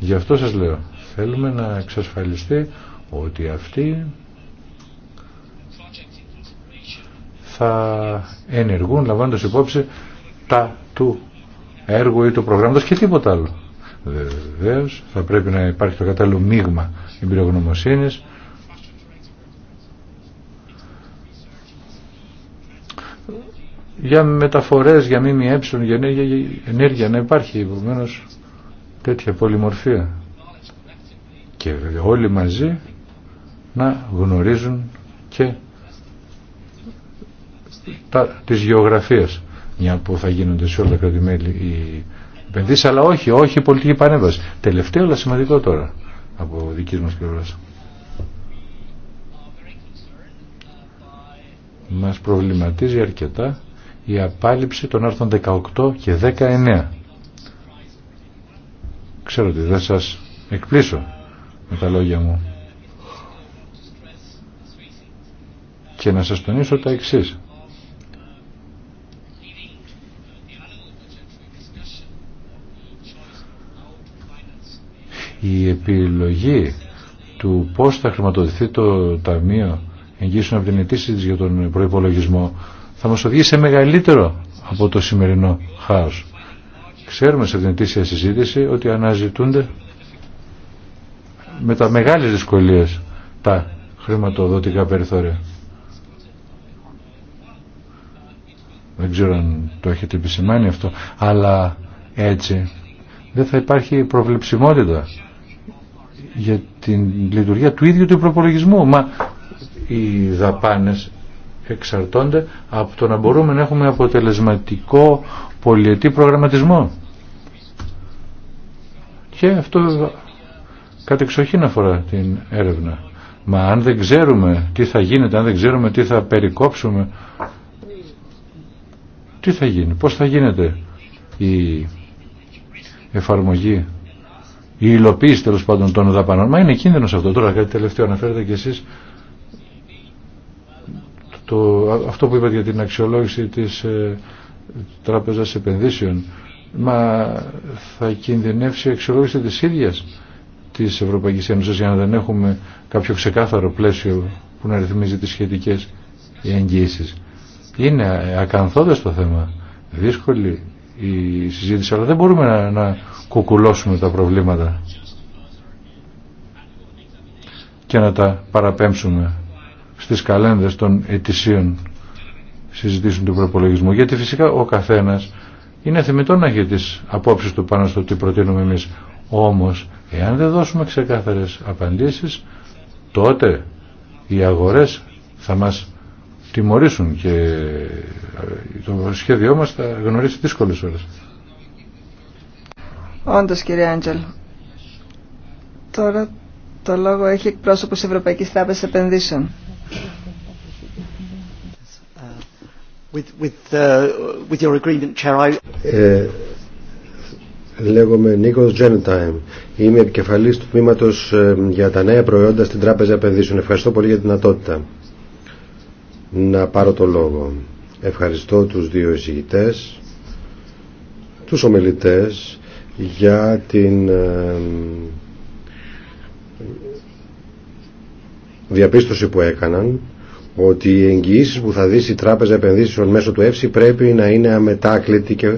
Γι' αυτό σας λέω, θέλουμε να εξασφαλιστεί ότι αυτοί θα ενεργούν λαμβάνοντα υπόψη τα του έργου ή του προγράμματος και τίποτα άλλο. Βεβαίω θα πρέπει να υπάρχει το κατάλληλο μείγμα εμπειρογνωμοσύνης για μεταφορές, για ΜΜΕ, για για ενέργεια να υπάρχει επομένω τέτοια πολυμορφία και όλοι μαζί να γνωρίζουν και τα, της γεωγραφίας μια που θα γίνονται σε όλα τα κρατημέλη οι επενδύσεις αλλά όχι, όχι η πολιτική πανέμβαση τελευταίο αλλά σημαντικό τώρα από δική μας πλευράς μας προβληματίζει αρκετά η απάλληψη των άρθρων 18 και 19 ξέρω ότι δεν σας εκπλήσω με τα λόγια μου και να σας τονίσω τα εξής η επιλογή του πώς θα χρηματοδοτηθεί το Ταμείο Εγγύσεων από την αιτήση της για τον προϋπολογισμό θα μας οδηγεί σε μεγαλύτερο από το σημερινό χάος. Ξέρουμε σε την αιτήσια συζήτηση ότι αναζητούνται με τα μεγάλες δυσκολίες τα χρηματοδοτικά περιθώρια. Δεν ξέρω αν το έχετε επισημάνει αυτό, αλλά έτσι δεν θα υπάρχει προβλεψιμότητα για την λειτουργία του ίδιου του προπολογισμού. Μα οι δαπάνες εξαρτώνται από το να μπορούμε να έχουμε αποτελεσματικό πολιετή προγραμματισμό. Και αυτό κατεξοχήν αφορά την έρευνα. Μα αν δεν ξέρουμε τι θα γίνεται, αν δεν ξέρουμε τι θα περικόψουμε, τι θα γίνει, πώς θα γίνεται η εφαρμογή η υλοποίηση τέλο πάντων των δαπανών. Μα είναι κίνδυνο αυτό. Τώρα κάτι τελευταίο αναφέρετε και εσεί. αυτό που είπατε για την αξιολόγηση της ε, Τράπεζας Επενδύσεων μα θα κινδυνεύσει η αξιολόγηση της ίδια τη Ευρωπαϊκής Ένωση, για να δεν έχουμε κάποιο ξεκάθαρο πλαίσιο που να ρυθμίζει τις σχετικές εγγύησει. Είναι ακαθόδες το θέμα. Δύσκολη η συζήτηση, αλλά δεν μπορούμε να, να κουκουλώσουμε τα προβλήματα και να τα παραπέμψουμε στις καλένδες των ετησίων συζητήσεων του προπολογισμού. Γιατί φυσικά ο καθένας είναι θεμητό να έχει τις απόψεις του πάνω στο τι προτείνουμε εμείς. Όμως, εάν δεν δώσουμε ξεκάθαρες απαντήσεις, τότε οι αγορές θα μας τιμωρήσουν και ε, το σχέδιό μας θα γνωρίσει δύσκολες ώρες. Όντως κύριε Άντζελ. Τώρα το λόγο έχει εκπρόσωπος Ευρωπαϊκής Τράπεζας Επενδύσεων. Uh, uh, ε, λέγομαι Νίκος Τζένετάιμ. Είμαι επικεφαλής του τμήματος ε, για τα νέα προϊόντα στην Τράπεζα Επενδύσεων. Ευχαριστώ πολύ για την δυνατότητα να πάρω το λόγο. Ευχαριστώ τους δύο εισηγητές, τους ομιλητές για την διαπίστωση που έκαναν ότι οι εγγυήσει που θα δει η Τράπεζα Επενδύσεων μέσω του ΕΦΣΙ πρέπει να είναι αμετάκλητη και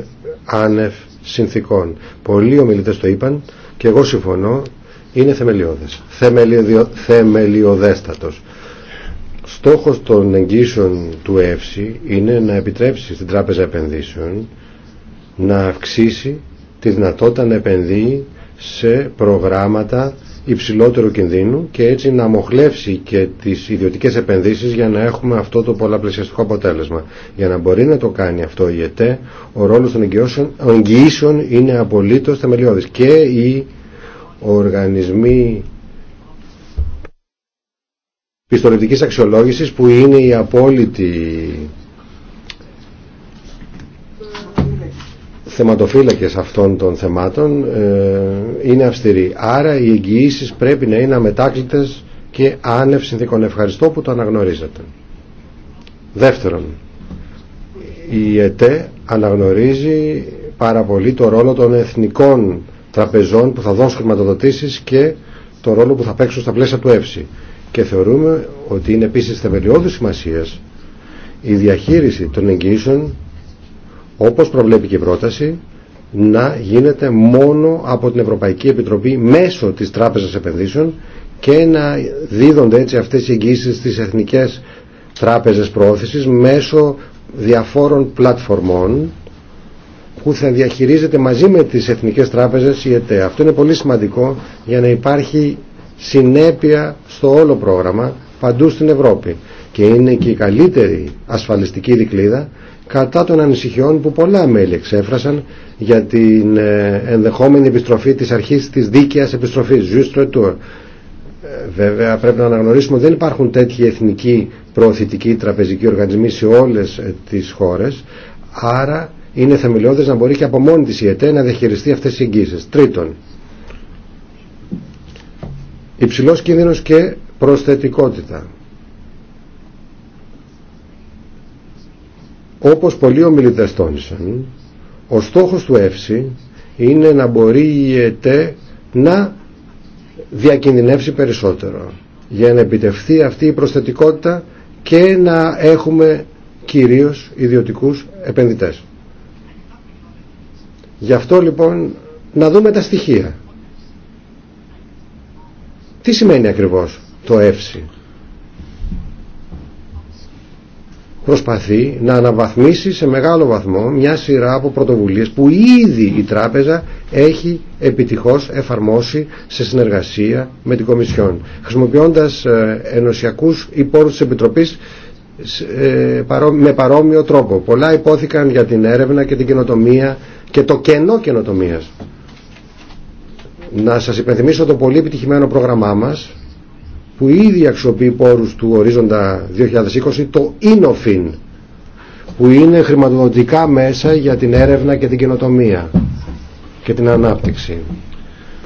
άνευ συνθήκων. Πολλοί ομιλητές το είπαν και εγώ συμφωνώ, είναι θεμελιώδες. Θεμελιωδέστατος. Στόχος των εγγύσεων του ΕΦΣΥ είναι να επιτρέψει στην Τράπεζα Επενδύσεων να αυξήσει τη δυνατότητα να επενδύει σε προγράμματα υψηλότερου κινδύνου και έτσι να μοχλεύσει και τις ιδιωτικές επενδύσεις για να έχουμε αυτό το πολλαπλασιαστικό αποτέλεσμα. Για να μπορεί να το κάνει αυτό η ΕΤΕ, ο ρόλος των εγγυήσεων είναι απολύτως θεμελιώδης και οι οργανισμοί πιστοληπτικής αξιολόγησης που είναι η απόλυτη θεματοφύλακες αυτών των θεμάτων ε, είναι αυστηρή. Άρα οι εγγυήσει πρέπει να είναι αμετάκλητες και άνευ συνθήκων. Ευχαριστώ που το αναγνωρίζετε. Δεύτερον, η ΕΤΕ αναγνωρίζει πάρα πολύ το ρόλο των εθνικών τραπεζών που θα δώσουν χρηματοδοτήσεις και το ρόλο που θα παίξουν στα πλαίσια του ΕΦΣΥ και θεωρούμε ότι είναι επίσης θεμελιώδης σημασίας η διαχείριση των εγγύσεων όπως προβλέπει και η πρόταση να γίνεται μόνο από την Ευρωπαϊκή Επιτροπή μέσω της Τράπεζας Επενδύσεων και να δίδονται έτσι αυτές οι εγγύσεις στις εθνικές τράπεζες προώθησης μέσω διαφόρων πλατφορμών που θα διαχειρίζεται μαζί με τις εθνικές τράπεζες η ΕΤΕ. Αυτό είναι πολύ σημαντικό για να υπάρχει συνέπεια στο όλο πρόγραμμα παντού στην Ευρώπη και είναι και η καλύτερη ασφαλιστική δικλίδα κατά των ανησυχιών που πολλά μέλη εξέφρασαν για την ε, ενδεχόμενη επιστροφή της αρχής της δίκαιας επιστροφής, just retour. Ε, βέβαια πρέπει να αναγνωρίσουμε ότι δεν υπάρχουν τέτοιοι εθνικοί προωθητικοί τραπεζικοί οργανισμοί σε όλες ε, τις χώρες, άρα είναι θεμελιώδες να μπορεί και από μόνη της η ΕΤΕ να διαχειριστεί αυτές τις εγγύσεις. Τρίτον, Υψηλός κίνδυνος και προσθετικότητα. Όπως πολλοί ομιλητές τόνισαν, ο στόχος του ΕΦΣΥ είναι να μπορεί η ΕΤΕ να διακινδυνεύσει περισσότερο για να επιτευχθεί αυτή η προσθετικότητα και να έχουμε κυρίως ιδιωτικούς επενδυτές. Γι' αυτό λοιπόν να δούμε τα στοιχεία. Τι σημαίνει ακριβώς το εύση. Προσπαθεί να αναβαθμίσει σε μεγάλο βαθμό μια σειρά από πρωτοβουλίες που ήδη η τράπεζα έχει επιτυχώς εφαρμόσει σε συνεργασία με την Κομισιόν. Χρησιμοποιώντας ε, ενωσιακούς υπόρους της Επιτροπής ε, με παρόμοιο τρόπο. Πολλά υπόθηκαν για την έρευνα και την καινοτομία και το κενό καινοτομίας να σας υπενθυμίσω το πολύ επιτυχημένο πρόγραμμά μας που ήδη αξιοποιεί πόρους του ορίζοντα 2020 το Inofin που είναι χρηματοδοτικά μέσα για την έρευνα και την καινοτομία και την ανάπτυξη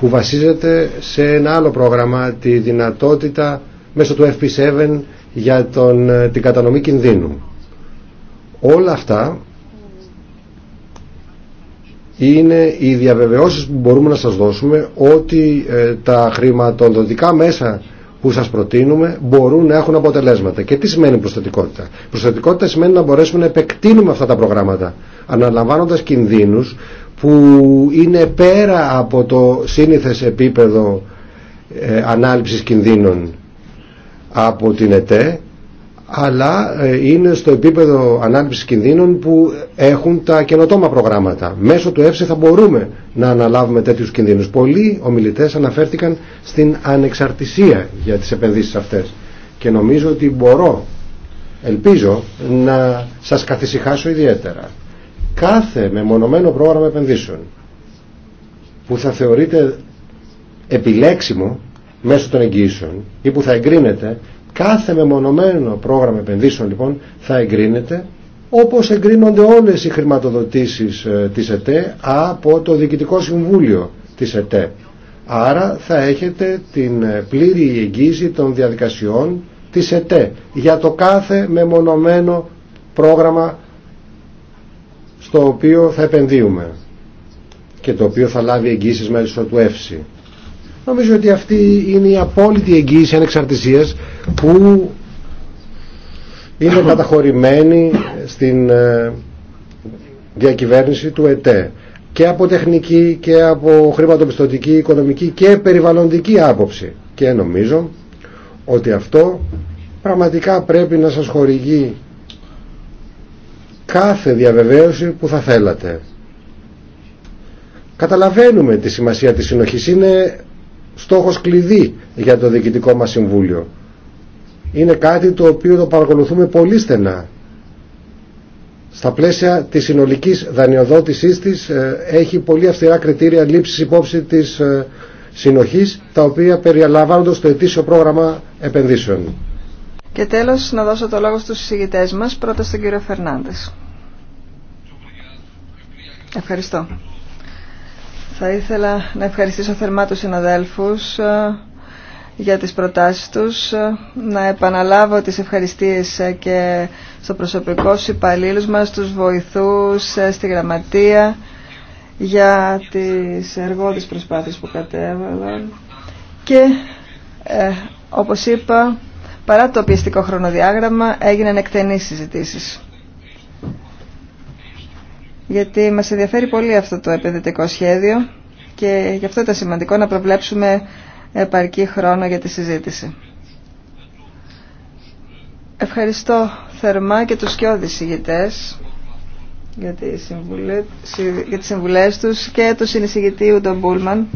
που βασίζεται σε ένα άλλο πρόγραμμα τη δυνατότητα μέσω του FP7 για τον, την κατανομή κινδύνου. Όλα αυτά είναι οι διαβεβαιώσεις που μπορούμε να σας δώσουμε ότι ε, τα χρηματοδοτικά μέσα που σας προτείνουμε μπορούν να έχουν αποτελέσματα. Και τι σημαίνει προστατικότητα. Προστατικότητα σημαίνει να μπορέσουμε να επεκτείνουμε αυτά τα προγράμματα αναλαμβάνοντας κινδύνους που είναι πέρα από το σύνηθες επίπεδο ε, ανάληψης κινδύνων από την ΕΤΕ αλλά ε, είναι στο επίπεδο ανάληψης κινδύνων που έχουν τα καινοτόμα προγράμματα. Μέσω του ΕΦΣΕ θα μπορούμε να αναλάβουμε τέτοιου κινδύνους. Πολλοί ομιλητές αναφέρθηκαν στην ανεξαρτησία για τις επενδύσεις αυτές και νομίζω ότι μπορώ, ελπίζω, να σας καθησυχάσω ιδιαίτερα. Κάθε μεμονωμένο πρόγραμμα επενδύσεων που θα θεωρείται επιλέξιμο μέσω των εγγύσεων ή που θα εγκρίνεται Κάθε μεμονωμένο πρόγραμμα επενδύσεων λοιπόν θα εγκρίνεται όπως εγκρίνονται όλες οι χρηματοδοτήσεις ε, της ΕΤΕ από το Διοικητικό Συμβούλιο της ΕΤΕ. Άρα θα έχετε την ε, πλήρη εγγύηση των διαδικασιών της ΕΤΕ για το κάθε μεμονωμένο πρόγραμμα στο οποίο θα επενδύουμε και το οποίο θα λάβει εγγύσεις μέσω του ΕΦΣΥ. Νομίζω ότι αυτή είναι η απόλυτη εγγύηση ανεξαρτησίας που είναι καταχωρημένη στην ε, διακυβέρνηση του ΕΤΕ και από τεχνική και από χρηματοπιστωτική, οικονομική και περιβαλλοντική άποψη. Και νομίζω ότι αυτό πραγματικά πρέπει να σας χορηγεί κάθε διαβεβαίωση που θα θέλατε. Καταλαβαίνουμε τη σημασία της συνοχής. Είναι στόχος κλειδί για το Διοικητικό μας Συμβούλιο. Είναι κάτι το οποίο το παρακολουθούμε πολύ στενά. Στα πλαίσια της συνολικής δανειοδότησής της ε, έχει πολύ αυστηρά κριτήρια λήψης υπόψη της ε, συνοχής τα οποία περιλαμβάνονται στο ετήσιο πρόγραμμα επενδύσεων. Και τέλος να δώσω το λόγο στους συζητητές μας, πρώτα στον κύριο Φερνάντες. Ευχαριστώ. Θα ήθελα να ευχαριστήσω θερμά τους συναδέλφους ε, για τις προτάσεις τους, ε, να επαναλάβω τις ευχαριστίες ε, και στο προσωπικό στους υπαλλήλους μας, τους βοηθούς, στη γραμματεία για τις εργόδεις προσπάθειες που κατέβαλαν και ε, όπως είπα παρά το πιεστικό χρονοδιάγραμμα έγιναν εκτενείς συζητήσεις γιατί μας ενδιαφέρει πολύ αυτό το επενδυτικό σχέδιο και γι' αυτό ήταν σημαντικό να προβλέψουμε επαρκή χρόνο για τη συζήτηση. Ευχαριστώ θερμά και τους και ηγητές για τις, συμβουλές, για τους και τον συνεισηγητή Ούντο Μπούλμαν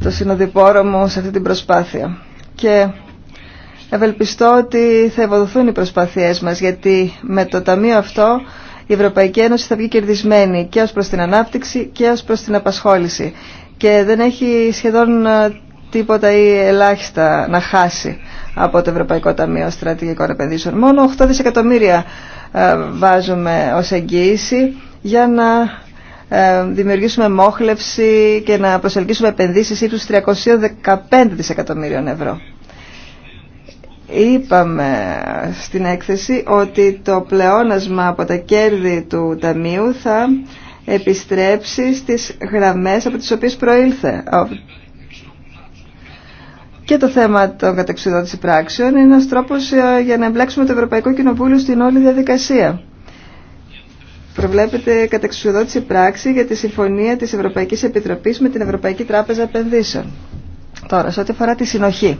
το συνοδοιπόρο μου σε αυτή την προσπάθεια. Και Ευελπιστώ ότι θα ευοδοθούν οι προσπάθειές μας, γιατί με το Ταμείο αυτό η Ευρωπαϊκή Ένωση θα βγει κερδισμένη και ως προς την ανάπτυξη και ως προς την απασχόληση. Και δεν έχει σχεδόν ε, τίποτα ή ελάχιστα να χάσει από το Ευρωπαϊκό Ταμείο Στρατηγικών Επενδύσεων. Μόνο 8 δισεκατομμύρια ε, βάζουμε ως εγγύηση για να ε, δημιουργήσουμε μόχλευση και να προσελκύσουμε επενδύσεις ύψους 315 δισεκατομμύριων ευρώ είπαμε στην έκθεση ότι το πλεόνασμα από τα κέρδη του Ταμείου θα επιστρέψει στις γραμμές από τις οποίες προήλθε. Και το θέμα των καταξιδότηση πράξεων είναι ένας τρόπος ε, για να εμπλέξουμε το Ευρωπαϊκό Κοινοβούλιο στην όλη διαδικασία. Προβλέπεται καταξιδότηση πράξη για τη συμφωνία της Ευρωπαϊκής Επιτροπής με την Ευρωπαϊκή Τράπεζα Επενδύσεων. Τώρα, σε ό,τι αφορά τη συνοχή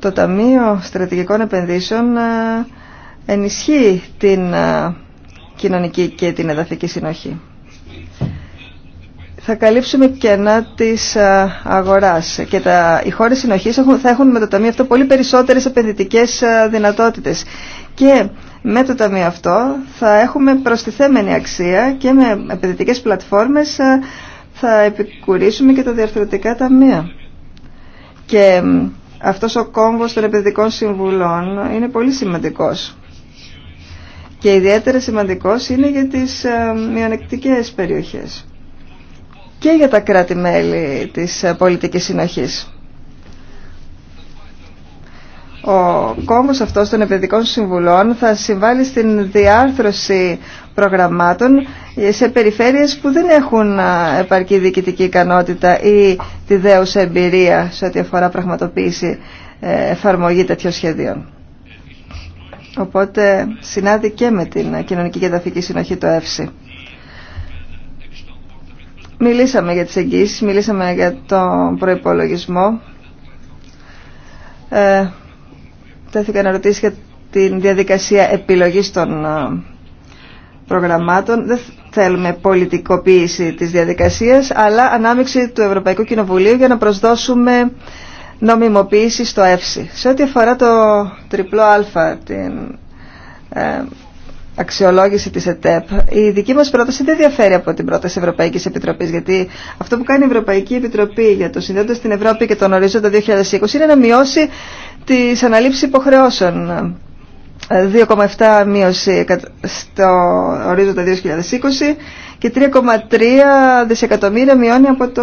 το Ταμείο Στρατηγικών Επενδύσεων ε, ενισχύει την ε, κοινωνική και την εδαφική συνοχή. Θα καλύψουμε κενά της ε, αγοράς και τα, οι χώρες συνοχής θα έχουν με το Ταμείο αυτό πολύ περισσότερες επενδυτικές δυνατότητες και με το Ταμείο αυτό θα έχουμε προστιθέμενη αξία και με επενδυτικές πλατφόρμες θα επικουρήσουμε και τα διαρθρωτικά ταμεία. Και αυτός ο κόμβος των επενδυτικών συμβουλών είναι πολύ σημαντικός. Και ιδιαίτερα σημαντικός είναι για τις ε, μειονεκτικές περιοχές και για τα κράτη-μέλη της ε, πολιτικής συνοχής. Ο κόμβος αυτός των επενδυτικών συμβουλών θα συμβάλλει στην διάρθρωση προγραμμάτων σε περιφέρειες που δεν έχουν επαρκή διοικητική ικανότητα ή τη δέουσα εμπειρία σε ό,τι αφορά πραγματοποίηση ε, εφαρμογή τέτοιων σχεδίων. Οπότε συνάδει και με την κοινωνική και ταφική συνοχή το ΕΦΣΥ. Μιλήσαμε για τις εγγύσεις, μιλήσαμε για τον προϋπολογισμό. Ε, να ρωτήσει για την διαδικασία επιλογής των ε, προγραμμάτων. Δεν θέλουμε πολιτικοποίηση της διαδικασίας, αλλά ανάμειξη του Ευρωπαϊκού Κοινοβουλίου για να προσδώσουμε νομιμοποίηση στο ΕΦΣΥ. Σε ό,τι αφορά το τριπλό α, την ε, αξιολόγηση της ΕΤΕΠ, η δική μας πρόταση δεν διαφέρει από την πρόταση Ευρωπαϊκής Επιτροπής, γιατί αυτό που κάνει η Ευρωπαϊκή Επιτροπή για το συνδέοντα την Ευρώπη και τον ορίζοντα 2020 είναι να μειώσει τις αναλήψεις υποχρεώσεων. 2,7 μείωση στο ορίζοντα 2020 και 3,3 δισεκατομμύρια μειώνει από το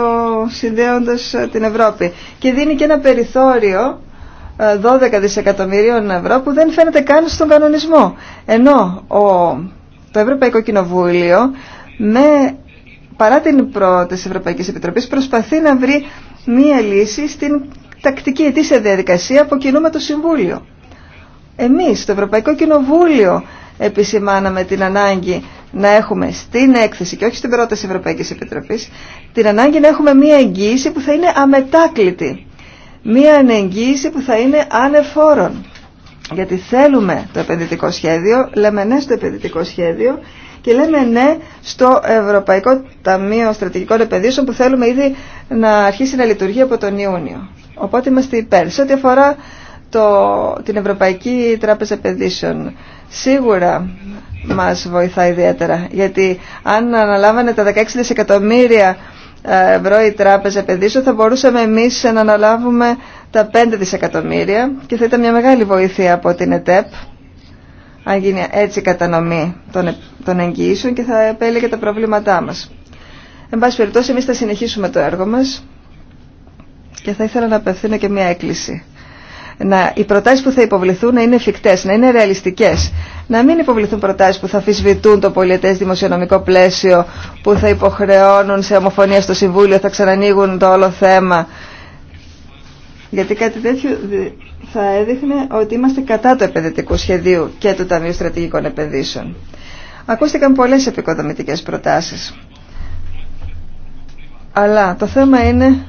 συνδέοντας την Ευρώπη. Και δίνει και ένα περιθώριο 12 δισεκατομμυρίων ευρώ που δεν φαίνεται καν στον κανονισμό. Ενώ ο, το Ευρωπαϊκό Κοινοβούλιο με, παρά την πρόταση της Ευρωπαϊκής Επιτροπής προσπαθεί να βρει μία λύση στην τακτική ετήσια διαδικασία που κινούμε το Συμβούλιο. Εμείς, το Ευρωπαϊκό Κοινοβούλιο, επισημάναμε την ανάγκη να έχουμε στην έκθεση και όχι στην πρόταση Ευρωπαϊκής Επιτροπής την ανάγκη να έχουμε μία εγγύηση που θα είναι αμετάκλητη μία ανεγγύηση που θα είναι ανεφόρον. Γιατί θέλουμε το επενδυτικό σχέδιο, λέμε ναι στο επενδυτικό σχέδιο και λέμε ναι στο Ευρωπαϊκό Ταμείο Στρατηγικών Επενδύσεων που θέλουμε ήδη να αρχίσει να λειτουργεί από τον Ιούνιο. Οπότε είμαστε υπέρ. Σε ό,τι αφορά το, την Ευρωπαϊκή Τράπεζα Επενδύσεων, σίγουρα μας βοηθά ιδιαίτερα. Γιατί αν αναλάβανε τα 16 δισεκατομμύρια ευρώ η Τράπεζα Επενδύσεων θα μπορούσαμε εμείς να αναλάβουμε τα 5 δισεκατομμύρια και θα ήταν μια μεγάλη βοήθεια από την ΕΤΕΠ αν γίνει έτσι η κατανομή των εγγυήσεων και θα επέλεγε τα προβλήματά μας. Εν πάση περιπτώσει, εμείς θα συνεχίσουμε το έργο μας και θα ήθελα να απευθύνω και μια έκκληση να, οι προτάσεις που θα υποβληθούν να είναι εφικτέ, να είναι ρεαλιστικές. Να μην υποβληθούν προτάσεις που θα αφισβητούν το πολιετές δημοσιονομικό πλαίσιο, που θα υποχρεώνουν σε ομοφωνία στο Συμβούλιο, θα ξανανοίγουν το όλο θέμα. Γιατί κάτι τέτοιο θα έδειχνε ότι είμαστε κατά του επενδυτικού σχεδίου και του Ταμείου Στρατηγικών Επενδύσεων. Ακούστηκαν πολλές επικοδομητικές προτάσεις. Αλλά το θέμα είναι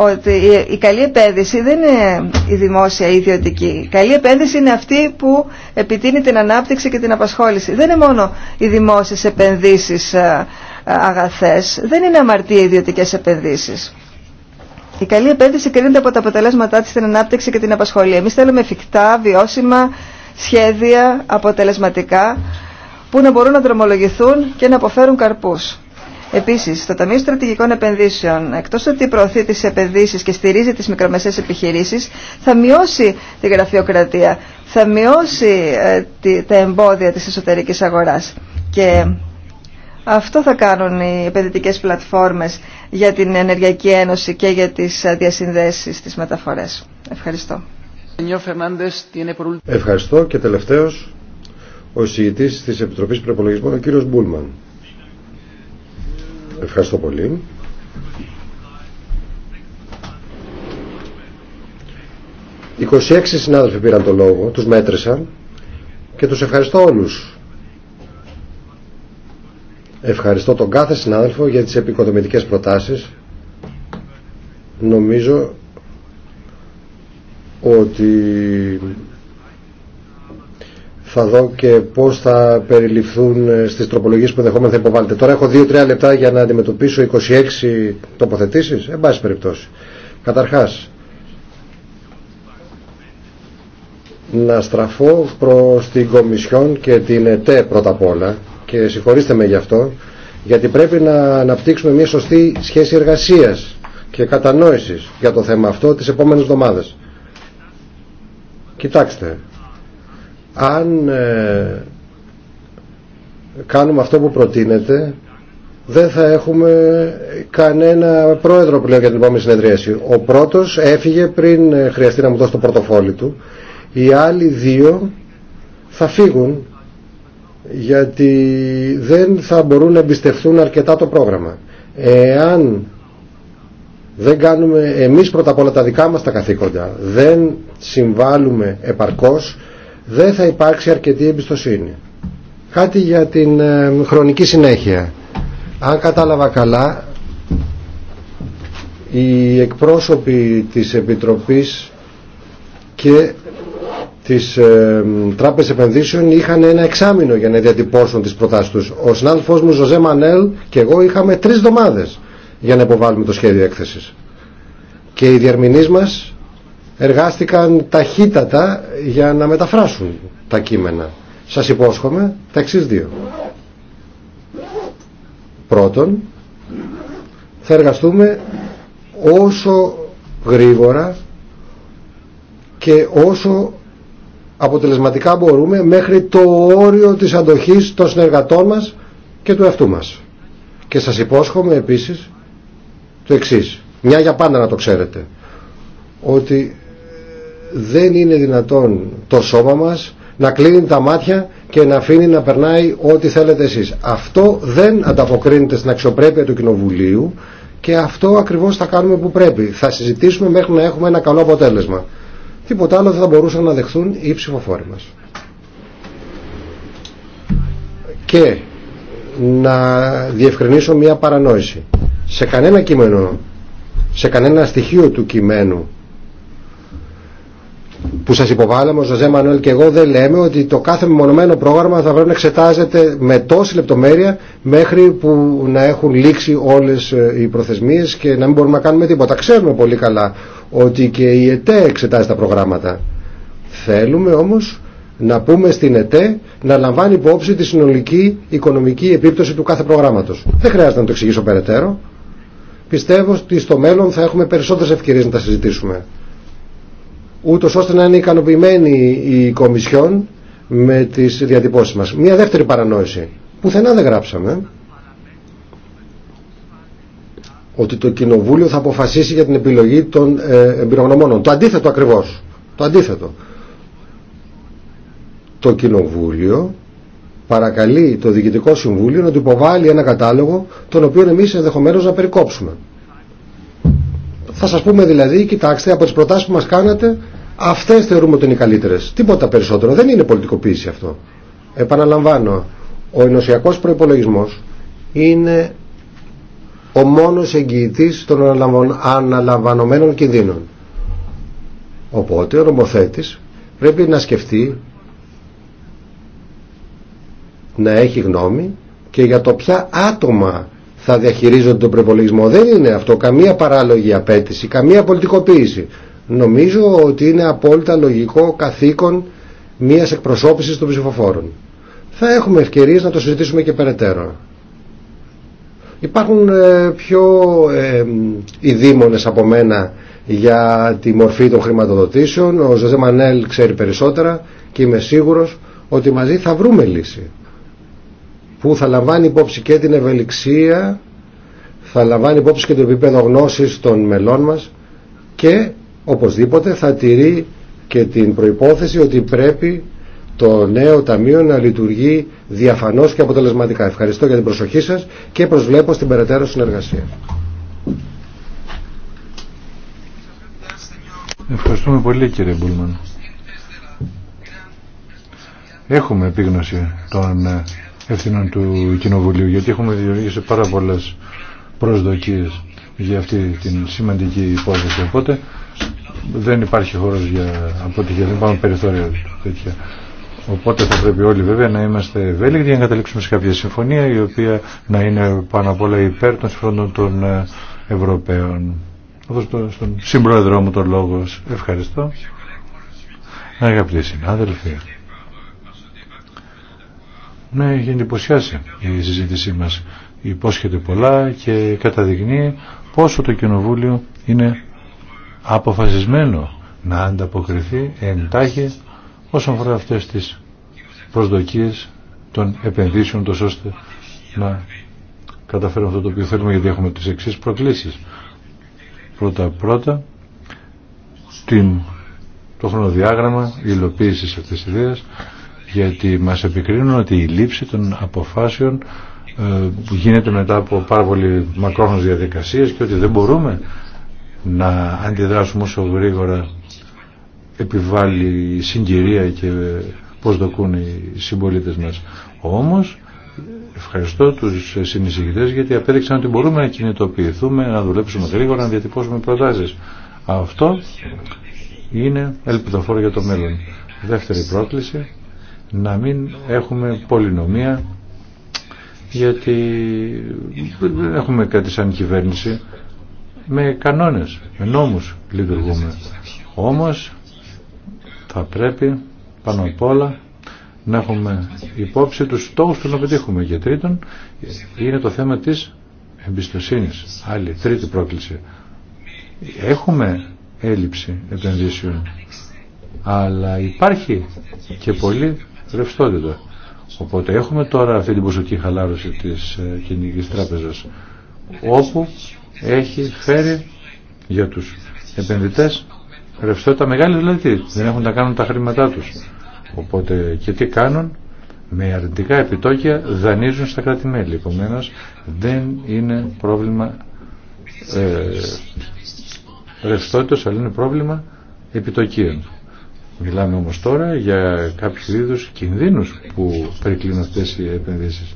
ότι η καλή επένδυση δεν είναι η δημόσια ή η ιδιωτική. καλή επένδυση είναι αυτή που επιτείνει την ανάπτυξη και την απασχόληση. Δεν είναι μόνο οι δημόσιες επενδύσεις ε, ε, αγαθές, δεν είναι αμαρτία οι ιδιωτικές επενδύσεις. Η καλή επένδυση κρίνεται από τα αποτελέσματά της στην ανάπτυξη και την απασχόληση. Εμείς θέλουμε εφικτά, βιώσιμα, σχέδια, αποτελεσματικά, που να μπορούν να δρομολογηθούν και να αποφέρουν καρπούς. Επίση, το Ταμείο Στρατηγικών Επενδύσεων, εκτό ότι προωθεί τι επενδύσει και στηρίζει τι μικρομεσαίε επιχειρήσει, θα μειώσει τη γραφειοκρατία, θα μειώσει ε, τα εμπόδια τη εσωτερική αγορά. Και αυτό θα κάνουν οι επενδυτικέ πλατφόρμες για την Ενεργειακή Ένωση και για τι διασυνδέσει τη μεταφορέ. Ευχαριστώ. Ευχαριστώ και τελευταίο ο συγητή τη Επιτροπή Προπολογισμών, ο κύριο Μπούλμαν. Ευχαριστώ πολύ. 26 συνάδελφοι πήραν το λόγο, τους μέτρησα και τους ευχαριστώ όλους. Ευχαριστώ τον κάθε συνάδελφο για τις επικοδομητικές προτάσεις. Νομίζω ότι θα δω και πώ θα περιληφθούν ε, στις τροπολογίες που ενδεχόμενα θα υποβάλλετε. Τώρα έχω 2-3 λεπτά για να αντιμετωπίσω 26 τοποθετήσει. εν πάση περιπτώσει. Καταρχάς, να στραφώ προς την Κομισιόν και την ΕΤΕ πρώτα απ' όλα και συγχωρήστε με γι' αυτό γιατί πρέπει να αναπτύξουμε μια σωστή σχέση εργασίας και κατανόηση για το θέμα αυτό τις επόμενε εβδομάδες. Κοιτάξτε, αν ε, κάνουμε αυτό που προτείνεται, δεν θα έχουμε κανένα πρόεδρο πλέον για την επόμενη συνεδρίαση. Ο πρώτος έφυγε πριν ε, χρειαστεί να μου δώσει το πορτοφόλι του. Οι άλλοι δύο θα φύγουν γιατί δεν θα μπορούν να εμπιστευτούν αρκετά το πρόγραμμα. Εάν δεν κάνουμε εμείς πρώτα απ' όλα τα δικά μας τα καθήκοντα, δεν συμβάλλουμε επαρκώς δεν θα υπάρξει αρκετή εμπιστοσύνη. Κάτι για την ε, χρονική συνέχεια. Αν κατάλαβα καλά, οι εκπρόσωποι της Επιτροπής και της ε, Τράπεζας Επενδύσεων είχαν ένα εξάμεινο για να διατυπώσουν τις προτάσεις τους. Ο συνάδελφός μου Ζωζέ Μανέλ και εγώ είχαμε τρεις εβδομάδες για να υποβάλουμε το σχέδιο έκθεσης. Και οι διαρμηνείς μας εργάστηκαν ταχύτατα για να μεταφράσουν τα κείμενα. Σας υπόσχομαι τα εξής δύο. Πρώτον, θα εργαστούμε όσο γρήγορα και όσο αποτελεσματικά μπορούμε μέχρι το όριο της αντοχής των συνεργατών μας και του εαυτού μας. Και σας υπόσχομαι επίσης το εξής, μια για πάντα να το ξέρετε, ότι δεν είναι δυνατόν το σώμα μας να κλείνει τα μάτια και να αφήνει να περνάει ό,τι θέλετε εσείς. Αυτό δεν ανταποκρίνεται στην αξιοπρέπεια του Κοινοβουλίου και αυτό ακριβώς θα κάνουμε που πρέπει. Θα συζητήσουμε μέχρι να έχουμε ένα καλό αποτέλεσμα. Τίποτα άλλο δεν θα μπορούσαν να δεχθούν οι ψηφοφόροι μας. Και να διευκρινίσω μια παρανόηση. Σε κανένα κείμενο, σε κανένα στοιχείο του κειμένου που σας υποβάλαμε ο Ζωζέ Μανουέλ και εγώ δεν λέμε ότι το κάθε μεμονωμένο πρόγραμμα θα πρέπει να εξετάζεται με τόση λεπτομέρεια μέχρι που να έχουν λήξει όλες ε, οι προθεσμίες και να μην μπορούμε να κάνουμε τίποτα. Ξέρουμε πολύ καλά ότι και η ΕΤΕ εξετάζει τα προγράμματα. Θέλουμε όμως να πούμε στην ΕΤΕ να λαμβάνει υπόψη τη συνολική οικονομική επίπτωση του κάθε προγράμματος. Δεν χρειάζεται να το εξηγήσω περαιτέρω. Πιστεύω ότι στο μέλλον θα έχουμε περισσότερες ευκαιρίες να τα συζητήσουμε ούτως ώστε να είναι ικανοποιημένη η Κομισιόν με τις διατυπώσεις μας. Μία δεύτερη παρανόηση. Πουθενά δεν γράψαμε ότι το Κοινοβούλιο θα αποφασίσει για την επιλογή των ε, εμπειρογνωμόνων. Το αντίθετο ακριβώς. Το αντίθετο. Το Κοινοβούλιο παρακαλεί το Διοικητικό Συμβούλιο να του υποβάλει ένα κατάλογο τον οποίο εμείς ενδεχομένω να περικόψουμε. Θα σας πούμε δηλαδή, κοιτάξτε, από τις προτάσεις που μας κάνατε, αυτές θεωρούμε ότι είναι οι καλύτερες. Τίποτα περισσότερο. Δεν είναι πολιτικοποίηση αυτό. Επαναλαμβάνω, ο ενωσιακός προϋπολογισμός είναι ο μόνος εγγυητής των αναλαμβανωμένων κινδύνων. Οπότε ο νομοθέτης πρέπει να σκεφτεί να έχει γνώμη και για το ποια άτομα θα διαχειρίζονται τον προπολογισμό. Δεν είναι αυτό καμία παράλογη απέτηση, καμία πολιτικοποίηση. Νομίζω ότι είναι απόλυτα λογικό καθήκον μία εκπροσώπηση των ψηφοφόρων. Θα έχουμε ευκαιρίες να το συζητήσουμε και περαιτέρω. Υπάρχουν ε, πιο ε, ειδήμονες από μένα για τη μορφή των χρηματοδοτήσεων. Ο Ζωζέ Μανέλ ξέρει περισσότερα και είμαι σίγουρος ότι μαζί θα βρούμε λύση που θα λαμβάνει υπόψη και την ευελιξία, θα λαμβάνει υπόψη και το επίπεδο γνώσης των μελών μας και οπωσδήποτε θα τηρεί και την προϋπόθεση ότι πρέπει το νέο ταμείο να λειτουργεί διαφανώς και αποτελεσματικά. Ευχαριστώ για την προσοχή σας και προσβλέπω στην περαιτέρω συνεργασία. Ευχαριστούμε πολύ κύριε Μπούλμαν. Έχουμε επίγνωση των ε, ευθυνών του Κοινοβουλίου, γιατί έχουμε δημιουργήσει πάρα πολλέ προσδοκίε για αυτή την σημαντική υπόθεση. Οπότε δεν υπάρχει χώρος για αποτυχία, δεν πάμε περιθώρια τέτοια. Οπότε θα πρέπει όλοι βέβαια να είμαστε ευέλικτοι για να καταλήξουμε σε κάποια συμφωνία η οποία να είναι πάνω απ' όλα υπέρ των συμφωνών των ε, Ευρωπαίων. στον συμπρόεδρό μου τον λόγο. Ευχαριστώ. Αγαπητοί συνάδελφοι. Ναι, έχει εντυπωσιάσει η συζήτησή μας. Υπόσχεται πολλά και καταδεικνύει πόσο το Κοινοβούλιο είναι αποφασισμένο να ανταποκριθεί εντάχει όσον αφορά αυτές τις προσδοκίες των επενδύσεων τόσο ώστε να καταφέρουμε αυτό το οποίο θέλουμε γιατί έχουμε τις εξής προκλήσεις. Πρώτα πρώτα το χρονοδιάγραμμα υλοποίησης αυτής της ιδέας γιατί μας επικρίνουν ότι η λήψη των αποφάσεων που ε, γίνεται μετά από πάρα πολύ μακρόχρονες διαδικασίες και ότι δεν μπορούμε να αντιδράσουμε όσο γρήγορα επιβάλλει η συγκυρία και πώς δοκούν οι συμπολίτες μας. Όμως ευχαριστώ τους συνεισηγητές γιατί απέδειξαν ότι μπορούμε να κινητοποιηθούμε, να δουλέψουμε γρήγορα, να διατυπώσουμε προτάσεις. Αυτό είναι ελπιδοφόρο για το μέλλον. Δεύτερη πρόκληση να μην έχουμε πολυνομία γιατί έχουμε κάτι σαν κυβέρνηση με κανόνες, με νόμους λειτουργούμε. Όμως θα πρέπει πάνω απ' όλα να έχουμε υπόψη τους στόχους που να πετύχουμε. Και τρίτον είναι το θέμα της εμπιστοσύνης. Άλλη, τρίτη πρόκληση. Έχουμε έλλειψη επενδύσεων αλλά υπάρχει και πολύ ρευστότητα. Οπότε έχουμε τώρα αυτή την ποσοτική χαλάρωση της ε, κοινωνικής Τράπεζας όπου έχει φέρει για τους επενδυτές ρευστότητα μεγάλη δηλαδή δεν έχουν να κάνουν τα χρήματά τους. Οπότε και τι κάνουν με αρνητικά επιτόκια δανείζουν στα κράτη-μέλη. Επομένω, δεν είναι πρόβλημα ε, ρευστότητας αλλά είναι πρόβλημα επιτοκίων. Μιλάμε όμως τώρα για κάποιους είδους κινδύνους που περικλίνουν αυτέ οι επενδύσεις.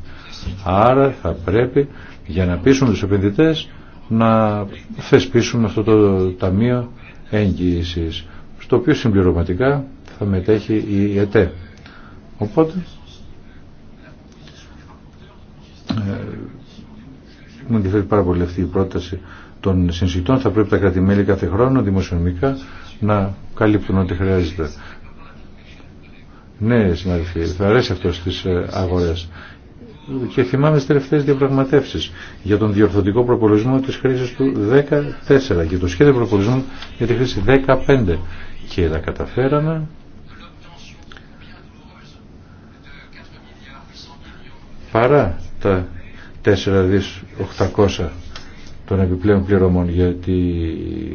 Άρα θα πρέπει για να πείσουν τους επενδυτές να θεσπίσουν αυτό το Ταμείο Εγγύησης στο οποίο συμπληρωματικά θα μετέχει η ΕΤΕ. Οπότε ε, μου ενδιαφέρει πάρα πολύ αυτή η πρόταση των συζητών θα πρέπει τα κρατημέλη κάθε χρόνο δημοσιονομικά να καλύπτουν ό,τι χρειάζεται. Ναι, συναδελφοί, θα αρέσει αυτό στις ε, αγορές. Και θυμάμαι τις τελευταίες διαπραγματεύσεις για τον διορθωτικό προπολογισμό της χρήσης του 14 και το σχέδιο προπολογισμού για τη χρήση 15 και τα καταφέραμε παρά τα 4.800 των επιπλέον πληρωμών γιατί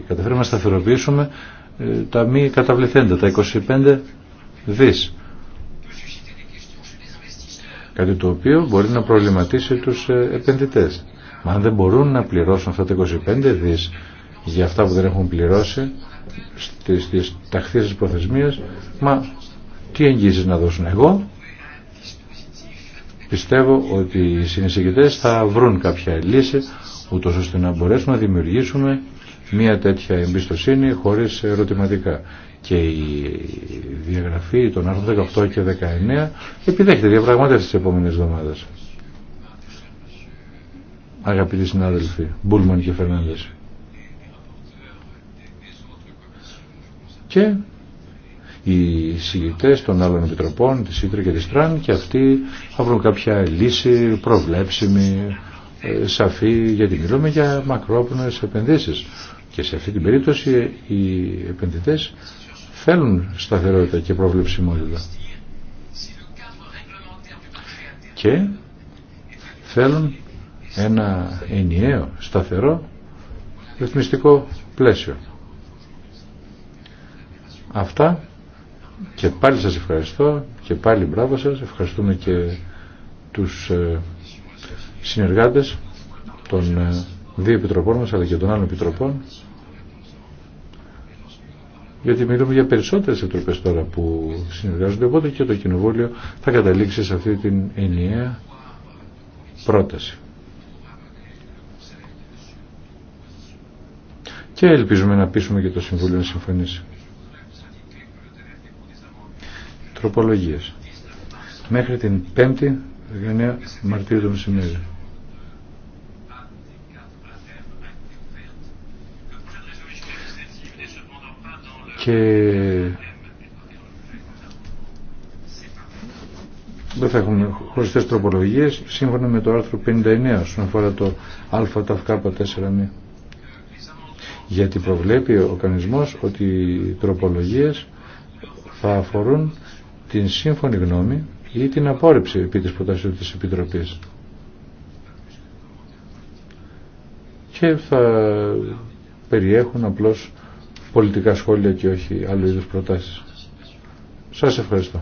καταφέραμε να σταθεροποιήσουμε ε, τα μη καταβληθέντα, τα 25 δις. Κάτι το οποίο μπορεί να προβληματίσει τους ε, επενδυτές. Μα αν δεν μπορούν να πληρώσουν αυτά τα 25 δις για αυτά που δεν έχουν πληρώσει στις, στις ταχθείς της μα τι εγγύσεις να δώσουν εγώ. Πιστεύω ότι οι συνεισηγητές θα βρουν κάποια λύση ούτως ώστε να μπορέσουμε να δημιουργήσουμε μια τέτοια εμπιστοσύνη χωρίς ερωτηματικά. Και η διαγραφή των άρθρων 18 και 19 επιδέχεται διαπραγματεύσεις τις επόμενες εβδομάδες. Αγαπητοί συνάδελφοι, Μπούλμαν και Φερνάνδες. Και οι συγητέ των άλλων επιτροπών, τη Ήτρε και τη Τραν και αυτοί θα βρουν κάποια λύση προβλέψιμη ε, σαφή γιατί μιλούμε για μακρόπνοες επενδύσεις και σε αυτή την περίπτωση οι επενδυτές θέλουν σταθερότητα και προβλεψιμότητα και θέλουν ένα ενιαίο σταθερό ρυθμιστικό πλαίσιο. Αυτά και πάλι σας ευχαριστώ και πάλι μπράβο σας. Ευχαριστούμε και τους ε, συνεργάτες των ε, δύο επιτροπών μας αλλά και των άλλων επιτροπών γιατί μιλούμε για περισσότερες επιτροπές τώρα που συνεργάζονται οπότε και το Κοινοβούλιο θα καταλήξει σε αυτή την ενιαία πρόταση. Και ελπίζουμε να πείσουμε και το Συμβούλιο να συμφωνήσει. Τροπολογίες. Μέχρι την 5η 19 Μαρτίου το μεσημέρι. Και δεν θα έχουμε χωριστές τροπολογίες σύμφωνα με το άρθρο 59 όσον αφορά το αταφκαπα 4 γιατί προβλέπει ο κανονισμός ότι οι τροπολογίες θα αφορούν την σύμφωνη γνώμη ή την απόρριψη επί της προτάσεως της Επιτροπής. Και θα περιέχουν απλώς πολιτικά σχόλια και όχι άλλου είδους προτάσεις. Σας ευχαριστώ.